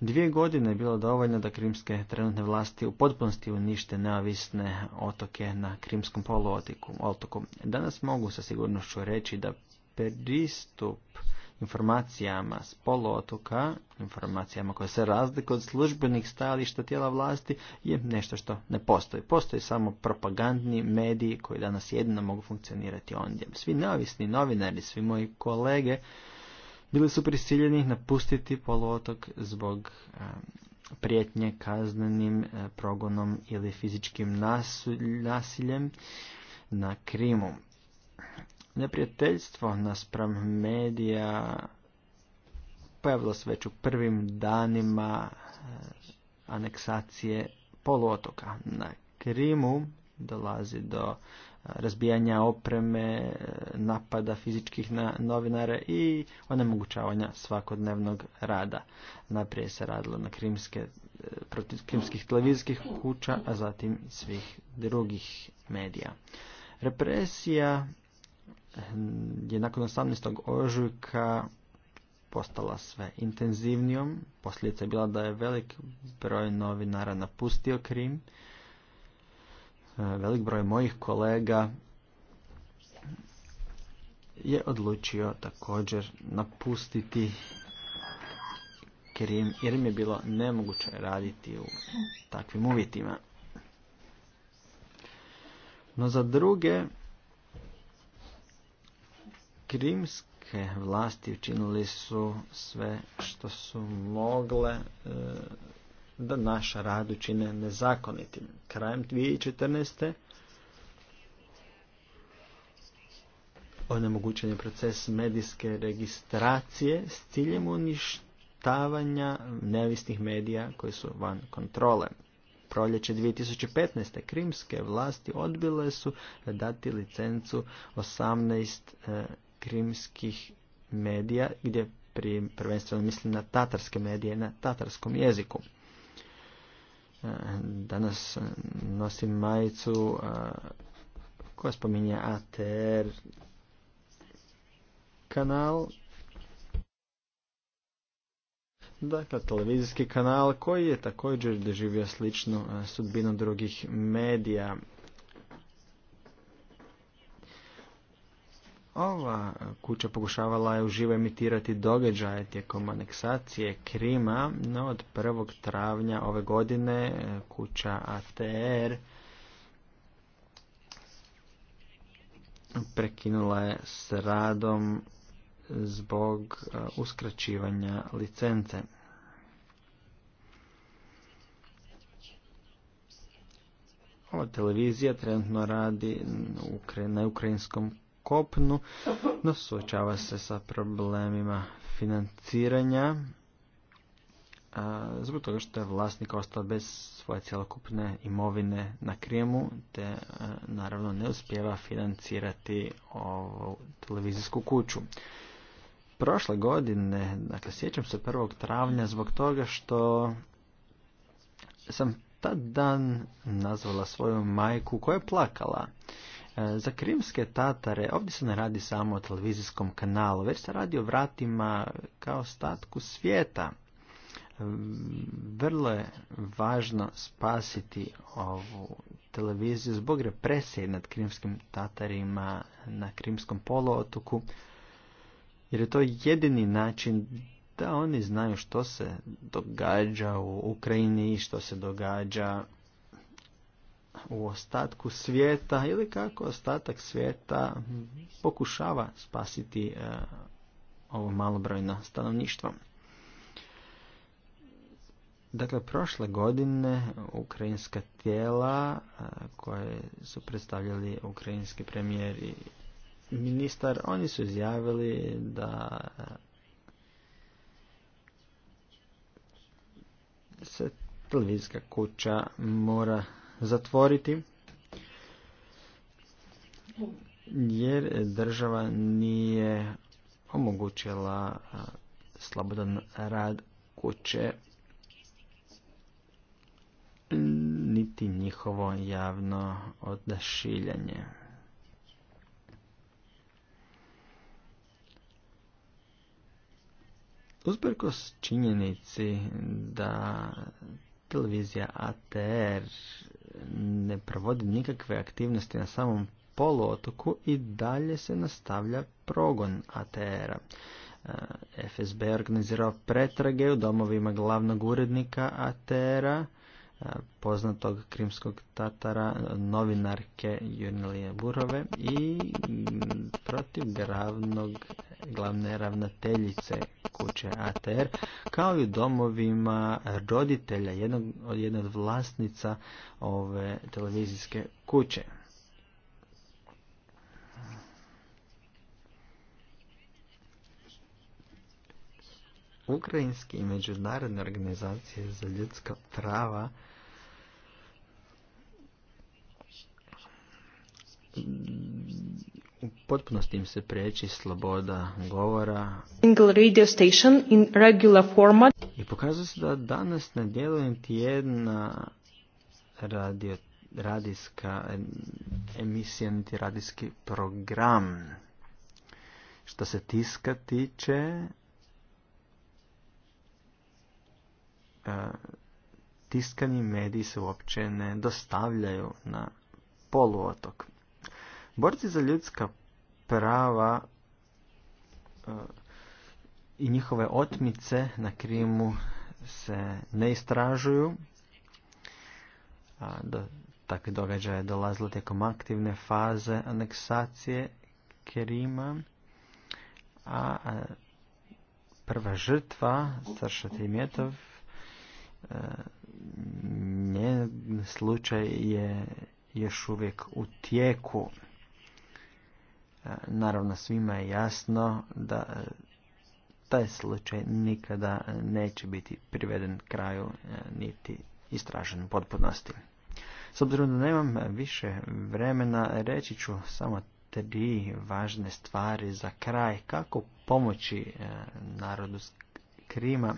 Dvije godine je bilo dovoljno da krimske trenutne vlasti u potpunosti unište neovisne otoke na krimskom poluotoku. Danas mogu sa sigurnošću reći da pristup informacijama s poluotoka, informacijama koje se razlikuju od službenih stajališta tijela vlasti, je nešto što ne postoji. Postoji samo propagandni mediji koji danas jedino mogu funkcionirati ondje. Svi neovisni novinari, svi moji kolege bili su prisiljeni napustiti poluotok zbog prijetnje kaznenim e, progonom ili fizičkim nasiljem na Krimu. Neprijateljstvo naspram medija pojavilo se već u prvim danima e, aneksacije poluotoka. Na Krimu dolazi do razbijanja opreme, napada fizičkih na novinare i onemogućavanja svakodnevnog rada. Naprije se radilo na krimske, e, protiv krimskih televizijskih kuća, a zatim svih drugih medija. Represija hm, je nakon 18. ožujka postala sve intenzivnijom. Posljedica je bila da je velik broj novinara napustio Krim E, velik broj mojih kolega je odlučio također napustiti Krim jer im je bilo nemoguće raditi u takvim uvjetima. No za druge krimske vlasti učinili su sve što su mogle e, da naš rad učine nezakonitim. Krajem 2014. onemogućen je proces medijske registracije s ciljem uništavanja neovisnih medija koji su van kontrole. Proljeće 2015. krimske vlasti odbile su dati licencu 18 e, krimskih medija gdje prvenstveno mislim na tatarske medije na tatarskom jeziku. E, danas nosim majicu e, koja spominje ATR kanal. Dakle, televizijski kanal koji je također doživio sličnu e, sudbinu drugih medija. Ova kuća pokušavala je uživo emitirati događaje tijekom aneksacije Krima, no od 1. travnja ove godine e, kuća ATR prekinula je s radom zbog e, uskraćivanja licence. Ova televizija trenutno radi na ukrajinskom kopnu, no suočava se sa problemima financiranja zbog toga što je vlasnik ostao bez svoje cjelokupne imovine na Krijemu, te naravno ne uspjeva financirati ovu televizijsku kuću. Prošle godine, dakle sjećam se 1. travnja zbog toga što sam tad dan nazvala svoju majku koja je plakala. E, za krimske tatare ovdje se ne radi samo o televizijskom kanalu, već se radi o vratima kao statku svijeta. E, vrlo je važno spasiti ovu televiziju zbog represije nad krimskim tatarima na krimskom poluotoku, jer je to jedini način da oni znaju što se događa u Ukrajini, što se događa u ostatku svijeta ili kako ostatak svijeta pokušava spasiti e, ovo malobrojno stanovništvo. Dakle, prošle godine ukrajinska tijela e, koje su predstavljali ukrajinski premijer i ministar, oni su izjavili da e, se televizijska kuća mora zatvoriti jer država nije omogućila slobodan rad kuće niti njihovo javno odašiljanje. s činjenici da televizija ATR ne provodi nikakve aktivnosti na samom poluotoku i dalje se nastavlja progon ATR-a. E, FSB je organizirao pretrage u domovima glavnog urednika ATR-a poznatog krimskog tatara, novinarke Junilije Burove i mm, protiv glavne ravnateljice kuće ATR, kao i u domovima roditelja, jednog, jedne od vlasnica ove televizijske kuće. Ukrajinske i međunarodne organizacije za ljudska prava u potpunosti im se priječi sloboda govora radio station in regular format. i pokazuje se da danas ne djeluje niti jedna radio, radijska emisija niti radijski program što se tiska tiče tiskani mediji se uopće ne dostavljaju na poluotok. Borci za ljudska prava i njihove otmice na Krimu se ne istražuju. A do, takve događaje dolazilo tijekom aktivne faze aneksacije Krima. A, prva žrtva, Sarša Timjetov, njen slučaj je još uvijek u tijeku. E, naravno svima je jasno da e, taj slučaj nikada neće biti priveden kraju e, niti istražen u potpunosti. S obzirom da nemam više vremena, reći ću samo tri važne stvari za kraj kako pomoći narodu Krima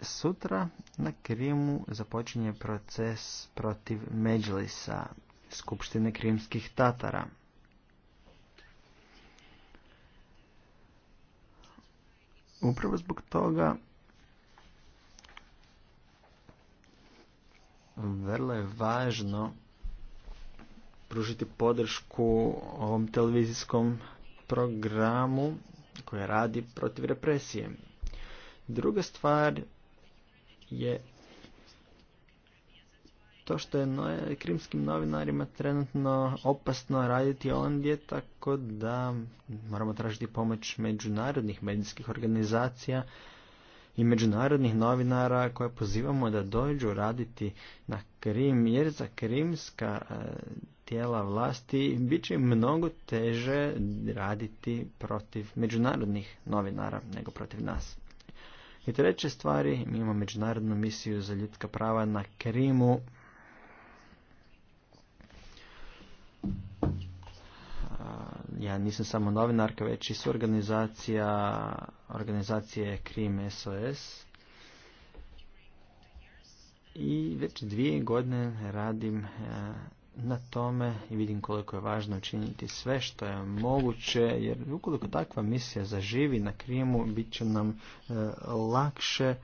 Sutra na Krimu započinje proces protiv Međlisa, Skupštine krimskih tatara. Upravo zbog toga vrlo je važno pružiti podršku ovom televizijskom programu koji radi protiv represije. Druga stvar je to što je krimskim novinarima trenutno opasno raditi ondje, tako da moramo tražiti pomoć međunarodnih medijskih organizacija i međunarodnih novinara koje pozivamo da dođu raditi na Krim, jer za krimska e, tijela vlasti bit će mnogo teže raditi protiv međunarodnih novinara nego protiv nas. I treće stvari, mi imamo međunarodnu misiju za ljudska prava na Krimu. Ja nisam samo novinarka, već i su organizacija, organizacije Krim SOS. I već dvije godine radim na tome i vidim koliko je važno učiniti sve što je moguće, jer ukoliko takva misija zaživi na Krimu, bit će nam e, lakše e,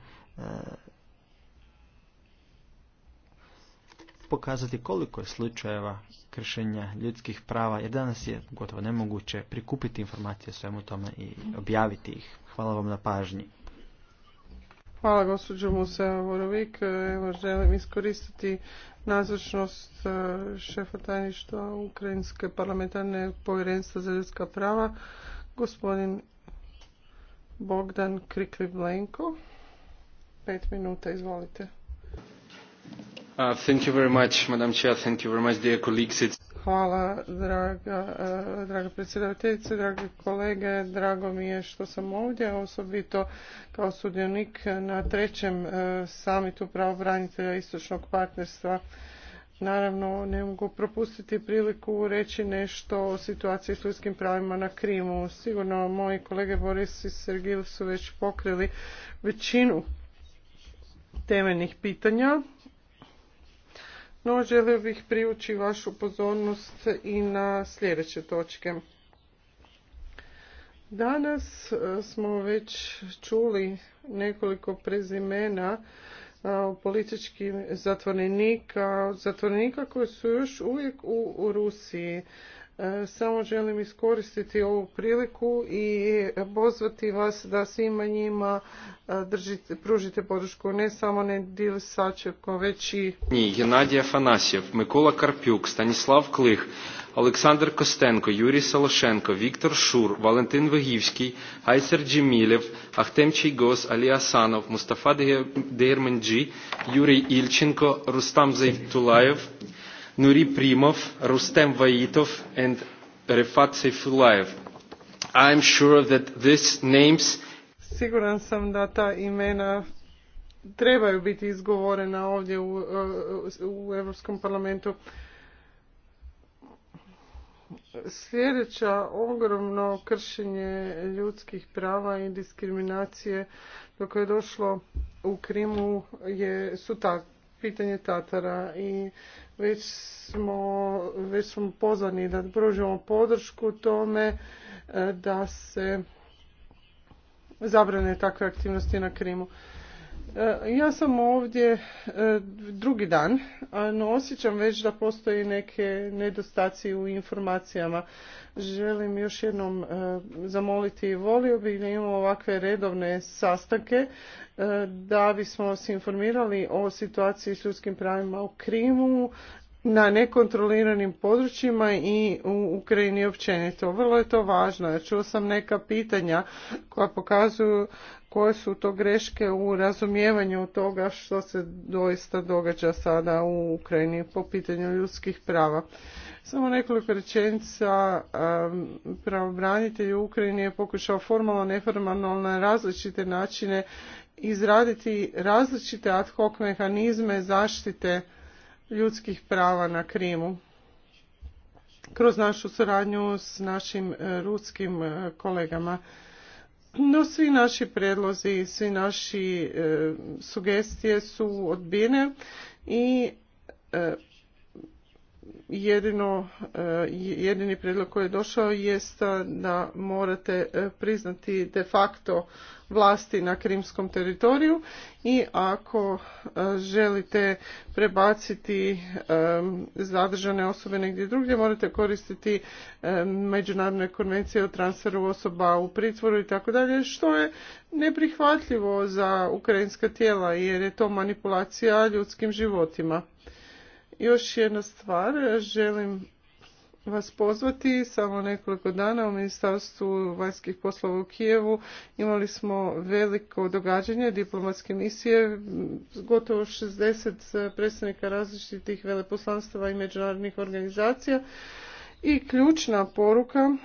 pokazati koliko je slučajeva kršenja ljudskih prava, jer danas je gotovo nemoguće prikupiti informacije o svemu tome i objaviti ih. Hvala vam na pažnji. Hvala gospođo Musa Vorovik. Evo želim iskoristiti nazočnost e, šefa tajništva Ukrajinske parlamentarne povjerenstva za ljudska prava, gospodin Bogdan Krikli-Blenko. Pet minuta, izvolite. Uh, thank you very much, Madam Chair. Thank you very much, dear colleagues. Hvala, draga, e, draga predsjedavateljice, drage kolege. Drago mi je što sam ovdje, osobito kao sudionik na trećem e, samitu pravobranitelja istočnog partnerstva. Naravno, ne mogu propustiti priliku reći nešto o situaciji s ljudskim pravima na Krimu. Sigurno, moji kolege Boris i Sergil su već pokrili većinu temeljnih pitanja no, želio bih priući vašu pozornost i na sljedeće točke. Danas e, smo već čuli nekoliko prezimena e, političkih zatvorenika, zatvorenika koji su još uvijek u, u Rusiji. E, samo želim iskoristiti ovu priliku i pozvati vas da svima njima e, pružite podršku, ne samo ne dili sačevko, već i... Gennadija Fanasjev, Mikola Karpjuk, Stanislav Klih, Aleksandar Kostenko, Jurij Salošenko, Viktor Šur, Valentin Vegivski, Ajser miljev, Ahtem Čigos, Ali Asanov, Mustafa Dejermenđi, Jurij Ilčenko, Rustam Zajtulajev... Nuri Primov, Rustem Vaitov, and Refat Seyfulaev. I'm sure that these names Siguran sam da ta imena trebaju biti izgovorena ovdje u, u Europskom parlamentu. Sljedeća ogromno kršenje ljudskih prava i diskriminacije do koje je došlo u Krimu je, su ta, pitanje Tatara i već smo, pozvani da pružimo podršku tome e, da se zabrane takve aktivnosti na Krimu. E, ja sam ovdje e, drugi dan, no osjećam već da postoji neke nedostaci u informacijama. Želim još jednom e, zamoliti i volio bih da imamo ovakve redovne sastanke da bismo se informirali o situaciji s ljudskim pravima u Krimu, na nekontroliranim područjima i u Ukrajini općenito. Vrlo je to važno. Ja čuo sam neka pitanja koja pokazuju koje su to greške u razumijevanju toga što se doista događa sada u Ukrajini po pitanju ljudskih prava. Samo nekoliko rečenica um, pravobranitelj u Ukrajini je pokušao formalno, neformalno na različite načine izraditi različite ad hoc mehanizme zaštite ljudskih prava na Krimu. Kroz našu suradnju s našim e, ruskim e, kolegama. No svi naši predlozi i svi naši e, sugestije su odbine i jedino, e, jedini prijedlog koji je došao jest da morate e, priznati de facto vlasti na krimskom teritoriju i ako e, želite prebaciti zadržane osobe negdje drugdje morate koristiti međunarodne konvencije o transferu osoba u pritvoru i tako dalje što je neprihvatljivo za ukrajinska tijela jer je to manipulacija ljudskim životima. Još jedna stvar, želim vas pozvati. Samo nekoliko dana u Ministarstvu vanjskih poslova u Kijevu imali smo veliko događanje diplomatske misije. Gotovo 60 predstavnika različitih veleposlanstava i međunarodnih organizacija. I ključna poruka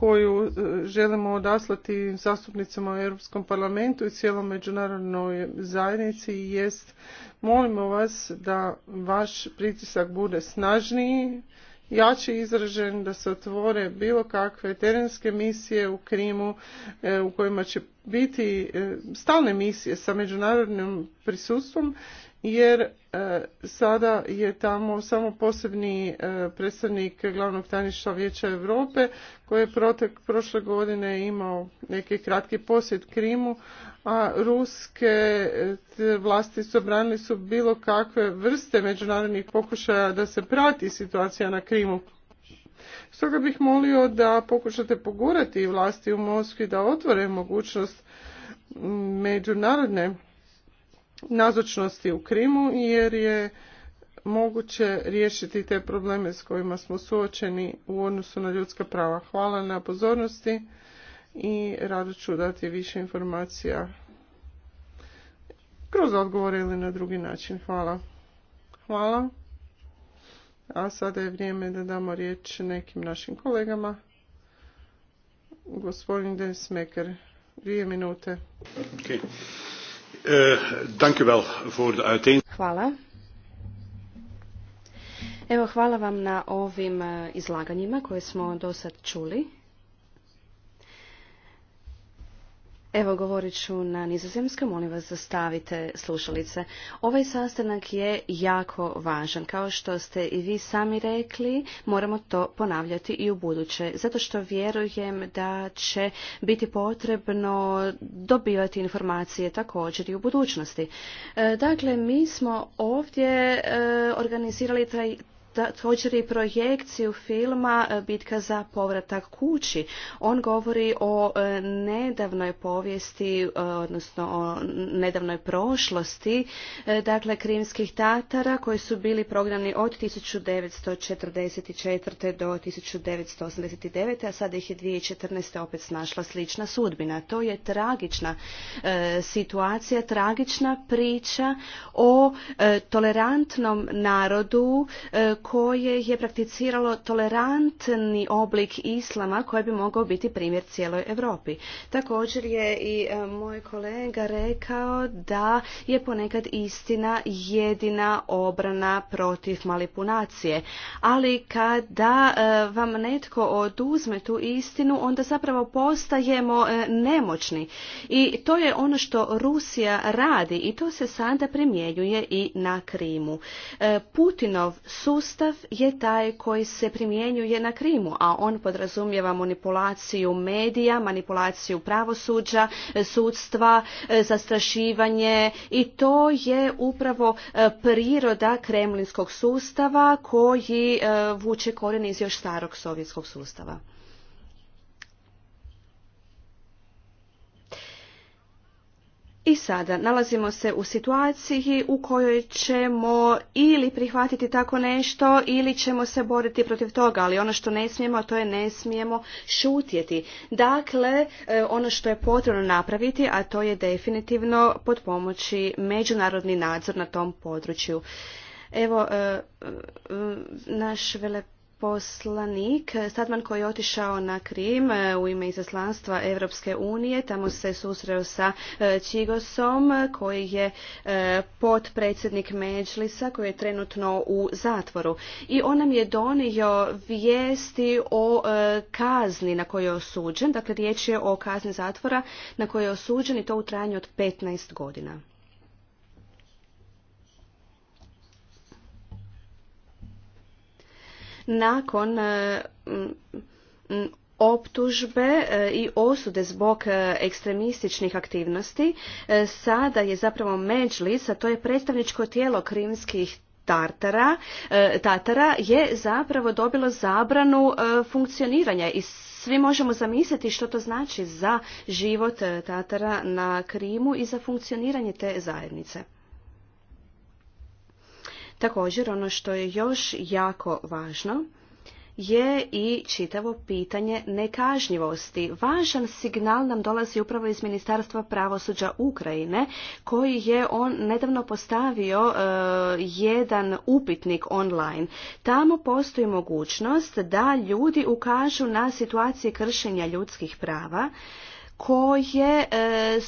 koju e, želimo odaslati zastupnicama u Europskom parlamentu i cijelom međunarodnoj zajednici jest molimo vas da vaš pritisak bude snažniji, jači izražen, da se otvore bilo kakve terenske misije u Krimu e, u kojima će biti e, stalne misije sa međunarodnim prisustvom jer e, sada je tamo samo posebni e, predstavnik glavnog tajništva Vijeća Europe koji je protek prošle godine imao neki kratki posjet Krimu, a ruske e, vlasti su su bilo kakve vrste međunarodnih pokušaja da se prati situacija na Krimu. Stoga bih molio da pokušate pogurati vlasti u Moskvi da otvore mogućnost međunarodne nazočnosti u Krimu jer je moguće riješiti te probleme s kojima smo suočeni u odnosu na ljudska prava. Hvala na pozornosti i rado ću dati više informacija kroz odgovore ili na drugi način. Hvala. Hvala. A sada je vrijeme da damo riječ nekim našim kolegama. Gospodin Denis Meker, dvije minute. Okay. Eh, hvala. hvala vam na ovim eh, izlaganjima koje smo do sad čuli. Evo govorit ću na nizozemskom, molim vas zastavite slušalice. Ovaj sastanak je jako važan. Kao što ste i vi sami rekli, moramo to ponavljati i u buduće, zato što vjerujem da će biti potrebno dobivati informacije također i u budućnosti. E, dakle, mi smo ovdje e, organizirali taj također i projekciju filma e, Bitka za povratak kući. On govori o e, nedavnoj povijesti, e, odnosno o nedavnoj prošlosti, dakle krimskih tatara koji su bili prognani od 1944. do 1989. a sada ih je 2014. opet snašla slična sudbina. To je tragična situacija, tragična priča o tolerantnom narodu koje je prakticiralo tolerantni oblik islama koji bi mogao biti primjer cijeloj Europi. Također je i e, moj kolega rekao da je ponekad istina jedina obrana protiv manipulacije, ali kada e, vam netko oduzme tu istinu, onda zapravo postajemo e, nemoćni. I to je ono što Rusija radi i to se sada primjenjuje i na Krimu. Putinov sus Ustav je taj koji se primjenjuje na Krimu, a on podrazumijeva manipulaciju medija, manipulaciju pravosuđa, sudstva, e, zastrašivanje i to je upravo e, priroda kremlinskog sustava koji e, vuče korijene iz još starog sovjetskog sustava. I sada nalazimo se u situaciji u kojoj ćemo ili prihvatiti tako nešto ili ćemo se boriti protiv toga, ali ono što ne smijemo to je ne smijemo šutjeti. Dakle, e, ono što je potrebno napraviti, a to je definitivno pod pomoći međunarodni nadzor na tom području. Evo, e, e, naš veleposlanik poslanik Sadman koji je otišao na Krim e, u ime izaslanstva Europske unije. Tamo se susreo sa e, Čigosom koji je e, potpredsjednik Međlisa koji je trenutno u zatvoru. I on nam je donio vijesti o kazni na kojoj je osuđen. Dakle, riječ je o kazni zatvora na kojoj je osuđen i to u trajanju od 15 godina. nakon e, optužbe e, i osude zbog e, ekstremističnih aktivnosti. Sada je zapravo Međlis, a to je predstavničko tijelo krimskih Tartara, Tatara je zapravo dobilo zabranu funkcioniranja i svi možemo zamisliti što to znači za život Tatara na Krimu i za funkcioniranje te zajednice. Također, ono što je još jako važno, je i čitavo pitanje nekažnjivosti. Važan signal nam dolazi upravo iz Ministarstva pravosuđa Ukrajine koji je on nedavno postavio e, jedan upitnik online. Tamo postoji mogućnost da ljudi ukažu na situacije kršenja ljudskih prava koje e,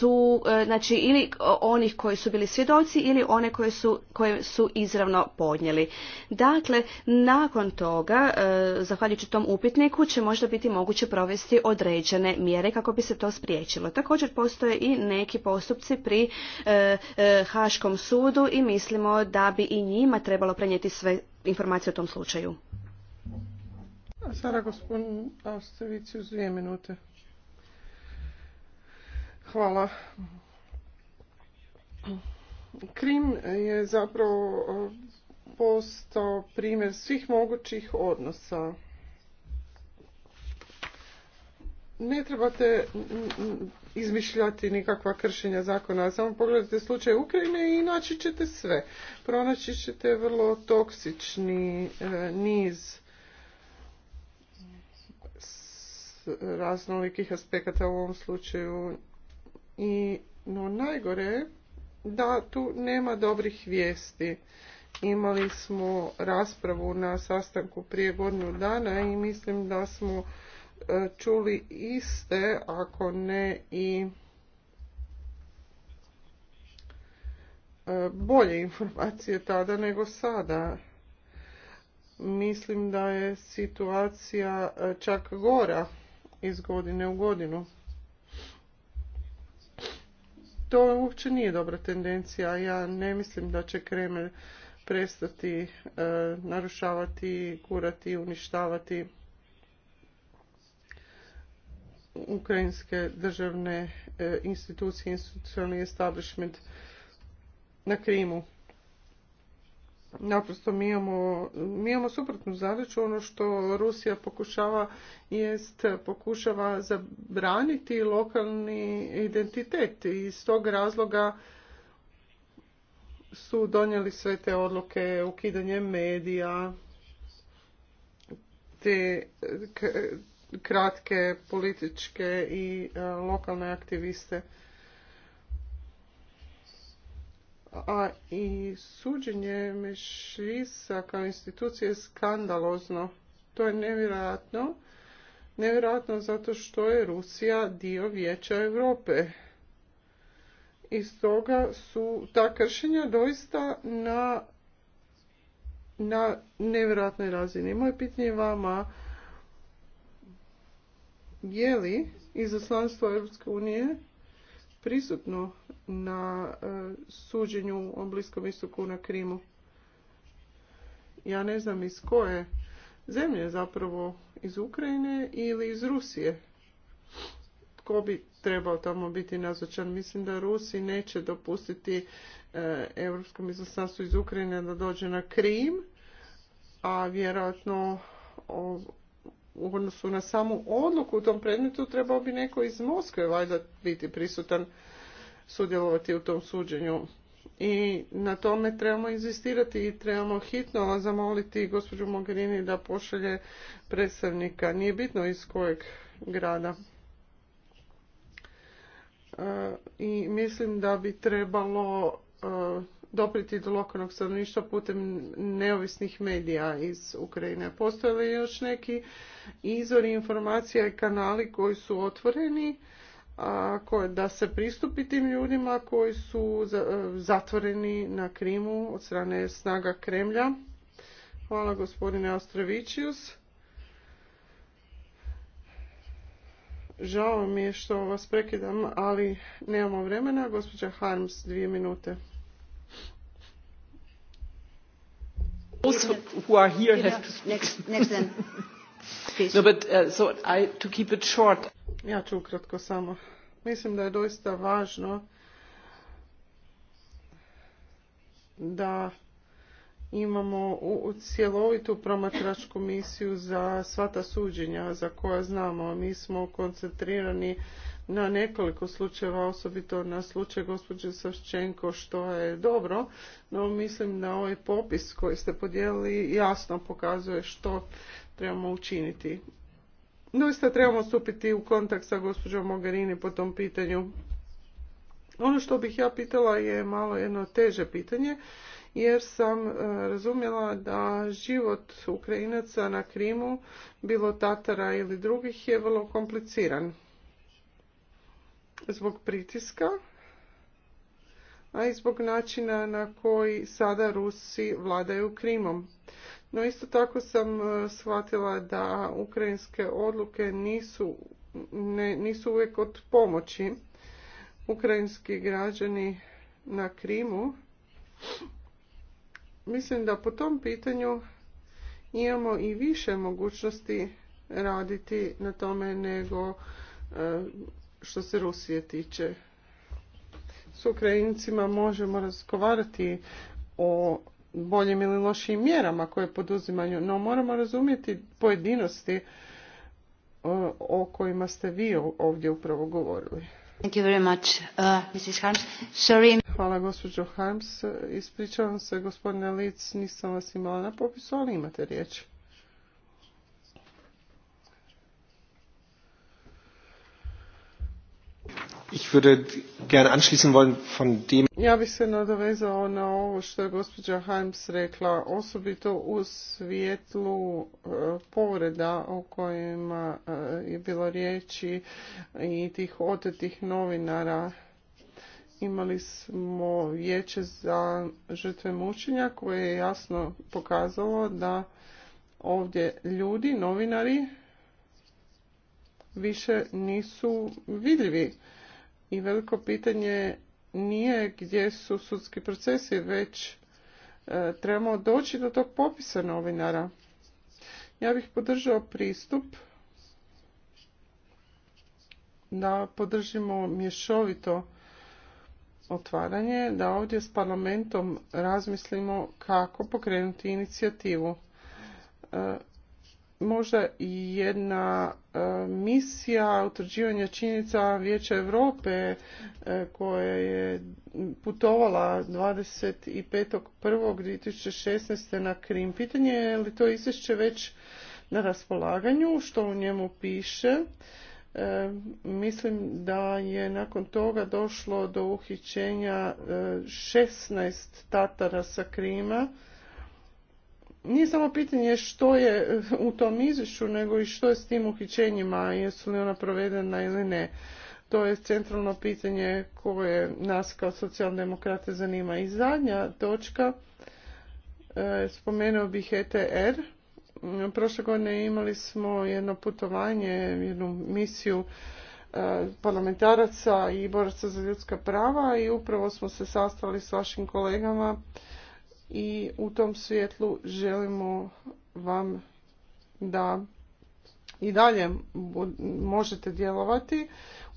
su, e, znači ili onih koji su bili svjedoci ili one koje su, koje su izravno podnijeli. Dakle, nakon toga, e, zahvaljujući tom upitniku, će možda biti moguće provesti određene mjere kako bi se to spriječilo. Također postoje i neki postupci pri e, Haškom sudu i mislimo da bi i njima trebalo prenijeti sve informacije o tom slučaju. Sara, sada gospodin dvije minute. Hvala. Krim je zapravo e, postao primjer svih mogućih odnosa. Ne trebate izmišljati nikakva kršenja zakona, samo pogledajte slučaj Ukrajine i naći ćete sve. Pronaći ćete vrlo toksični e, niz raznolikih aspekata u ovom slučaju i no najgore da tu nema dobrih vijesti. Imali smo raspravu na sastanku prije godinu dana i mislim da smo e, čuli iste, ako ne i e, bolje informacije tada nego sada. Mislim da je situacija e, čak gora iz godine u godinu to uopće nije dobra tendencija. Ja ne mislim da će Kreml prestati e, narušavati, kurati, uništavati ukrajinske državne e, institucije, institucionalni establishment na Krimu naprosto mi imamo, mi imamo suprotnu zadaću. Ono što Rusija pokušava jest pokušava zabraniti lokalni identitet i iz tog razloga su donijeli sve te odluke, ukidanje medija, te kratke političke i e, lokalne aktiviste a i suđenje Mešisa kao institucije je skandalozno. To je nevjerojatno. Nevjerojatno zato što je Rusija dio Vijeća Europe. I stoga su ta kršenja doista na, na nevjerojatnoj razini. Moje pitanje vama je li izaslanstvo Europske unije prisutno na e, suđenju o Bliskom istoku na Krimu. Ja ne znam iz koje zemlje zapravo, iz Ukrajine ili iz Rusije. Tko bi trebao tamo biti nazočan? Mislim da Rusi neće dopustiti e, Europskom izaslanstvu iz Ukrajine da dođe na Krim, a vjerojatno u odnosu na samu odluku u tom predmetu trebao bi neko iz Moskve valjda biti prisutan sudjelovati u tom suđenju. I na tome trebamo inzistirati i trebamo hitno zamoliti gospođu Mogherini da pošalje predstavnika, nije bitno iz kojeg grada. E, I mislim da bi trebalo e, dopriti do lokalnog stanovništva putem neovisnih medija iz Ukrajine. Postoje li još neki izvori informacija i kanali koji su otvoreni a, koje, da se pristupi tim ljudima koji su e, zatvoreni na Krimu od strane snaga Kremlja? Hvala gospodine Ostrovićius. Žao mi je što vas prekidam, ali nemamo vremena. Gospođa Harms, dvije minute. those who are here Next, next [laughs] No, but, uh, so I, to keep it short. Ja ću ukratko samo. Mislim da je doista važno da imamo u cjelovitu promatračku misiju za svata ta suđenja za koja znamo. Mi smo koncentrirani na nekoliko slučajeva, osobito na slučaj gospođe Saščenko, što je dobro, no mislim da ovaj popis koji ste podijelili jasno pokazuje što trebamo učiniti. Doista trebamo stupiti u kontakt sa gospođom Mogherini po tom pitanju. Ono što bih ja pitala je malo jedno teže pitanje, jer sam e, razumjela da život Ukrajinaca na Krimu, bilo Tatara ili drugih, je vrlo kompliciran zbog pritiska, a i zbog načina na koji sada Rusi vladaju Krimom. No isto tako sam e, shvatila da ukrajinske odluke nisu, ne, nisu uvijek od pomoći. Ukrajinski građani na Krimu mislim da po tom pitanju imamo i više mogućnosti raditi na tome nego e, što se Rusije tiče. S Ukrajincima možemo razgovarati o boljim ili lošim mjerama koje poduzimaju, no moramo razumjeti pojedinosti e, o kojima ste vi ovdje upravo govorili. Thank you very much, uh, Mrs. Sorry. Hvala gospođo Harms. Ispričavam se gospodine Lic, nisam vas imala na popisu, ali imate riječ. Ich würde gerne anschließen wollen von dem. Ja bih se nadovezao na ovo što je gospođa Heims rekla, osobito u svijetlu e, povreda o kojima e, je bilo riječi i tih otetih novinara. Imali smo vijeće za žrtve mučenja koje je jasno pokazalo da ovdje ljudi, novinari, više nisu vidljivi i veliko pitanje nije gdje su sudski procesi, već e, trebamo doći do tog popisa novinara. Ja bih podržao pristup da podržimo mješovito otvaranje, da ovdje s parlamentom razmislimo kako pokrenuti inicijativu. E, možda jedna e, misija utvrđivanja činjenica Vijeća Europe e, koja je putovala 25.1.2016. na Krim. Pitanje je li to izvješće već na raspolaganju, što u njemu piše. E, mislim da je nakon toga došlo do uhićenja 16 tatara sa Krima nije samo pitanje što je u tom izvješću, nego i što je s tim uhićenjima, jesu li ona provedena ili ne. To je centralno pitanje koje nas kao socijaldemokrate zanima. I zadnja točka, e, spomenuo bih ETR. Prošle godine imali smo jedno putovanje, jednu misiju e, parlamentaraca i boraca za ljudska prava i upravo smo se sastali s vašim kolegama i u tom svjetlu želimo vam da i dalje možete djelovati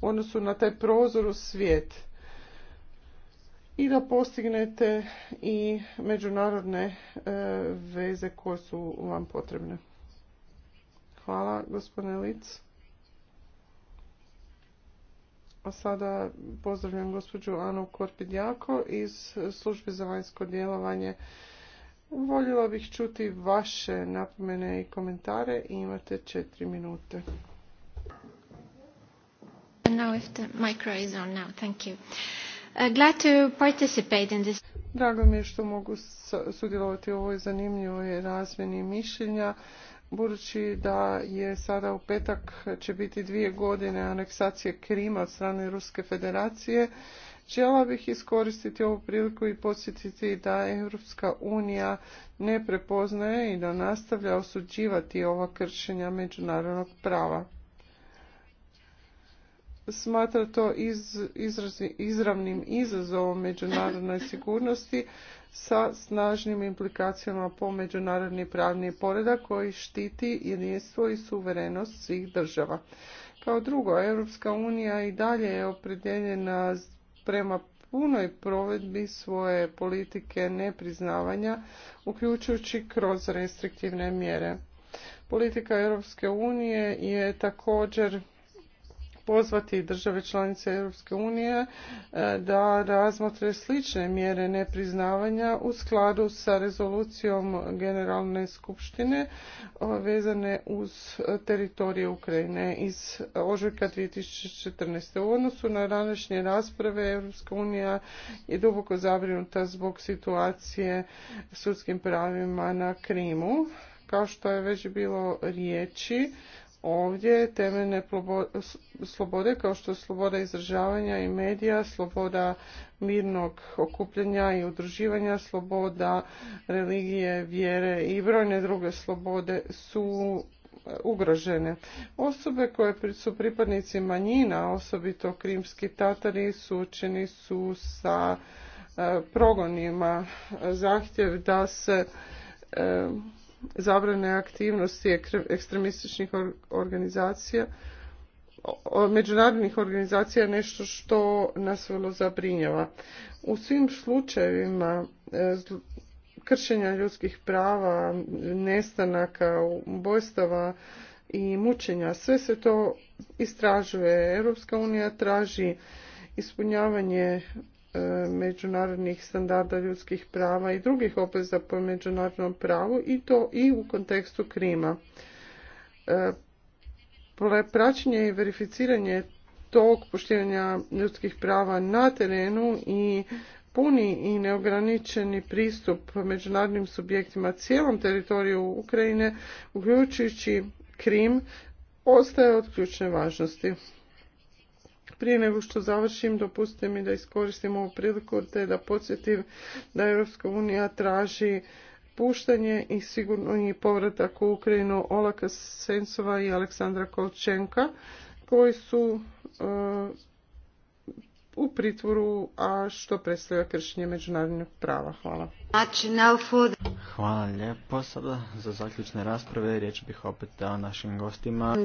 u odnosu na taj prozor u svijet i da postignete i međunarodne e, veze koje su vam potrebne. Hvala gospodine Lic. A sada pozdravljam gospođu Anu Korpidjako iz službe za vanjsko djelovanje. Voljela bih čuti vaše napomene i komentare imate četiri minute. Drago mi je što mogu sudjelovati u ovoj zanimljivoj razmjeni mišljenja budući da je sada u petak će biti dvije godine aneksacije Krima od strane Ruske federacije, Žela bih iskoristiti ovu priliku i podsjetiti da Europska unija ne prepoznaje i da nastavlja osuđivati ova kršenja međunarodnog prava. Smatra to iz, izravnim izazovom međunarodnoj sigurnosti, sa snažnim implikacijama po međunarodni pravni poredak koji štiti jedinstvo i suverenost svih država. Kao drugo, Europska unija i dalje je opredjeljena prema punoj provedbi svoje politike nepriznavanja, uključujući kroz restriktivne mjere. Politika Europske unije je također pozvati države članice Europske unije e, da razmotre slične mjere nepriznavanja u skladu sa rezolucijom Generalne skupštine e, vezane uz teritorije Ukrajine iz ožujka 2014. U odnosu na današnje rasprave Europska unija je duboko zabrinuta zbog situacije sudskim pravima na Krimu. Kao što je već bilo riječi, ovdje temeljne slobode kao što je sloboda izražavanja i medija, sloboda mirnog okupljanja i udruživanja, sloboda religije, vjere i brojne druge slobode su e, ugrožene. Osobe koje su pripadnici manjina, osobito krimski tatari, suočeni su sa e, progonima. Zahtjev da se e, zabrane aktivnosti ekstremističnih organizacija, međunarodnih organizacija nešto što nas vrlo zabrinjava. U svim slučajevima e, kršenja ljudskih prava, nestanaka, ubojstava i mučenja, sve se to istražuje. Europska unija traži ispunjavanje E, međunarodnih standarda ljudskih prava i drugih obveza po međunarodnom pravu i to i u kontekstu krima. E, praćenje i verificiranje tog poštivanja ljudskih prava na terenu i puni i neograničeni pristup međunarodnim subjektima cijelom teritoriju Ukrajine, uključujući Krim, ostaje od ključne važnosti. Prije nego što završim, dopustite mi da iskoristim ovu priliku te da podsjetim da Europska unija traži puštanje i sigurno i povratak u Ukrajinu Olaka Sensova i Aleksandra Kolčenka koji su e, u pritvoru, a što predstavlja kršenje međunarodnog prava. Hvala. Znači, Hvala lijepo. Sada za zaključne rasprave riječ bih opet dao našim gostima.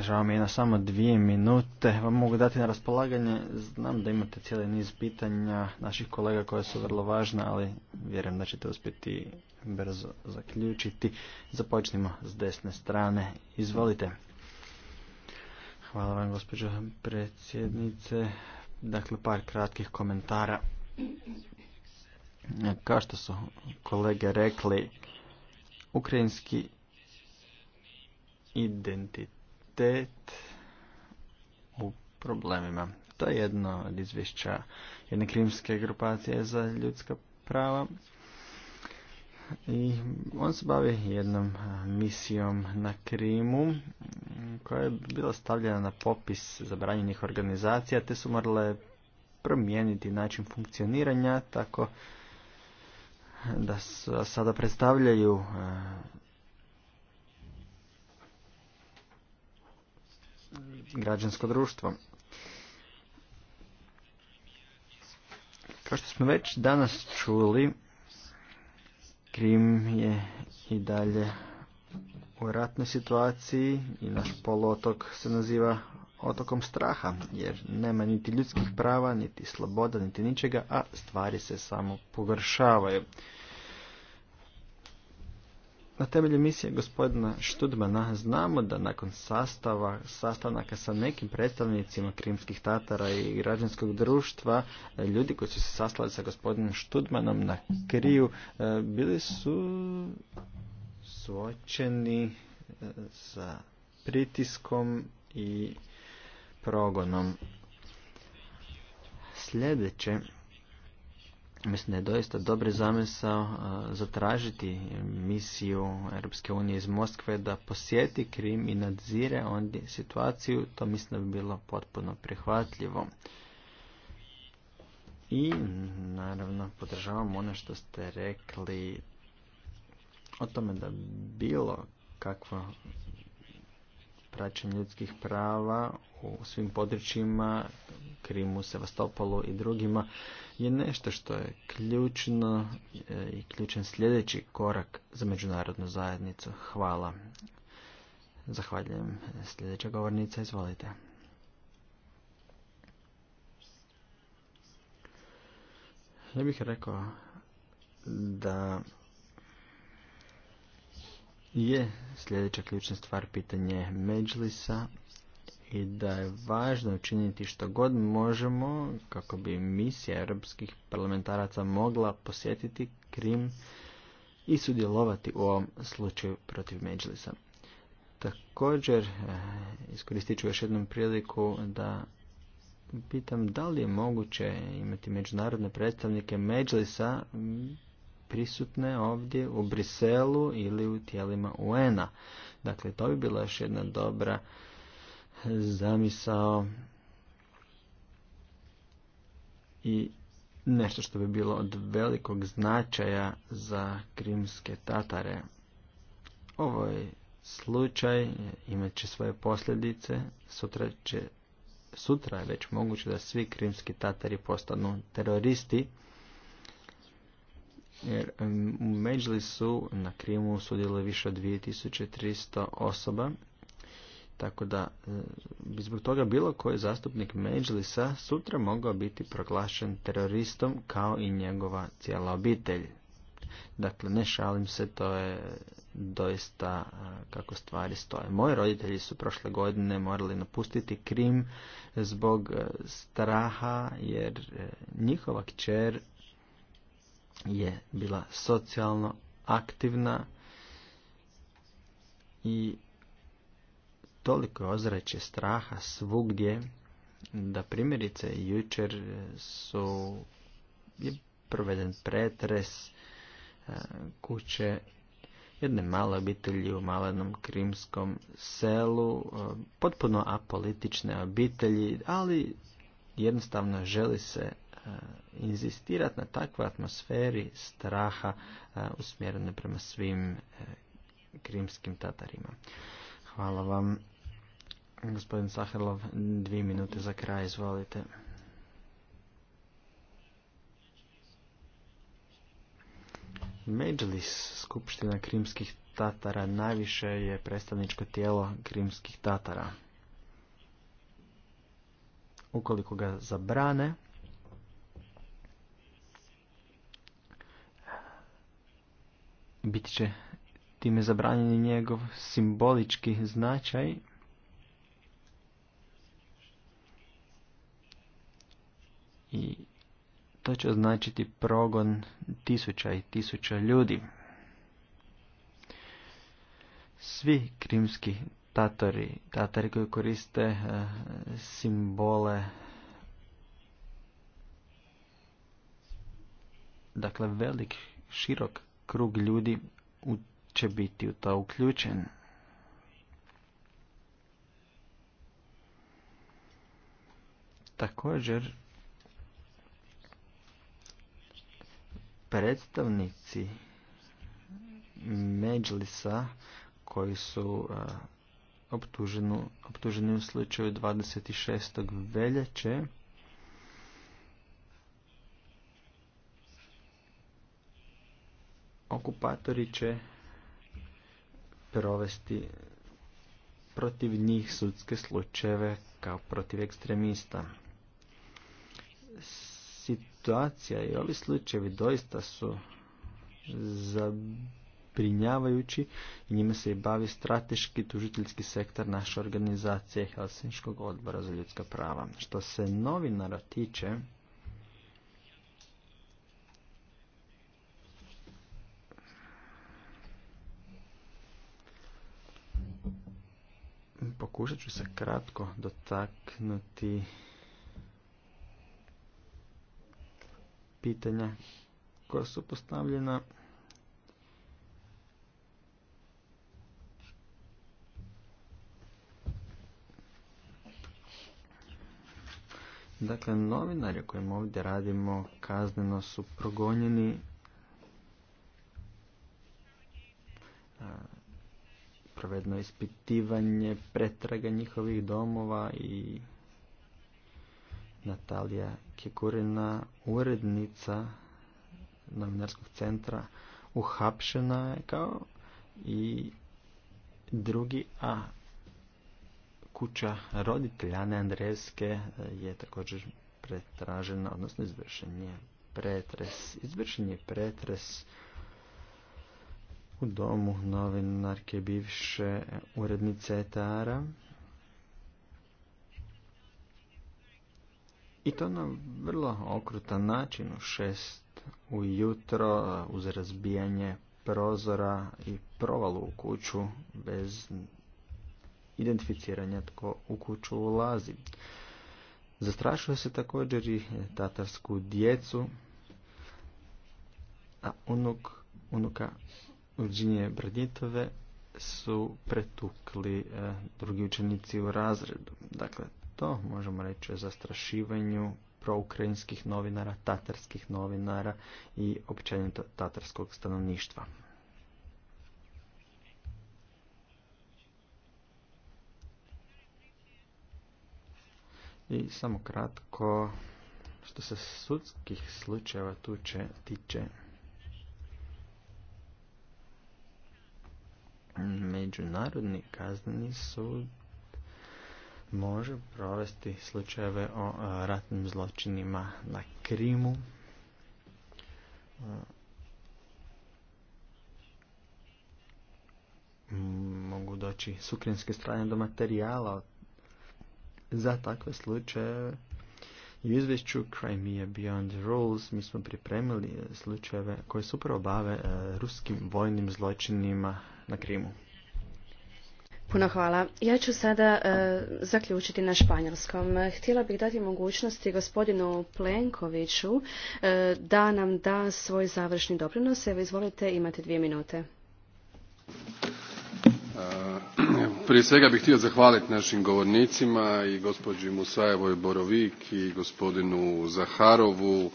Žao mi je na samo dvije minute. Vam mogu dati na raspolaganje. Znam da imate cijeli niz pitanja naših kolega koja su vrlo važna, ali vjerujem da ćete uspjeti brzo zaključiti. Započnimo s desne strane. Izvolite. Hvala vam gospođo predsjednice. Dakle, par kratkih komentara. Kao što su kolege rekli, ukrajinski identitet u problemima. To je jedno od izvješća jedne krimske grupacije za ljudska prava i on se bavi jednom misijom na Krimu koja je bila stavljena na popis zabranjenih organizacija te su morale promijeniti način funkcioniranja tako da sada predstavljaju građansko društvo. Kao što smo već danas čuli, Krim je i dalje u ratnoj situaciji i naš poluotok se naziva otokom straha, jer nema niti ljudskih prava, niti sloboda, niti ničega, a stvari se samo pogoršavaju. Na temelju misije gospodina Študmana znamo da nakon sastava, sastanaka sa nekim predstavnicima krimskih tatara i građanskog društva, e, ljudi koji su se sastali sa gospodinom Študmanom na kriju, e, bili su suočeni e, sa pritiskom i progonom. Sljedeće Mislim da je doista dobri zamisao zatražiti misiju Europske unije iz Moskve da posjeti Krim i nadzire ondje situaciju. To mislim da bi bilo potpuno prihvatljivo. I naravno podržavam ono što ste rekli o tome da bilo kakvo praćenje ljudskih prava u svim područjima, Krimu, Sevastopolu i drugima, je nešto što je ključno e, i ključan sljedeći korak za međunarodnu zajednicu. Hvala. Zahvaljujem. Sljedeća govornica, izvolite. Ja bih rekao da je sljedeća ključna stvar pitanje Međlisa i da je važno učiniti što god možemo kako bi misija europskih parlamentaraca mogla posjetiti Krim i sudjelovati u ovom slučaju protiv Međlisa. Također, eh, iskoristit ću još jednom priliku da pitam da li je moguće imati međunarodne predstavnike Međlisa prisutne ovdje u Briselu ili u tijelima Uena. Dakle, to bi bila još jedna dobra zamisao i nešto što bi bilo od velikog značaja za krimske tatare. Ovaj slučaj, imat će svoje posljedice, sutra će sutra je već moguće da svi krimski tatari postanu teroristi jer u Međlisu na Krimu sudjeluje više od 2300 osoba, tako da e, bi zbog toga bilo koji zastupnik Međlisa sutra mogao biti proglašen teroristom kao i njegova cijela obitelj. Dakle, ne šalim se, to je doista e, kako stvari stoje. Moji roditelji su prošle godine morali napustiti Krim zbog e, straha jer njihova kćer je bila socijalno aktivna i toliko je ozračje straha svugdje da primjerice jučer su je proveden pretres e, kuće jedne male obitelji u malenom krimskom selu, e, potpuno apolitične obitelji, ali jednostavno želi se E, inzistirati na takvoj atmosferi straha e, usmjerene prema svim e, krimskim tatarima. Hvala vam. Gospodin Saharlov, dvije minute za kraj, izvolite. Međlis Skupština krimskih tatara najviše je predstavničko tijelo krimskih tatara. Ukoliko ga zabrane, bit će time zabranjeni njegov simbolički značaj i to će označiti progon tisuća i tisuća ljudi. Svi krimski tatori, tatari koji koriste e, simbole dakle velik, širok krug ljudi će biti u to uključen. Također, predstavnici Međlisa koji su optuženi u slučaju 26. veljače okupatori će provesti protiv njih sudske slučajeve kao protiv ekstremista. Situacija i ovi slučajevi doista su zabrinjavajući i njime se i bavi strateški tužiteljski sektor naše organizacije Helsinškog odbora za ljudska prava. Što se novinara tiče, Pokušat ću se kratko dotaknuti pitanja koja su postavljena. Dakle, novinari kojim ovdje radimo kazneno su progonjeni provedno ispitivanje, pretraga njihovih domova i Natalija Kikurina, urednica novinarskog centra, uhapšena je kao i drugi A. Kuća roditelja Ane Andrejevske je također pretražena, odnosno izvršen je pretres. Izvršen je pretres u domu novinarke bivše urednice Etara. I to na vrlo okrutan način u šest ujutro uz razbijanje prozora i provalu u kuću bez identificiranja tko u kuću ulazi. Zastrašuje se također i tatarsku djecu, a unuk, unuka Virginije Braditove su pretukli e, drugi učenici u razredu. Dakle, to možemo reći o zastrašivanju proukrajinskih novinara, tatarskih novinara i općenito tatarskog stanovništva. I samo kratko, što se sudskih slučajeva tuče tiče, Međunarodni kazneni sud može provesti slučajeve o e, ratnim zločinima na Krimu. E, mogu doći s strane do materijala za takve slučajeve. u izvješću Crimea Beyond Rules mi smo pripremili slučajeve koje se upravo bave e, ruskim vojnim zločinima na Krimu. Puno hvala. Ja ću sada e, zaključiti na španjolskom. Htjela bih dati mogućnosti gospodinu Plenkoviću e, da nam da svoj završni doprinos. Evo, izvolite, imate dvije minute. E, prije svega bih htio zahvaliti našim govornicima i gospođi Musajevoj Borovik i gospodinu Zaharovu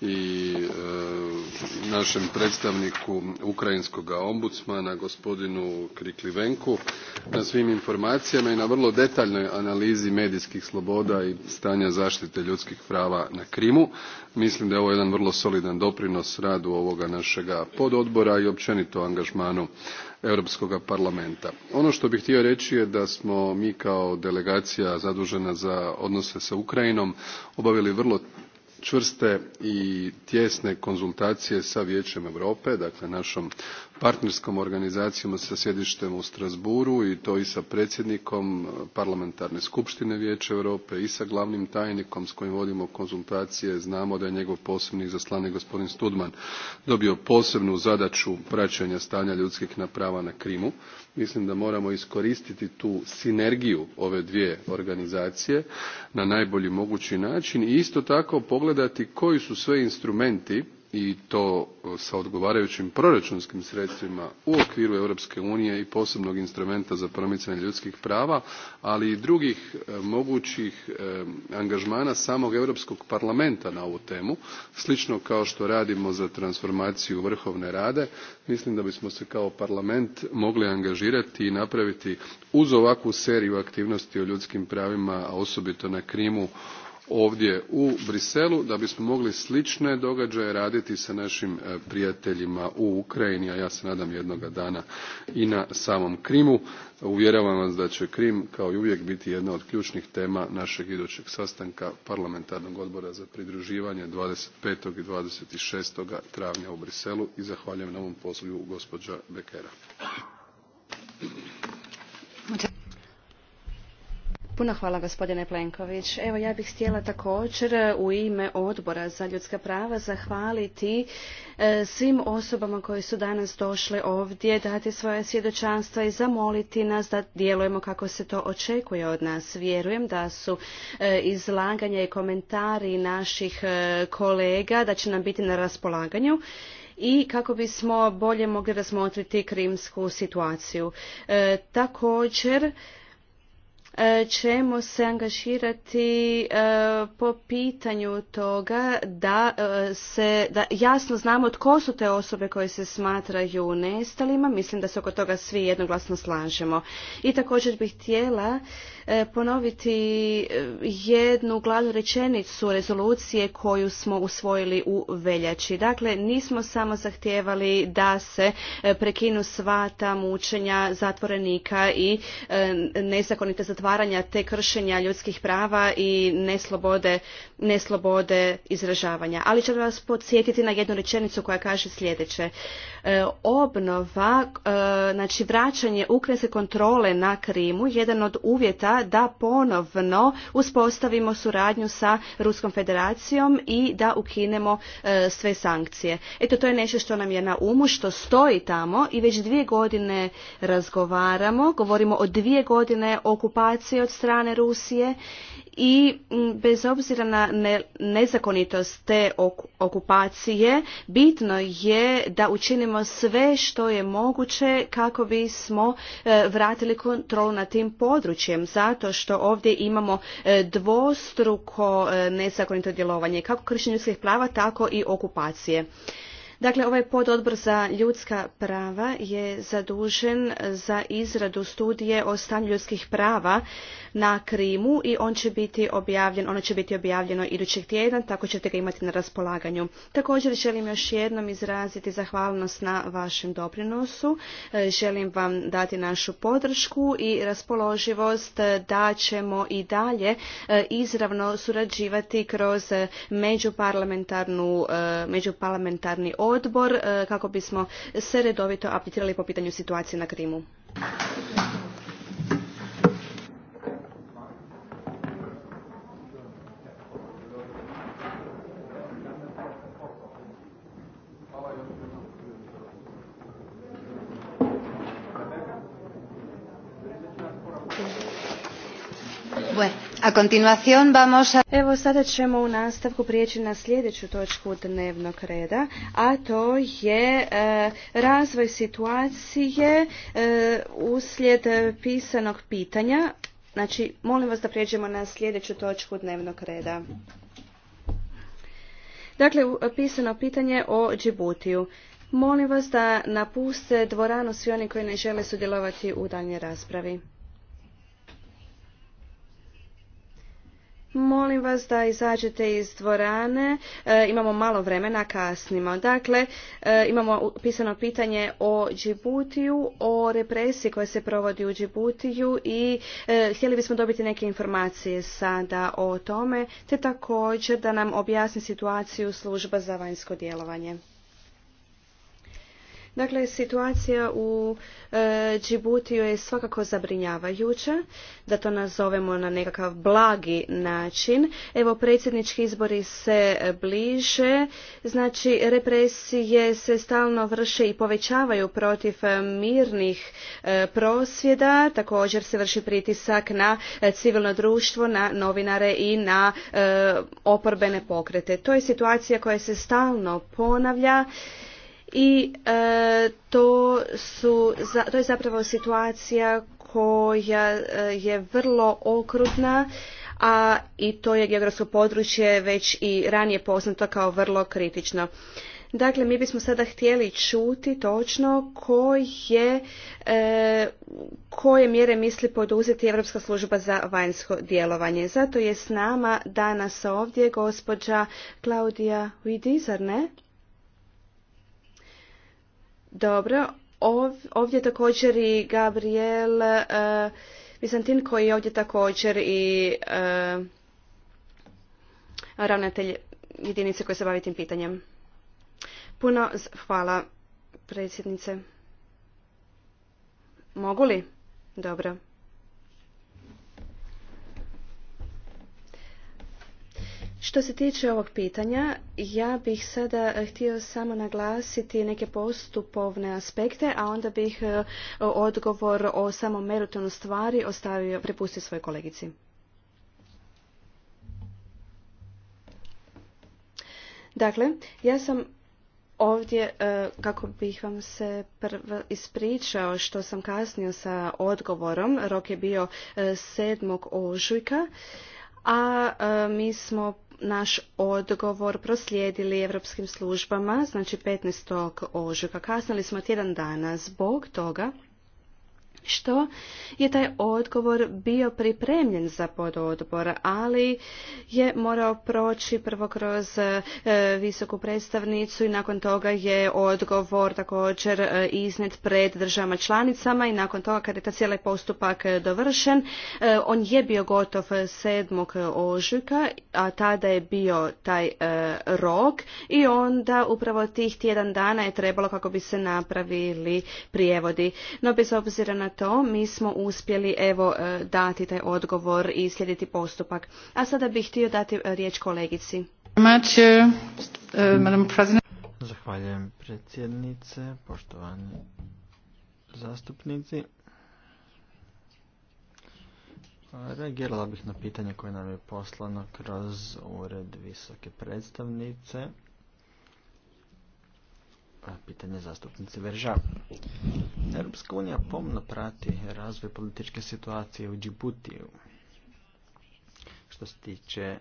i e, našem predstavniku ukrajinskog ombudsmana gospodinu Kriklivenku na svim informacijama i na vrlo detaljnoj analizi medijskih sloboda i stanja zaštite ljudskih prava na Krimu. Mislim da je ovo jedan vrlo solidan doprinos radu ovoga našega pododbora i općenito angažmanu Europskog parlamenta. Ono što bih htio reći je da smo mi kao delegacija zadužena za odnose sa Ukrajinom obavili vrlo čvrste i tijesne konzultacije sa vijećem europe dakle našom partnerskom organizacijom sa sjedištem u strasbourgu i to i sa predsjednikom e, parlamentarne skupštine vijeća europe i sa glavnim tajnikom s kojim vodimo konzultacije znamo da je njegov posebni izaslanik gospodin studman dobio posebnu zadaću praćenja stanja ljudskih prava na krimu mislim da moramo iskoristiti tu sinergiju ove dvije organizacije na najbolji mogući način i isto tako pogledati koji su sve instrumenti i to e, sa odgovarajućim proračunskim sredstvima u okviru Europske unije i posebnog instrumenta za promicanje ljudskih prava, ali i drugih e, mogućih e, angažmana samog Europskog parlamenta na ovu temu, slično kao što radimo za transformaciju Vrhovne Rade, mislim da bismo se kao parlament mogli angažirati i napraviti uz ovakvu seriju aktivnosti o ljudskim pravima, a osobito na Krimu ovdje u Briselu da bismo mogli slične događaje raditi sa našim e, prijateljima u Ukrajini, a ja se nadam jednoga dana i na samom Krimu. Uvjeravam vas da će Krim kao i uvijek biti jedna od ključnih tema našeg idućeg sastanka parlamentarnog odbora za pridruživanje 25. i 26. travnja u Briselu i zahvaljujem na ovom pozivu gospođa Bekera. Puno hvala gospodine Plenković. Evo ja bih htjela također u ime odbora za ljudska prava zahvaliti e, svim osobama koje su danas došle ovdje dati svoje svjedočanstva i zamoliti nas da djelujemo kako se to očekuje od nas. Vjerujem da su e, izlaganja i komentari naših e, kolega da će nam biti na raspolaganju i kako bismo bolje mogli razmotriti krimsku situaciju. Također E, ćemo se angažirati e, po pitanju toga da e, se da jasno znamo tko su te osobe koje se smatraju nestalima. Mislim da se oko toga svi jednoglasno slažemo. I također bih htjela E, ponoviti e, jednu glavnu rečenicu rezolucije koju smo usvojili u veljači. Dakle, nismo samo zahtijevali da se e, prekinu sva ta mučenja zatvorenika i nezakonite zatvaranja te kršenja ljudskih prava i neslobode, neslobode izražavanja. Ali ću vas podsjetiti na jednu rečenicu koja kaže sljedeće. Obnova, znači vraćanje ukrese kontrole na Krimu, jedan od uvjeta da ponovno uspostavimo suradnju sa Ruskom federacijom i da ukinemo e, sve sankcije. Eto, to je nešto što nam je na umu, što stoji tamo i već dvije godine razgovaramo, govorimo o dvije godine okupacije od strane Rusije i bez obzira na nezakonitost te okupacije bitno je da učinimo sve što je moguće kako bismo e, vratili kontrolu nad tim područjem zato što ovdje imamo e, dvostruko e, nezakonito djelovanje kako kršenje prava tako i okupacije Dakle, ovaj pododbor za ljudska prava je zadužen za izradu studije o stanju ljudskih prava na Krimu i on će biti objavljen, ono će biti objavljeno idućeg tjedna, tako ćete ga imati na raspolaganju. Također želim još jednom izraziti zahvalnost na vašem doprinosu. E, želim vam dati našu podršku i raspoloživost da ćemo i dalje e, izravno surađivati kroz međuparlamentarnu e, međuparlamentarni odbor e, kako bismo se redovito aplicirali po pitanju situacije na Krimu. Evo sada ćemo u nastavku prijeći na sljedeću točku dnevnog reda, a to je e, razvoj situacije e, uslijed pisanog pitanja. Znači, molim vas da prijeđemo na sljedeću točku dnevnog reda. Dakle, pisano pitanje o Džibutiju. Molim vas da napuste dvoranu svi oni koji ne žele sudjelovati u daljnjoj raspravi. Molim vas da izađete iz dvorane, e, imamo malo vremena, kasnimo. Dakle, e, imamo pisano pitanje o Džibutiju, o represiji koja se provodi u Džibutiju i e, htjeli bismo dobiti neke informacije sada o tome, te također da nam objasni situaciju služba za vanjsko djelovanje. Dakle, situacija u e, je svakako zabrinjavajuća, da to nazovemo na nekakav blagi način. Evo, predsjednički izbori se bliže, znači represije se stalno vrše i povećavaju protiv e, mirnih e, prosvjeda, također se vrši pritisak na e, civilno društvo, na novinare i na oporbene pokrete. To je situacija koja se stalno ponavlja i e, to, su, to je zapravo situacija koja e, je vrlo okrutna a i to je geografsko područje već i ranije poznato kao vrlo kritično. Dakle, mi bismo sada htjeli čuti točno koje, e, koje mjere misli poduzeti Europska služba za vanjsko djelovanje. Zato je s nama danas ovdje gospođa Klaudija Vidizar, ne? Dobro, ovdje također i Gabriel e, Vizantin koji je ovdje također i e, ravnatelj jedinice koja se bavi tim pitanjem. Puno hvala predsjednice. Mogu li? Dobro. Što se tiče ovog pitanja, ja bih sada eh, htio samo naglasiti neke postupovne aspekte, a onda bih eh, odgovor o samom meritonu stvari ostavio, prepustio svojoj kolegici. Dakle, ja sam ovdje eh, kako bih vam se prvo ispričao što sam kasnio sa odgovorom. Rok je bio 7. ožujka a mi smo naš odgovor proslijedili europskim službama, znači 15. ožujka. Kasnili smo tjedan dana zbog toga što je taj odgovor bio pripremljen za pododbor, ali je morao proći prvo kroz e, visoku predstavnicu i nakon toga je odgovor također e, iznet pred državama članicama i nakon toga kada je ta cijeli postupak dovršen, e, on je bio gotov 7. ožujka, a tada je bio taj rok i onda upravo tih tjedan dana je trebalo kako bi se napravili prijevodi. No bez obzira na to mi smo uspjeli evo e, dati taj odgovor i slijediti postupak. A sada bih htio dati e, riječ kolegici. E, Zahvaljujem predsjednice, poštovani zastupnici. Reagirala bih na pitanje koje nam je poslano kroz ured visoke predstavnice pitanje zastupnice Verža. Europska unija pomno prati razvoj političke situacije u Džibutiju. Što se tiče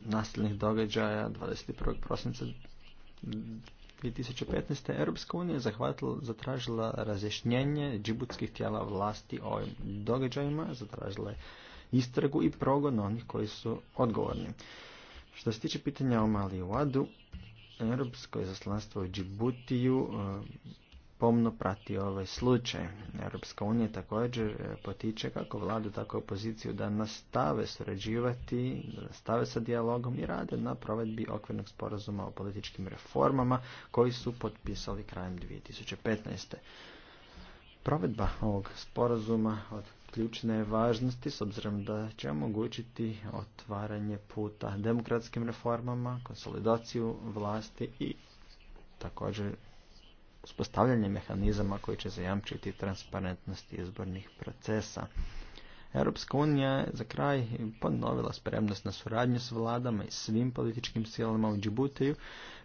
nasilnih događaja 21. prosinca 2015. Europska unija je zatražila razjašnjenje džibutskih tijela vlasti o ovim događajima, zatražila je istragu i progon onih koji su odgovorni. Što se tiče pitanja o Mali Wadu, Europsko izaslanstvo u Džibutiju e, pomno prati ovaj slučaj. Europska unija također e, potiče kako vladu, tako opoziciju da nastave surađivati, da nastave sa dijalogom i rade na provedbi okvirnog sporazuma o političkim reformama koji su potpisali krajem 2015. Provedba ovog sporazuma od ključne važnosti s obzirom da će omogućiti otvaranje puta demokratskim reformama, konsolidaciju vlasti i također uspostavljanje mehanizama koji će zajamčiti transparentnost izbornih procesa. Europska unija je za kraj ponovila spremnost na suradnju s vladama i svim političkim silama u Džibutiju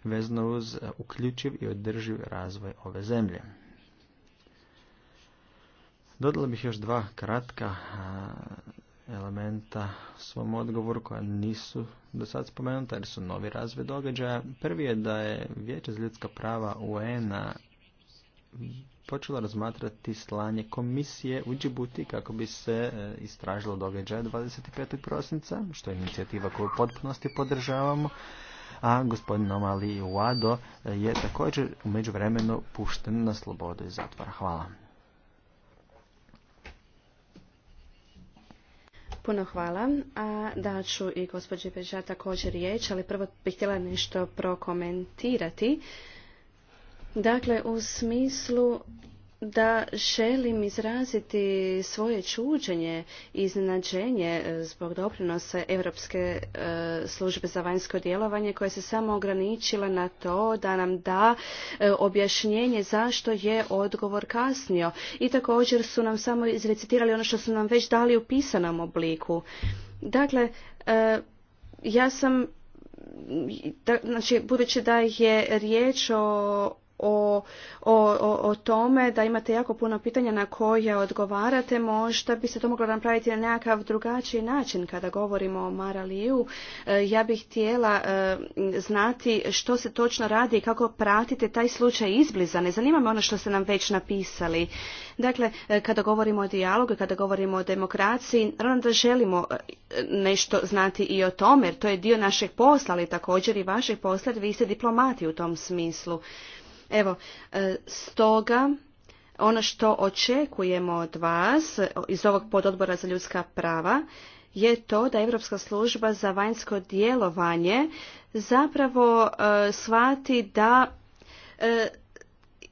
vezano uz uključiv i održiv razvoj ove zemlje. Dodala bih još dva kratka elementa svom odgovoru koja nisu do sad spomenuta jer su novi razve događaja. Prvi je da je Vijeće za ljudska prava UN-a počelo razmatrati slanje komisije u Džibuti kako bi se e, istražilo događaje 25. prosinca, što je inicijativa koju u potpunosti podržavamo, a gospodin Omali Uado e, je također u međuvremenu pušten na slobodu iz zatvora. Hvala. Puno hvala. A da ću i gospođi Beža također riječ, ali prvo bih htjela nešto prokomentirati. Dakle, u smislu da želim izraziti svoje čuđenje i iznenađenje e, zbog doprinosa Europske e, službe za vanjsko djelovanje koja se samo ograničila na to da nam da e, objašnjenje zašto je odgovor kasnio i također su nam samo izrecitirali ono što su nam već dali u pisanom obliku. Dakle, ja sam, znači, budući da je riječ o o, o, o tome da imate jako puno pitanja na koje odgovarate. Možda bi se to moglo napraviti na nekakav drugačiji način kada govorimo o Maraliju. E, ja bih htjela e, znati što se točno radi i kako pratite taj slučaj izbliza. Ne zanima me ono što ste nam već napisali. Dakle, e, kada govorimo o dijalogu kada govorimo o demokraciji, naravno da želimo nešto znati i o tome, jer to je dio našeg posla, ali također i vašeg posla, vi ste diplomati u tom smislu. Evo, e, stoga ono što očekujemo od vas e, iz ovog pododbora za ljudska prava je to da Europska služba za vanjsko djelovanje zapravo e, shvati da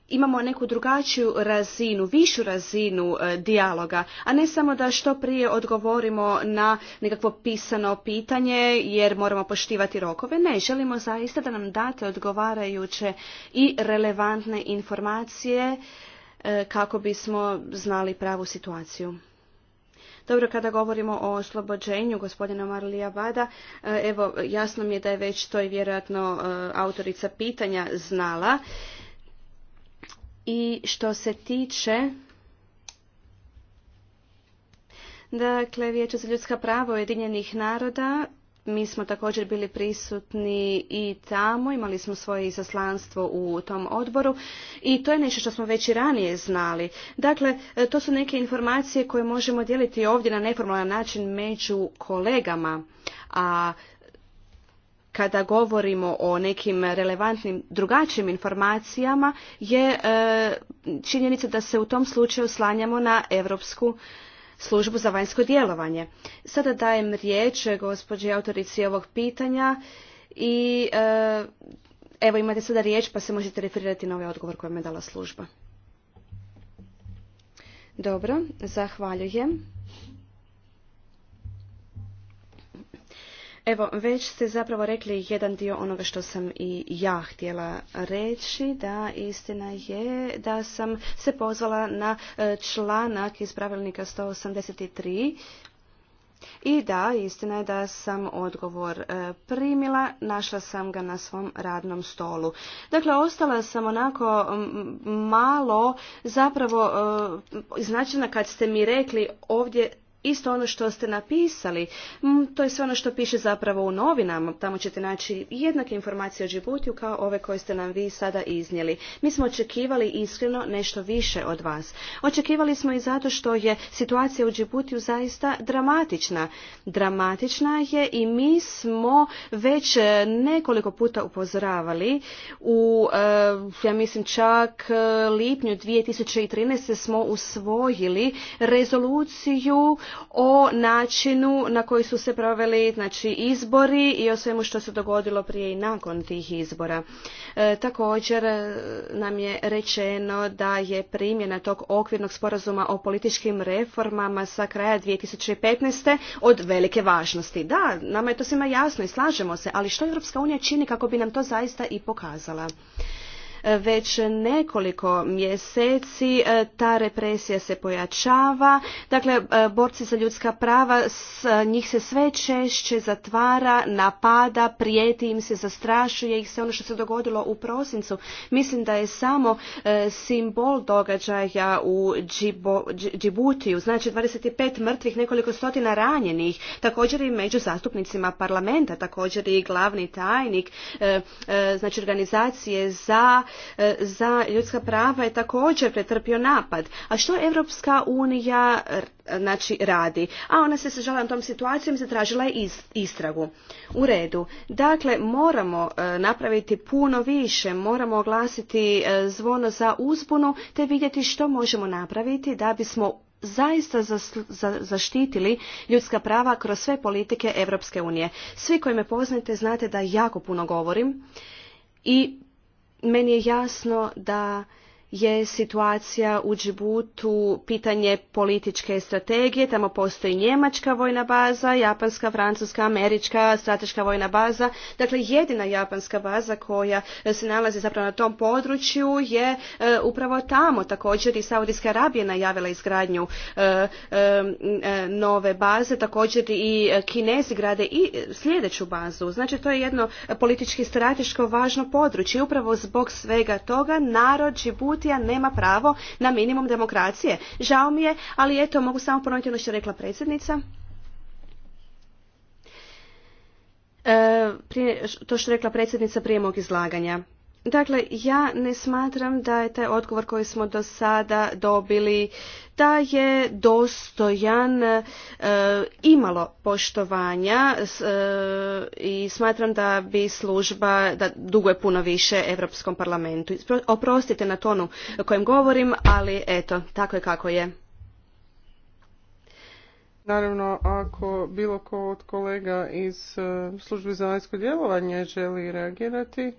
imamo neku drugačiju razinu, višu razinu e, dijaloga, a ne samo da što prije odgovorimo na nekakvo pisano pitanje jer moramo poštivati rokove. Ne, želimo zaista da nam date odgovarajuće i relevantne informacije e, kako bismo znali pravu situaciju. Dobro, kada govorimo o oslobođenju gospodina Marlija Vada, e, evo, jasno mi je da je već to i vjerojatno autorica pitanja znala. I što se tiče Dakle, Vijeće za ljudska prava Ujedinjenih naroda, mi smo također bili prisutni i tamo, imali smo svoje izaslanstvo u tom odboru i to je nešto što smo već i ranije znali. Dakle, to su neke informacije koje možemo dijeliti ovdje na neformalan način među kolegama, a kada govorimo o nekim relevantnim drugačijim informacijama je e, činjenica da se u tom slučaju slanjamo na europsku službu za vanjsko djelovanje. Sada dajem riječ gospođi autorici ovog pitanja i e, evo imate sada riječ pa se možete referirati na ovaj odgovor koji me je dala služba. Dobro, zahvaljujem. Evo, već ste zapravo rekli jedan dio onoga što sam i ja htjela reći, da istina je da sam se pozvala na e, članak iz pravilnika 183 i da, istina je da sam odgovor e, primila, našla sam ga na svom radnom stolu. Dakle, ostala sam onako malo zapravo e, značajna kad ste mi rekli ovdje isto ono što ste napisali. Mm, to je sve ono što piše zapravo u novinama. Tamo ćete naći jednake informacije o Džibutiju kao ove koje ste nam vi sada iznijeli. Mi smo očekivali iskreno nešto više od vas. Očekivali smo i zato što je situacija u Džibutiju zaista dramatična. Dramatična je i mi smo već e, nekoliko puta upozoravali u, e, ja mislim čak e, lipnju 2013. smo usvojili rezoluciju o načinu na koji su se proveli znači, izbori i o svemu što se dogodilo prije i nakon tih izbora. E, također e, nam je rečeno da je primjena tog okvirnog sporazuma o političkim reformama sa kraja 2015. od velike važnosti. Da, nama je to svima jasno i slažemo se, ali što Europska unija čini kako bi nam to zaista i pokazala? Već nekoliko mjeseci e, ta represija se pojačava. Dakle, e, borci za ljudska prava, e, njih se sve češće zatvara, napada, prijeti im se, zastrašuje ih se ono što se dogodilo u prosincu. Mislim da je samo simbol događaja u Džibutiju. Znači 25 mrtvih, nekoliko stotina ranjenih. Također i među zastupnicima parlamenta, također i glavni tajnik, znači organizacije za E, za ljudska prava je također pretrpio napad. A što Europska unija znači radi? A ona se sažala na tom situacijom, zatražila je istragu. U redu. Dakle, moramo e, napraviti puno više, moramo oglasiti e, zvono za uzbunu te vidjeti što možemo napraviti da bismo zaista zaštitili ljudska prava kroz sve politike Europske unije. Svi koji me poznate znate da jako puno govorim i meni je jasno da je situacija u Džibutu pitanje političke strategije. Tamo postoji njemačka vojna baza, japanska, francuska, američka strateška vojna baza. Dakle, jedina japanska baza koja se nalazi zapravo na tom području je e, upravo tamo. Također i Saudijska Arabija najavila izgradnju e, e, nove baze. Također i Kinezi grade i sljedeću bazu. Znači, to je jedno politički strateško važno područje. Upravo zbog svega toga narod Džibut kutija nema pravo na minimum demokracije. Žao mi je, ali eto, mogu samo ponoviti ono što je rekla predsjednica. E, to što je rekla predsjednica prije mog izlaganja. Dakle, ja ne smatram da je taj odgovor koji smo do sada dobili da je dostojan e, imalo poštovanja e, i smatram da bi služba da je puno više Europskom parlamentu. Oprostite na tonu kojem govorim, ali eto, tako je kako je. Naravno, ako bilo ko od kolega iz e, službe za vanjsko djelovanje želi reagirati,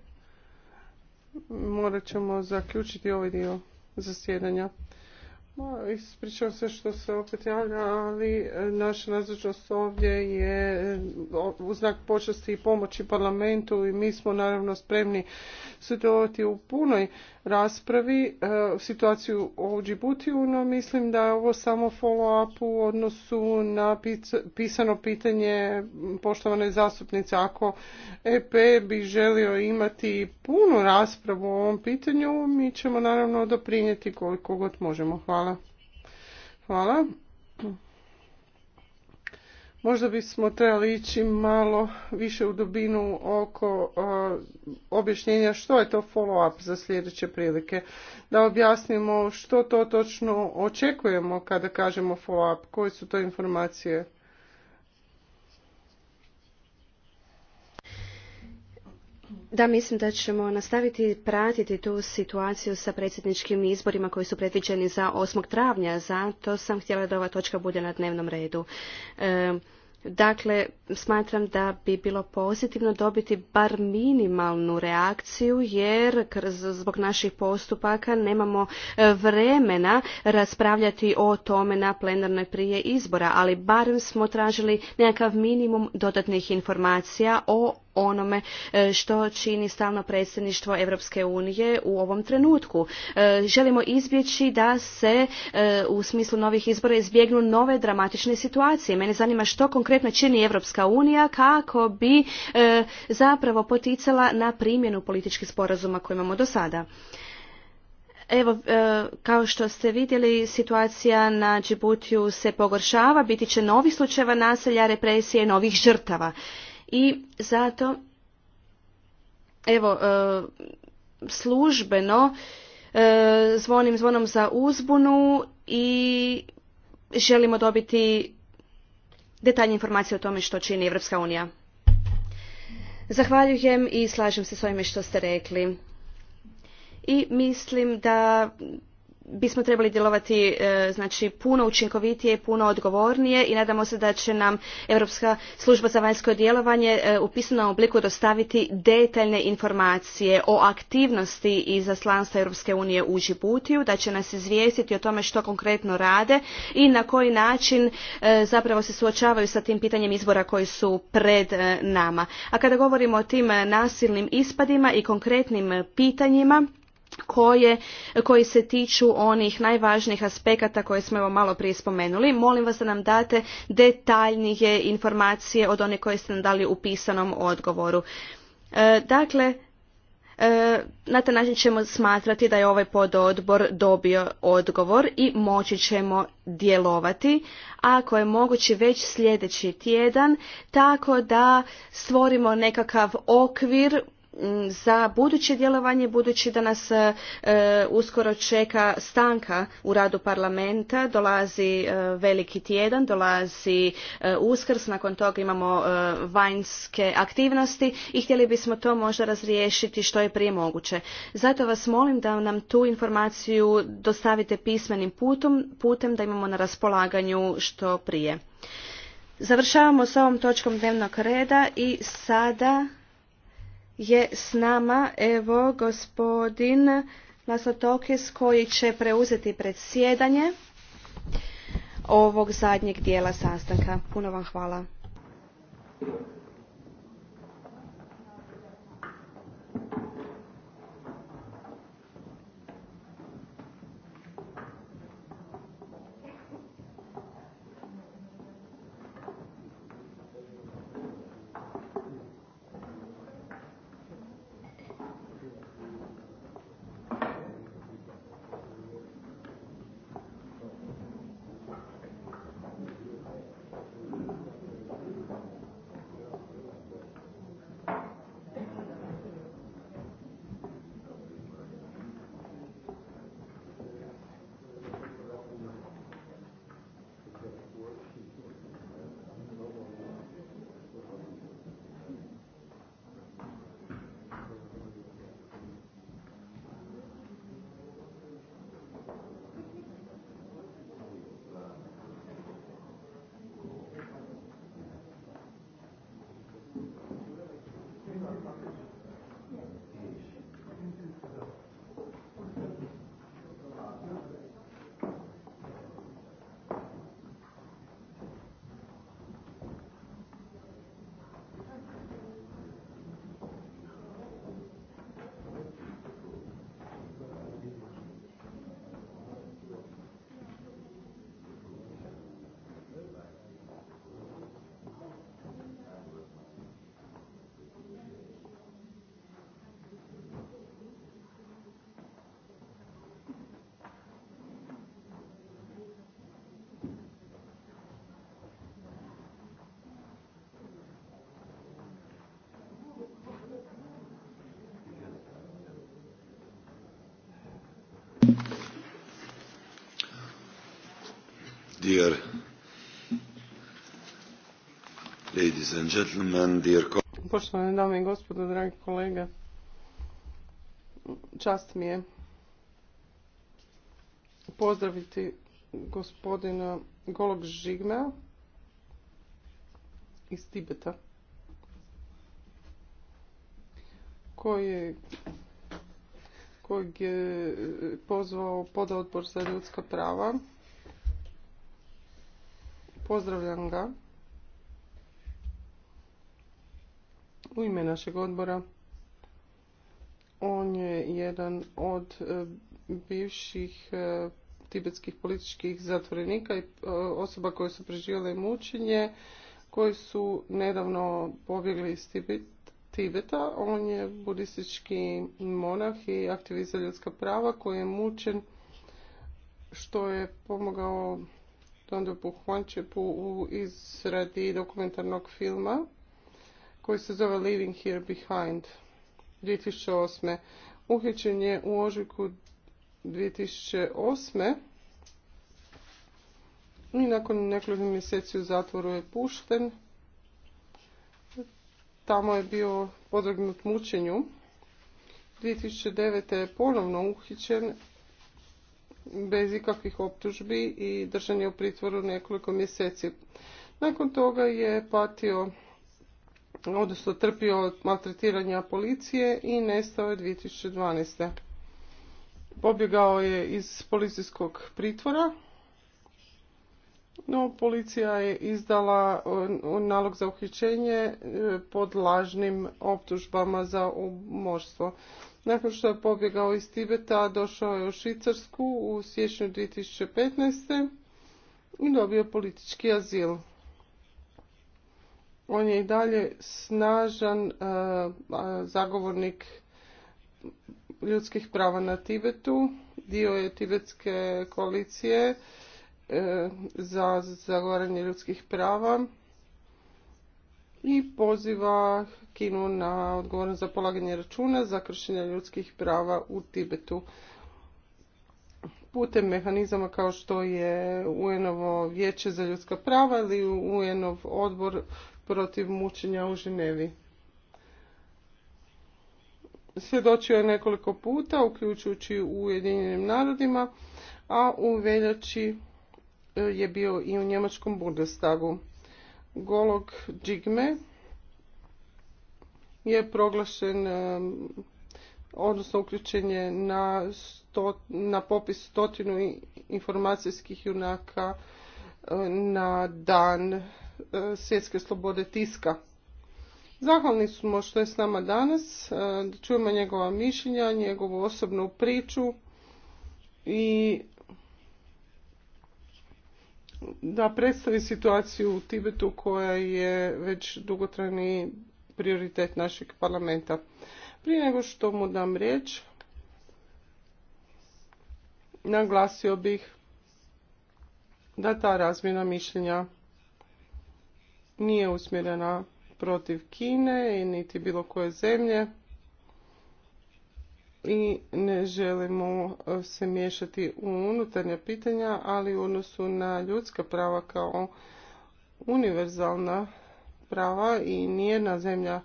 morat ćemo zaključiti ovaj dio zasjedanja. Ispričavam se što se opet javlja, ali e, naša nazočnost ovdje je e, u znak počasti i pomoći parlamentu i mi smo naravno spremni sudjelovati u punoj raspravi e, situaciju u Džibutiju, no mislim da je ovo samo follow-up u odnosu na pisano pitanje poštovane zastupnice. Ako EP bi želio imati punu raspravu o ovom pitanju, mi ćemo naravno doprinijeti koliko god možemo. Hvala. Hvala. Možda bismo trebali ići malo više u dubinu oko objašnjenja što je to follow-up za sljedeće prilike. Da objasnimo što to točno očekujemo kada kažemo follow-up, koje su to informacije. Da, mislim da ćemo nastaviti pratiti tu situaciju sa predsjedničkim izborima koji su predviđeni za 8. travnja, zato sam htjela da ova točka bude na dnevnom redu. E, dakle, smatram da bi bilo pozitivno dobiti bar minimalnu reakciju jer zbog naših postupaka nemamo e, vremena raspravljati o tome na plenarnoj prije izbora, ali barem smo tražili nekakav minimum dodatnih informacija o onome e, što čini stalno predsjedništvo Europske unije u ovom trenutku. E, želimo izbjeći da se e, u smislu novih izbora izbjegnu nove dramatične situacije. Mene zanima što konkretno čini Europska unija kako bi zapravo poticala na primjenu političkih sporazuma koje imamo do sada. Evo, kao što ste vidjeli, situacija na Džibutiju se pogoršava, biti će novih slučajeva naselja, represije, novih žrtava i zato evo e, službeno e, zvonim zvonom za uzbunu i želimo dobiti detaljne informacije o tome što čini Evropska unija. Zahvaljujem i slažem se s ovime što ste rekli. I mislim da bismo trebali djelovati e, znači puno učinkovitije i puno odgovornije i nadamo se da će nam europska služba za vanjsko djelovanje e, u pisanom obliku dostaviti detaljne informacije o aktivnosti izaslanstva europske unije u džibutiju da će nas izvijestiti o tome što konkretno rade i na koji način e, zapravo se suočavaju sa tim pitanjem izbora koji su pred nama a kada govorimo o tim nasilnim ispadima i konkretnim pitanjima koje, koji se tiču onih najvažnijih aspekata koje smo evo malo prije spomenuli. Molim vas da nam date detaljnije informacije od one koje ste nam dali u pisanom odgovoru. E, dakle, e, na taj način ćemo smatrati da je ovaj pododbor dobio odgovor i moći ćemo djelovati, ako je moguće već sljedeći tjedan, tako da stvorimo nekakav okvir za buduće djelovanje, budući da nas e, uskoro čeka stanka u radu parlamenta, dolazi e, veliki tjedan, dolazi e, uskrs, nakon toga imamo vanjske aktivnosti i htjeli bismo to možda razriješiti što je prije moguće. Zato vas molim da nam tu informaciju dostavite pismenim putom, putem da imamo na raspolaganju što prije. Završavamo s ovom točkom dnevnog reda i sada je s nama evo gospodin Naslatokis koji će preuzeti predsjedanje ovog zadnjeg dijela sastanka. Puno vam hvala. Dear ladies and gentlemen, dear Poštovane dame i gospodo, dragi kolege, čast mi je pozdraviti gospodina Golog Žigmea iz Tibeta, koji je kojeg je pozvao pododbor za ljudska prava Pozdravljam ga. U ime našeg odbora on je jedan od e, bivših e, tibetskih političkih zatvorenika i e, osoba koje su preživjele mučenje, koji su nedavno pobjegli iz Tibeta. On je budistički monah i aktivist ljudska prava koji je mučen što je pomogao Dondu Buhončepu u izradi dokumentarnog filma koji se zove Living Here Behind 2008. Uhićen je u ožujku 2008. I nakon nekoliko mjeseci u zatvoru je pušten. Tamo je bio podvrgnut mučenju. 2009. je ponovno uhićen bez ikakvih optužbi i držan je u pritvoru nekoliko mjeseci. Nakon toga je patio, odnosno trpio od maltretiranja policije i nestao je 2012. Pobjegao je iz policijskog pritvora, no policija je izdala nalog za uhićenje e, pod lažnim optužbama za umorstvo. Nakon što je pobjegao iz Tibeta, došao je u Švicarsku u siječnju 2015. i dobio politički azil. On je i dalje snažan e, zagovornik ljudskih prava na Tibetu. Dio je tibetske koalicije e, za zagovaranje ljudskih prava i poziva Kinu na odgovornost za polaganje računa za kršenje ljudskih prava u Tibetu putem mehanizama kao što je UN-ovo vijeće za ljudska prava ili UN-ov odbor protiv mučenja u Ženevi. Svjedočio je nekoliko puta, uključujući u Ujedinjenim narodima, a u veljači e, je bio i u njemačkom Bundestagu. Golog Džigme je proglašen odnosno uključen je na, na popis stotinu informacijskih junaka na dan svjetske slobode tiska. Zahvalni smo što je s nama danas, da čujemo njegova mišljenja, njegovu osobnu priču i da predstavi situaciju u Tibetu koja je već dugotrajni prioritet našeg parlamenta. Prije nego što mu dam riječ, naglasio bih da ta razmjena mišljenja nije usmjerena protiv Kine i niti bilo koje zemlje, i ne želimo e, se miješati u unutarnja pitanja, ali u odnosu na ljudska prava kao univerzalna prava i nijedna zemlja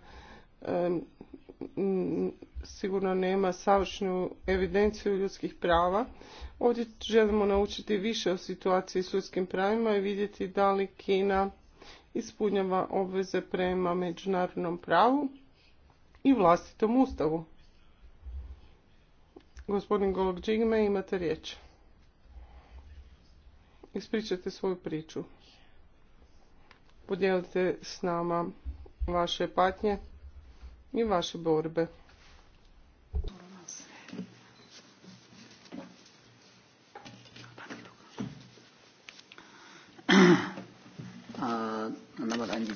e, sigurno nema savršnu evidenciju ljudskih prava. Ovdje želimo naučiti više o situaciji s ljudskim pravima i vidjeti da li Kina ispunjava obveze prema međunarodnom pravu i vlastitom ustavu. Gospodin Golog Džigme, imate riječ. Ispričajte svoju priču. Podijelite s nama vaše patnje i vaše borbe. nabar anji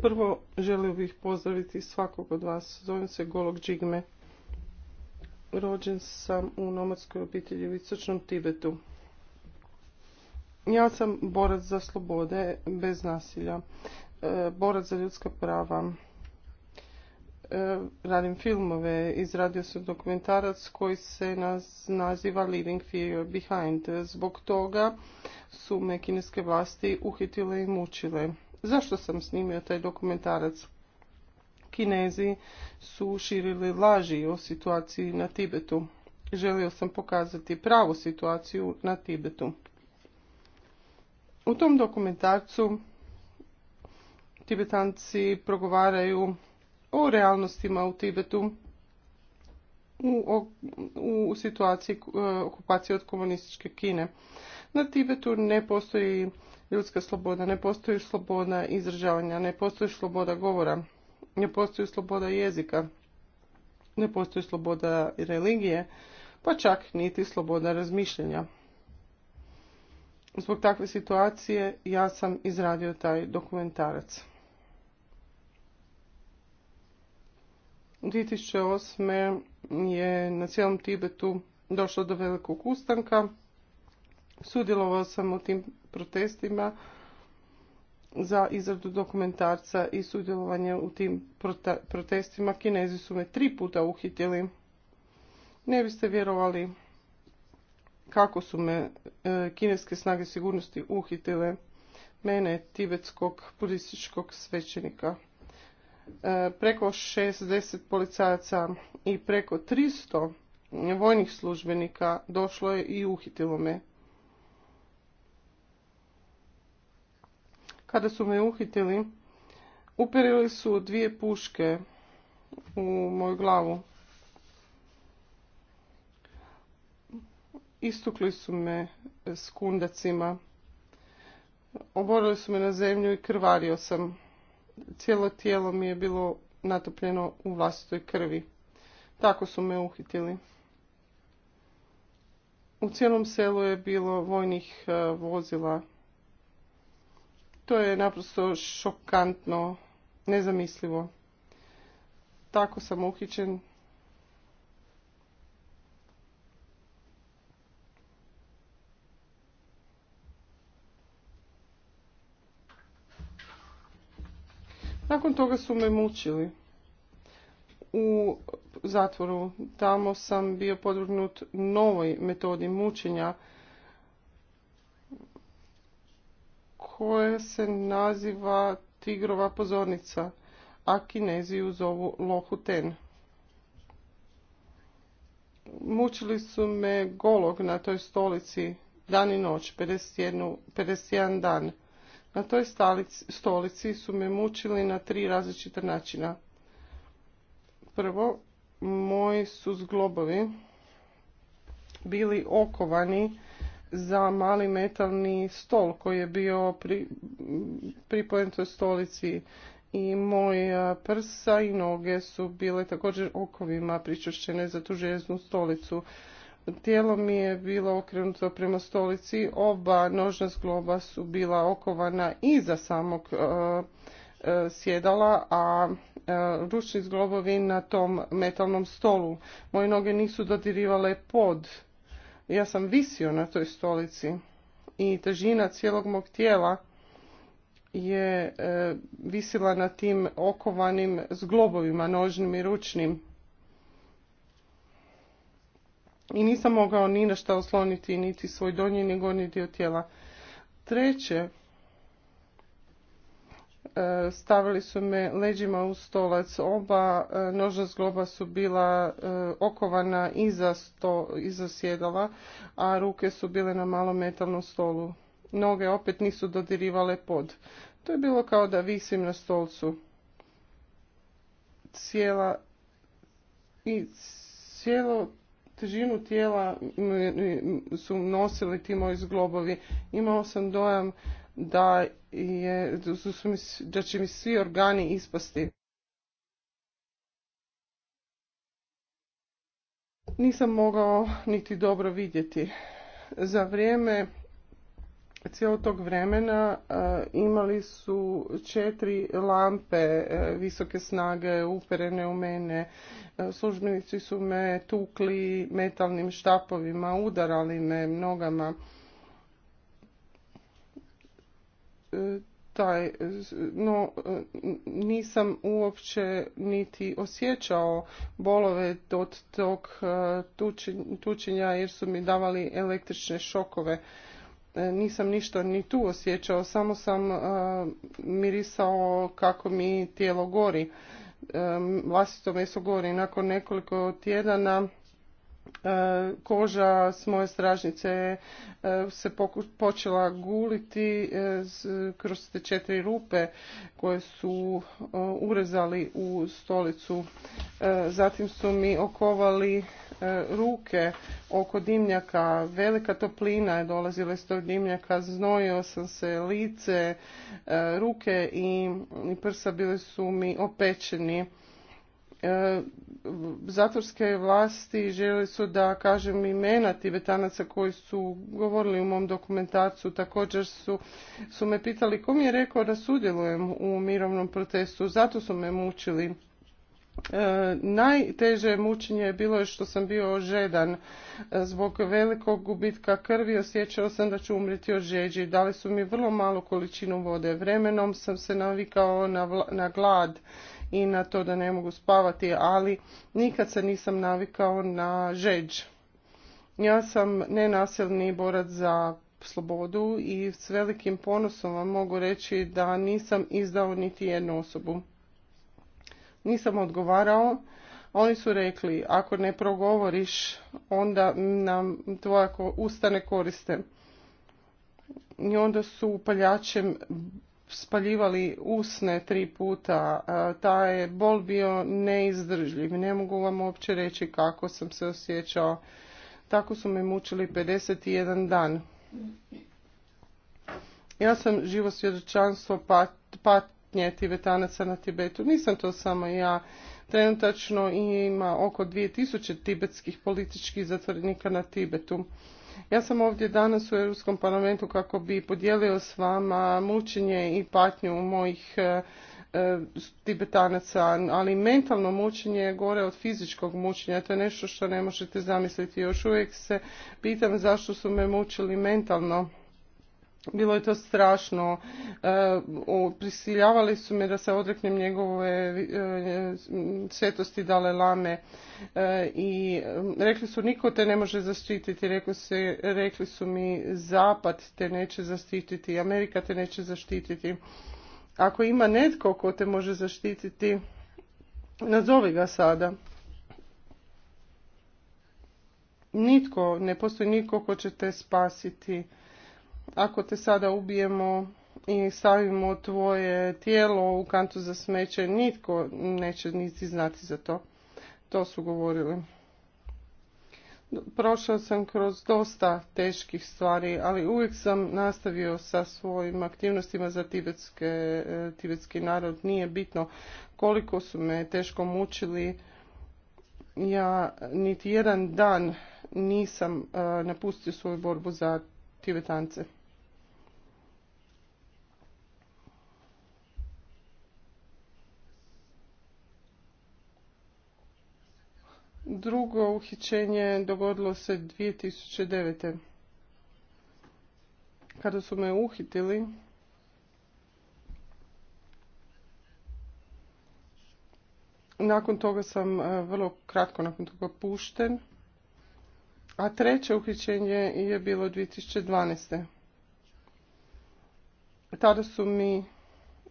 Prvo želio bih pozdraviti svakog od vas. Zovem se Golog Džigme. Rođen sam u nomadskoj obitelji u Istočnom Tibetu. Ja sam borac za slobode bez nasilja, e, borac za ljudska prava, E, radim filmove, izradio sam dokumentarac koji se naziva Living Fear Behind. Zbog toga su me kineske vlasti uhitile i mučile. Zašto sam snimio taj dokumentarac? Kinezi su širili laži o situaciji na Tibetu. Želio sam pokazati pravu situaciju na Tibetu. U tom dokumentarcu tibetanci progovaraju o realnostima u Tibetu u, u situaciji e, okupacije od komunističke Kine. Na Tibetu ne postoji ljudska sloboda, ne postoji sloboda izražavanja, ne postoji sloboda govora, ne postoji sloboda jezika, ne postoji sloboda religije, pa čak niti sloboda razmišljanja. Zbog takve situacije ja sam izradio taj dokumentarac. 2008. je na cijelom Tibetu došlo do velikog ustanka. Sudjelovao sam u tim protestima za izradu dokumentarca i sudjelovanje u tim protestima. Kinezi su me tri puta uhitili. Ne biste vjerovali kako su me e, kineske snage sigurnosti uhitile mene, tibetskog budističkog svećenika. E, preko 60 policajaca i preko 300 vojnih službenika došlo je i uhitilo me. Kada su me uhitili, uperili su dvije puške u moju glavu. Istukli su me s kundacima. Oborili su me na zemlju i krvario sam cijelo tijelo mi je bilo natopljeno u vlastitoj krvi. Tako su me uhitili. U cijelom selu je bilo vojnih e, vozila. To je naprosto šokantno, nezamislivo. Tako sam uhićen Nakon toga su me mučili u zatvoru. Tamo sam bio podvrgnut novoj metodi mučenja koja se naziva tigrova pozornica, a kineziju zovu lohuten. Mučili su me golog na toj stolici dan i noć, 51, 51 dan. Na toj stolici su me mučili na tri različita načina. Prvo, moji su zglobovi bili okovani za mali metalni stol koji je bio pripojen toj stolici i moj prsa i noge su bile također okovima pričušćene za tu željeznu stolicu tijelo mi je bilo okrenuto prema stolici, oba nožna zgloba su bila okovana iza samog e, e, sjedala, a e, ručni zglobovi na tom metalnom stolu. Moje noge nisu dodirivale pod. Ja sam visio na toj stolici i težina cijelog mog tijela je visila na tim okovanim zglobovima, nožnim i ručnim i nisam mogao ni na šta osloniti niti svoj donji ni gornji dio tijela. Treće, e, stavili su me leđima u stolac. Oba e, nožna zgloba su bila e, okovana iza, sto, sjedala, a ruke su bile na malom metalnom stolu. Noge opet nisu dodirivale pod. To je bilo kao da visim na stolcu. Cijela i cijelo težinu tijela su nosili ti moji zglobovi. Imao sam dojam da, je, da će mi svi organi ispasti. Nisam mogao niti dobro vidjeti. Za vrijeme Cijelo tog vremena e, imali su četiri lampe e, visoke snage uperene u mene. E, službenici su me tukli metalnim štapovima, udarali me nogama. Taj, no nisam uopće niti osjećao bolove od tog tučenja jer su mi davali električne šokove. E, nisam ništa ni tu osjećao, samo sam e, mirisao kako mi tijelo gori. E, vlastito meso gori. Nakon nekoliko tjedana E, koža s moje stražnice e, se počela guliti e, kroz te četiri rupe koje su urezali u stolicu. Zatim su mi okovali ruke oko dimnjaka, velika toplina je dolazila iz tog dimnjaka, znojio sam se lice, ruke i prsa bili su mi opečeni E, zatvorske vlasti željeli su da kažem imena tibetanaca koji su govorili u mom dokumentacu Također su, me pitali ko mi je rekao da sudjelujem u mirovnom protestu. Zato su me mučili. E, najteže mučenje je bilo što sam bio žedan. E, zbog velikog gubitka krvi osjećao sam da ću umriti od žeđi. Dali su mi vrlo malu količinu vode. Vremenom sam se navikao na glad i na to da ne mogu spavati, ali nikad se nisam navikao na žeđ. Ja sam nenasilni borac za slobodu i s velikim ponosom vam mogu reći da nisam izdao niti jednu osobu. Nisam odgovarao, oni su rekli ako ne progovoriš onda nam tvoja usta ne koriste. I onda su upaljačem spaljivali usne tri puta. Taj je bol bio neizdržljiv. Ne mogu vam uopće reći kako sam se osjećao. Tako su me mučili 51 dan. Ja sam živo svjedočanstvo patnje tibetanaca na Tibetu. Nisam to samo ja. Trenutačno ima oko 2000 tibetskih političkih zatvorenika na Tibetu. Ja sam ovdje danas u Europskom parlamentu kako bi podijelio s vama mučenje i patnju mojih e, e, tibetanaca, ali mentalno mučenje je gore od fizičkog mučenja. To je nešto što ne možete zamisliti. Još uvijek se pitam zašto su me mučili mentalno bilo je to strašno. E, prisiljavali su me da se odreknem njegove e, svetosti dale lame e, i rekli su niko te ne može zaštititi. Rekli su, rekli su mi zapad te neće zaštititi, Amerika te neće zaštititi. Ako ima netko ko te može zaštititi, nazovi ga sada. Nitko, ne postoji nitko ko će te spasiti ako te sada ubijemo i stavimo tvoje tijelo u kantu za smeće, nitko neće niti znati za to. To su govorili. Prošao sam kroz dosta teških stvari, ali uvijek sam nastavio sa svojim aktivnostima za tibetske, e, tibetski narod. Nije bitno koliko su me teško mučili. Ja niti jedan dan nisam e, napustio svoju borbu za tibetance. Drugo uhićenje dogodilo se 2009. Kada su me uhitili, nakon toga sam e, vrlo kratko nakon toga pušten, a treće uhićenje je bilo 2012. Tada su mi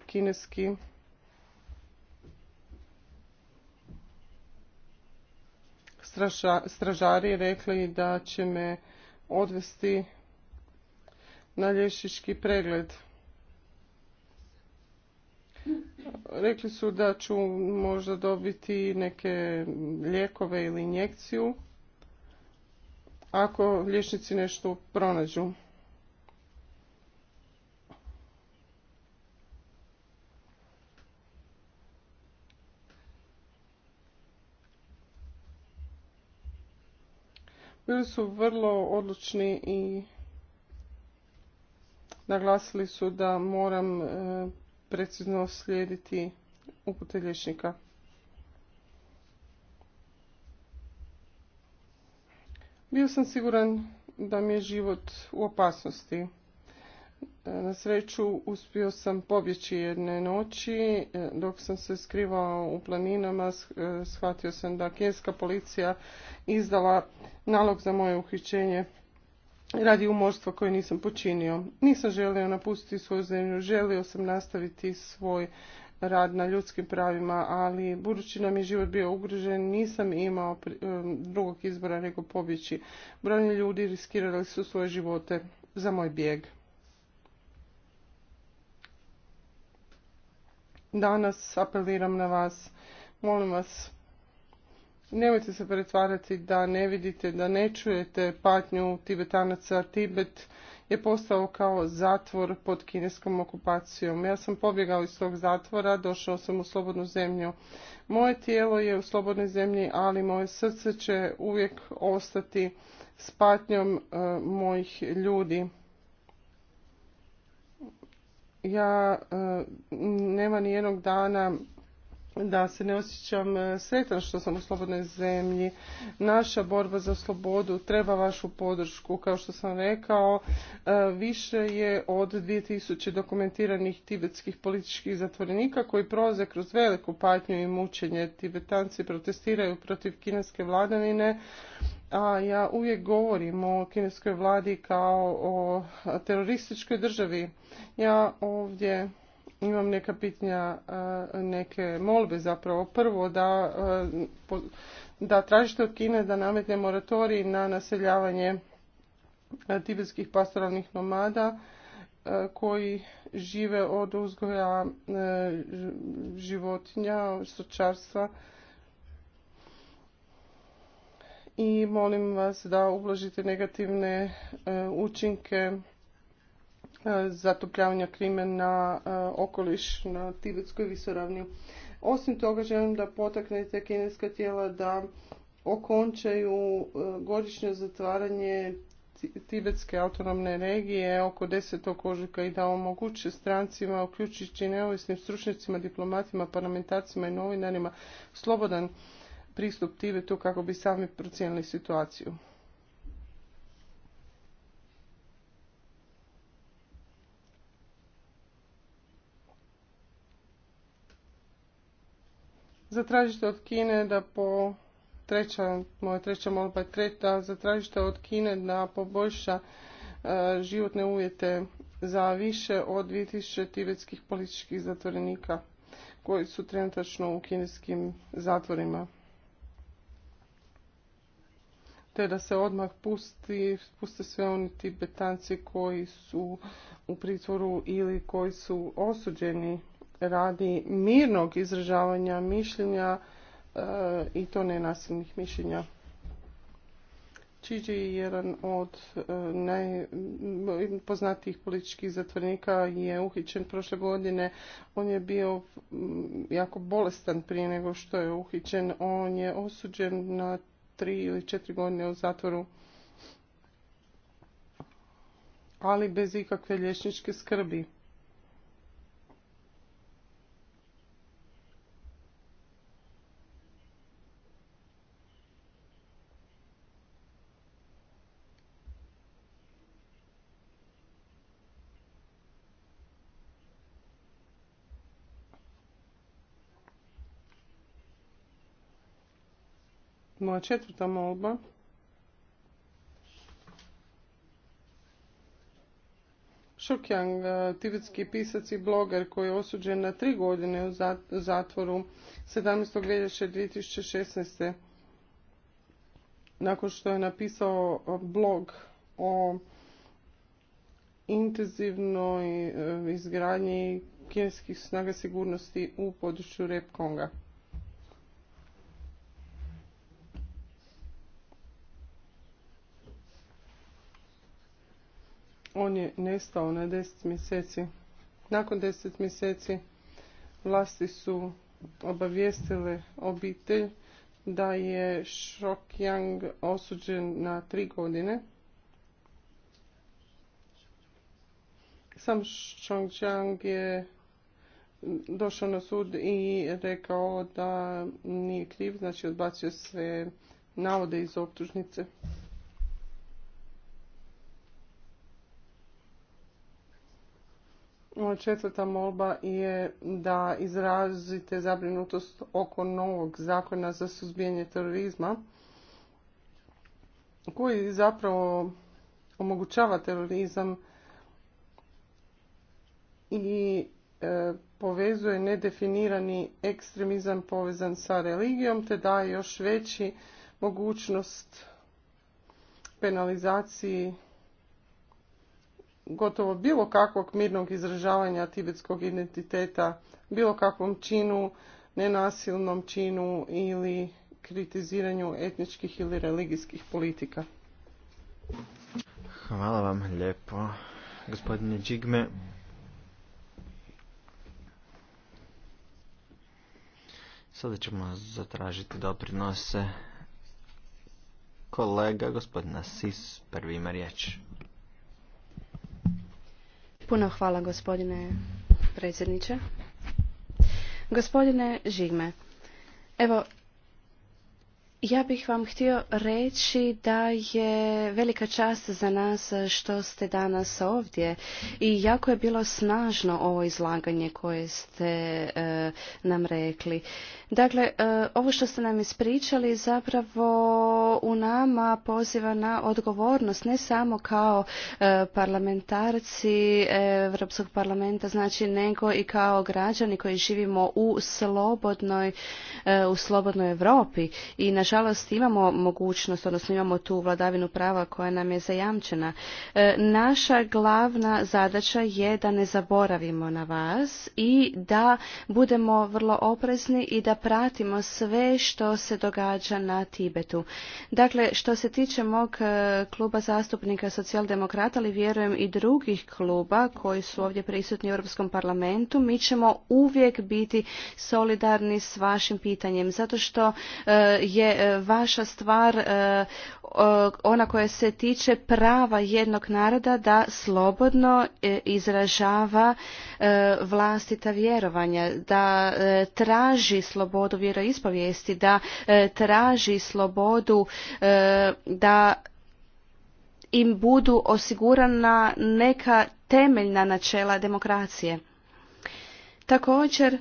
kineski stražari rekli da će me odvesti na lješički pregled. Rekli su da ću možda dobiti neke lijekove ili injekciju ako liječnici nešto pronađu. Bili su vrlo odlučni i naglasili su da moram e, precizno slijediti upute liječnika. Bio sam siguran da mi je život u opasnosti. Na sreću uspio sam pobjeći jedne noći e, dok sam se skrivao u planinama, e, shvatio sam da kineska policija izdala nalog za moje uhićenje radi umorstva koje nisam počinio. Nisam želio napustiti svoju zemlju, želio sam nastaviti svoj rad na ljudskim pravima, ali budući nam je život bio ugrožen, nisam imao e, drugog izbora nego pobjeći. Brojni ljudi riskirali su svoje živote za moj bijeg. danas apeliram na vas, molim vas, nemojte se pretvarati da ne vidite, da ne čujete patnju Tibetanaca. Tibet je postao kao zatvor pod kineskom okupacijom. Ja sam pobjegao iz tog zatvora, došao sam u slobodnu zemlju. Moje tijelo je u slobodnoj zemlji, ali moje srce će uvijek ostati s patnjom e, mojih ljudi ja e, nema ni jednog dana da se ne osjećam e, sretan što sam u slobodnoj zemlji. Naša borba za slobodu treba vašu podršku. Kao što sam rekao, e, više je od 2000 dokumentiranih tibetskih političkih zatvorenika koji prolaze kroz veliku patnju i mučenje. Tibetanci protestiraju protiv kineske vladavine a ja uvijek govorim o kineskoj vladi kao o terorističkoj državi. Ja ovdje imam neka pitanja, e, neke molbe zapravo. Prvo da, e, da tražite od Kine da nametne moratorij na naseljavanje e, tibetskih pastoralnih nomada koji žive od uzgoja životinja, stočarstva i molim vas da ublažite negativne e, učinke e, zatopljavanja klime na e, okoliš na Tibetskoj visoravni. Osim toga želim da potaknete kineska tijela da okončaju godišnje zatvaranje Tibetske autonomne regije oko 10. ožujka i da omoguće strancima, uključujući neovisnim stručnjacima, diplomatima, parlamentarcima i novinarima slobodan pristup Tibetu kako bi sami procijenili situaciju. Zatražite od Kine da po treća, moja treća molba je treta, zatražite od Kine da poboljša e, životne uvjete za više od 2000 tibetskih političkih zatvorenika koji su trenutačno u kineskim zatvorima te da se odmah pusti, puste sve oni tibetanci koji su u pritvoru ili koji su osuđeni radi mirnog izražavanja mišljenja e, i to nenasilnih mišljenja. Čiđi je jedan od e, najpoznatijih političkih zatvornika je uhićen prošle godine. On je bio jako bolestan prije nego što je uhićen. On je osuđen na tri ili četiri godine u zatvoru, ali bez ikakve lješničke skrbi. Moja četvrta molba Šokjang, e, tibetski pisac i bloger koji je osuđen na tri godine u zatvoru 17. veljače 2016. nakon što je napisao e, blog o intenzivnoj e, izgradnji kineskih snaga sigurnosti u području Repkonga. On je nestao na deset mjeseci. Nakon deset mjeseci vlasti su obavijestile obitelj da je Shok Yang osuđen na tri godine. Sam Šong je došao na sud i rekao da nije kriv, znači odbacio se navode iz optužnice. Četvrta molba je da izrazite zabrinutost oko novog zakona za suzbijanje terorizma koji zapravo omogućava terorizam i e, povezuje nedefinirani ekstremizam povezan sa religijom te daje još veći mogućnost penalizaciji gotovo bilo kakvog mirnog izražavanja tibetskog identiteta, bilo kakvom činu, nenasilnom činu ili kritiziranju etničkih ili religijskih politika. Hvala vam lijepo, gospodine Džigme. Sada ćemo zatražiti doprinose kolega gospodina Sis, prvi ima riječ. Puno hvala gospodine predsjedniče. Gospodine Žigme, evo ja bih vam htio reći da je velika čast za nas što ste danas ovdje i jako je bilo snažno ovo izlaganje koje ste e, nam rekli. Dakle, e, ovo što ste nam ispričali zapravo u nama poziva na odgovornost, ne samo kao e, parlamentarci Europskog parlamenta, znači nego i kao građani koji živimo u slobodnoj, u slobodnoj Europi i na žalost imamo mogućnost, odnosno imamo tu vladavinu prava koja nam je zajamčena. E, naša glavna zadaća je da ne zaboravimo na vas i da budemo vrlo oprezni i da pratimo sve što se događa na Tibetu. Dakle, što se tiče mog e, kluba zastupnika socijaldemokrata, ali vjerujem i drugih kluba koji su ovdje prisutni u Europskom parlamentu, mi ćemo uvijek biti solidarni s vašim pitanjem, zato što e, je vaša stvar e, ona koja se tiče prava jednog naroda da slobodno e, izražava e, vlastita vjerovanja, da traži slobodu vjeroispovijesti, da traži slobodu da im budu osigurana neka temeljna načela demokracije. Također,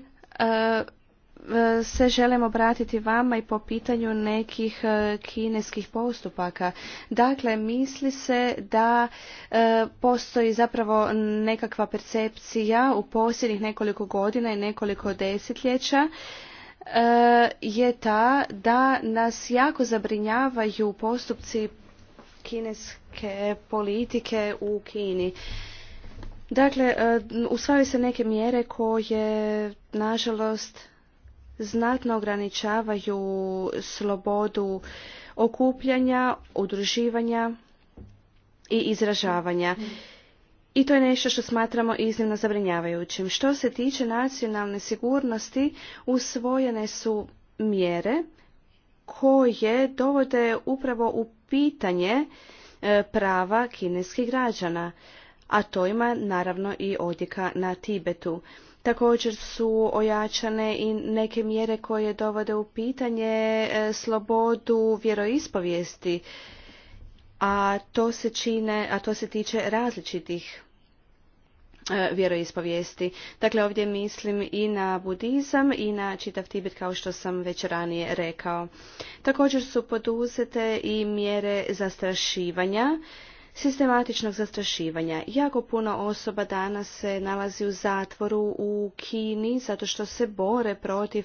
E, se želim obratiti vama i po pitanju nekih e, kineskih postupaka. Dakle, misli se da e, postoji zapravo nekakva percepcija u posljednjih nekoliko godina i nekoliko desetljeća je ta da nas jako zabrinjavaju postupci kineske politike u Kini. Dakle, usvajaju se neke mjere koje, nažalost, znatno ograničavaju slobodu okupljanja, udruživanja i izražavanja. I to je nešto što smatramo iznimno zabrinjavajućim. Što se tiče nacionalne sigurnosti, usvojene su mjere koje dovode upravo u pitanje e, prava kineskih građana, a to ima naravno i odjeka na Tibetu. Također su ojačane i neke mjere koje dovode u pitanje e, slobodu vjeroispovijesti, a to se čine, a to se tiče različitih e, vjeroispovijesti. Dakle, ovdje mislim i na budizam i na čitav Tibet, kao što sam već ranije rekao. Također su poduzete i mjere zastrašivanja, sistematičnog zastrašivanja. Jako puno osoba danas se nalazi u zatvoru u Kini zato što se bore protiv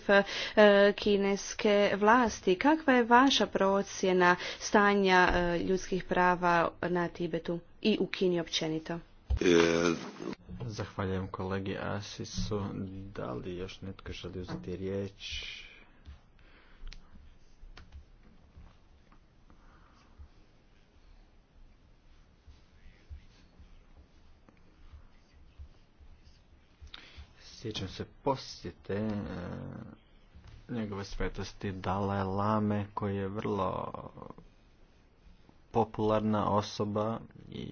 e, kineske vlasti. Kakva je vaša procjena stanja e, ljudskih prava na Tibetu i u Kini općenito? E, Zahvaljujem kolegi Asisu. Da li još netko želi uzeti riječ? Sjećam se posjete e, njegove svetosti Dalaj Lame koji je vrlo popularna osoba i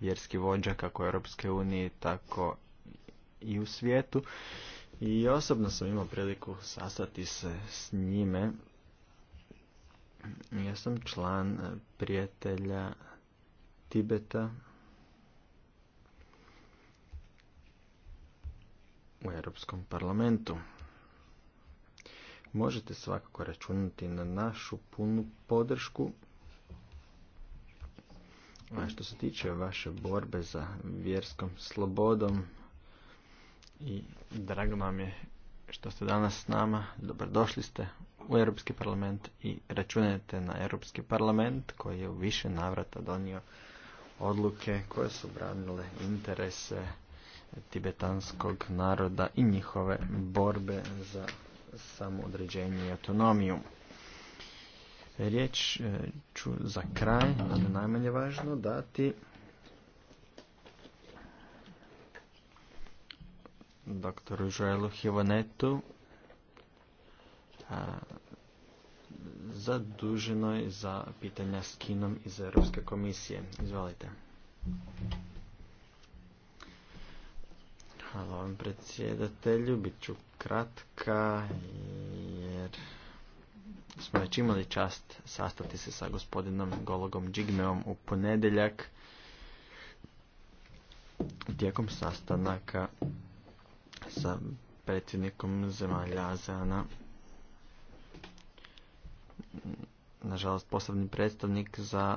vjerski vođa kako u Europske unije tako i u svijetu. I osobno sam imao priliku sastati se s njime. Ja sam član e, prijatelja Tibeta, u Europskom parlamentu. Možete svakako računati na našu punu podršku. A što se tiče vaše borbe za vjerskom slobodom i drago nam je što ste danas s nama, dobrodošli ste u Europski parlament i računajte na Europski parlament koji je u više navrata donio odluke koje su branile interese tibetanskog naroda i njihove borbe za samoodređenje i autonomiju. Riječ e, ću za kraj, ali najmanje važno dati doktoru Joelu Hivonetu zaduženoj za pitanja s Kinom iz Europske komisije. Izvolite. Hvala vam predsjedatelju, bit ću kratka jer smo već imali čast sastati se sa gospodinom Gologom Džigmeom u ponedeljak tijekom sastanaka sa predsjednikom zemalja Azeana. Nažalost, posebni predstavnik za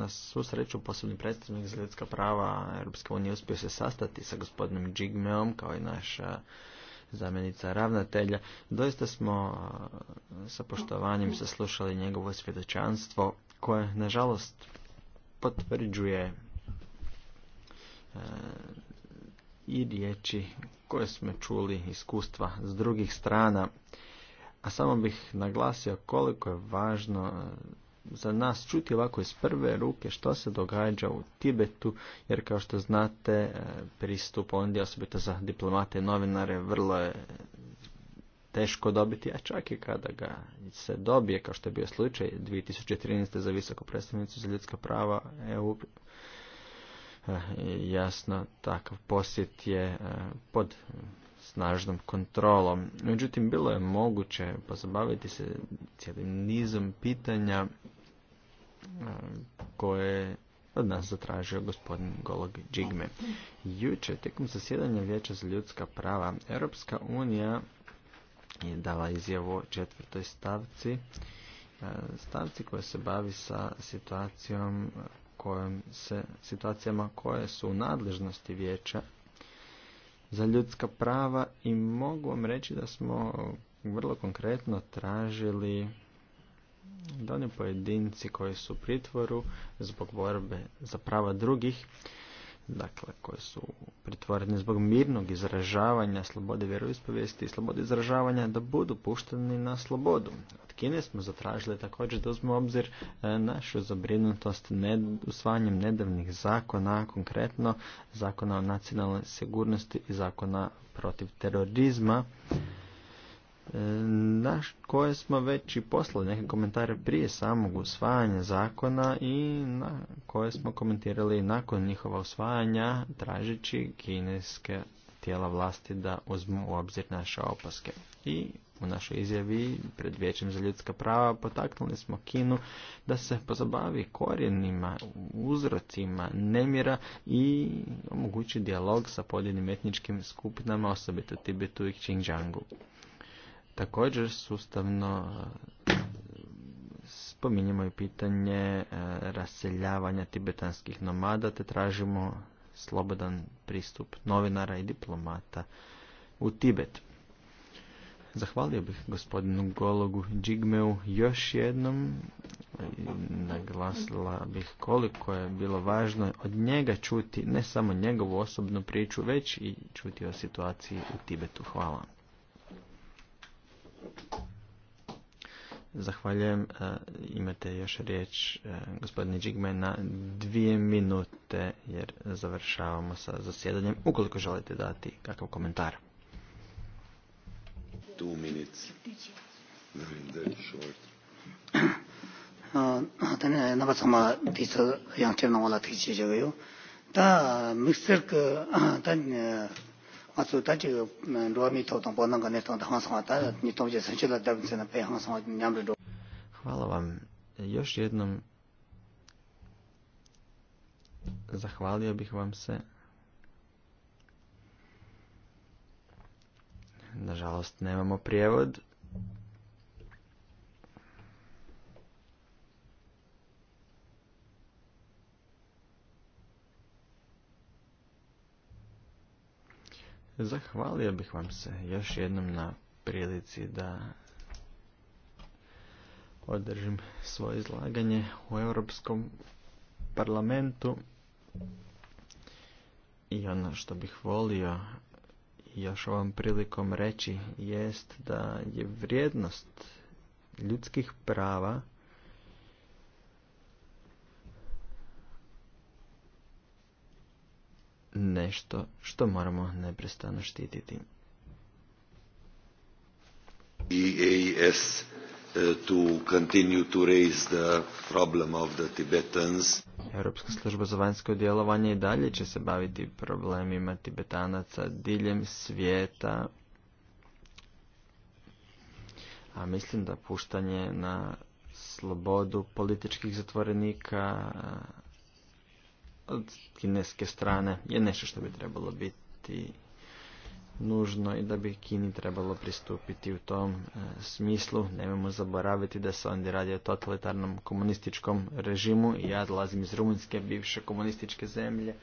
na susreću posebni predstavnik za ljudska prava Europske unije uspio se sastati sa gospodinom Džigmeom kao i naša zamjenica ravnatelja. Doista smo sa poštovanjem saslušali njegovo svjedočanstvo koje nažalost potvrđuje i riječi koje smo čuli iskustva s drugih strana. A samo bih naglasio koliko je važno za nas čuti ovako iz prve ruke što se događa u Tibetu, jer kao što znate e, pristup ondje, osobito za diplomate i novinare, vrlo je teško dobiti, a čak i kada ga se dobije, kao što je bio slučaj 2013. za visoku predstavnicu za ljudska prava EU, e, jasno takav posjet je e, pod snažnom kontrolom. Međutim, bilo je moguće pozabaviti se cijelim nizom pitanja e, koje od nas zatražio gospodin Golog Džigme. Juče, tijekom zasjedanja Vijeća za ljudska prava, Europska unija je dala izjavu o četvrtoj stavci, e, stavci koja se bavi sa situacijom kojom se, situacijama koje su u nadležnosti vijeća za ljudska prava i mogu vam reći da smo vrlo konkretno tražili da oni pojedinci koji su u pritvoru zbog borbe za prava drugih dakle, koje su pritvorene zbog mirnog izražavanja slobode vjeroispovijesti i slobode izražavanja da budu pušteni na slobodu. Od Kine smo zatražili također da uzmemo obzir e, našu zabrinutost ned, usvajanjem nedavnih zakona, konkretno zakona o nacionalnoj sigurnosti i zakona protiv terorizma E, na koje smo već i poslali neke komentare prije samog usvajanja zakona i na koje smo komentirali nakon njihova usvajanja tražeći kineske tijela vlasti da uzmu u obzir naše opaske. I u našoj izjavi pred Vijećem za ljudska prava potaknuli smo Kinu da se pozabavi korijenima, uzrocima nemira i omogući dijalog sa pojedinim etničkim skupinama, osobito Tibetu i Xinjiangu. Također sustavno e, spominjemo i pitanje e, raseljavanja tibetanskih nomada te tražimo slobodan pristup novinara i diplomata u Tibet. Zahvalio bih gospodinu Gologu Džigmeu još jednom. Naglasila bih koliko je bilo važno od njega čuti ne samo njegovu osobnu priču, već i čuti o situaciji u Tibetu. Hvala. Zahvaljujem. E, imate još riječ, e, gospodine Džigme, na dvije minute, jer završavamo sa zasjedanjem, ukoliko želite dati kakav komentar. Two minutes. Very short. Uh, nga tsu ta chiga ruwa mi to tong po nang ka ne tong ta hang sanga ta ni tong je san shila da bin tsena pe hang sanga nyam ri Hvala vam. E, još jednom zahvalio bih vam se. Nažalost nemamo prijevod. Zahvalio bih vam se još jednom na prilici da održim svoje izlaganje u Europskom parlamentu i ono što bih volio još ovom prilikom reći jest da je vrijednost ljudskih prava nešto što moramo neprestano štititi. EAS eh, to continue to raise the problem of the Tibetans. Europska služba za vanjsko djelovanje i dalje će se baviti problemima Tibetanaca diljem svijeta. A mislim da puštanje na slobodu političkih zatvorenika od kineske strane je nešto što bi trebalo biti nužno i da bi Kini trebalo pristupiti u tom e, smislu. Nemojmo zaboraviti da se ondje radi o totalitarnom komunističkom režimu i ja dolazim iz Rumunjske, bivše komunističke zemlje,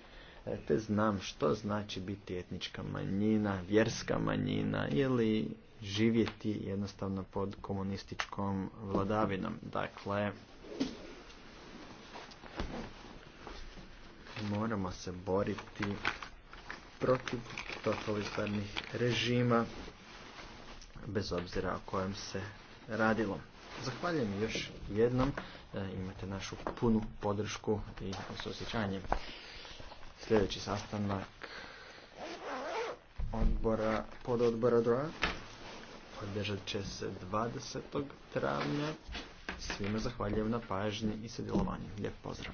e, te znam što znači biti etnička manjina, vjerska manjina ili živjeti jednostavno pod komunističkom vladavinom. Dakle, moramo se boriti protiv totalitarnih režima, bez obzira o kojem se radilo. Zahvaljujem još jednom, e, imate našu punu podršku i osjećanje. Sljedeći sastanak odbora, pod odbora održat će se 20. travnja. Svima zahvaljujem na pažnji i sudjelovanju. Lijep pozdrav.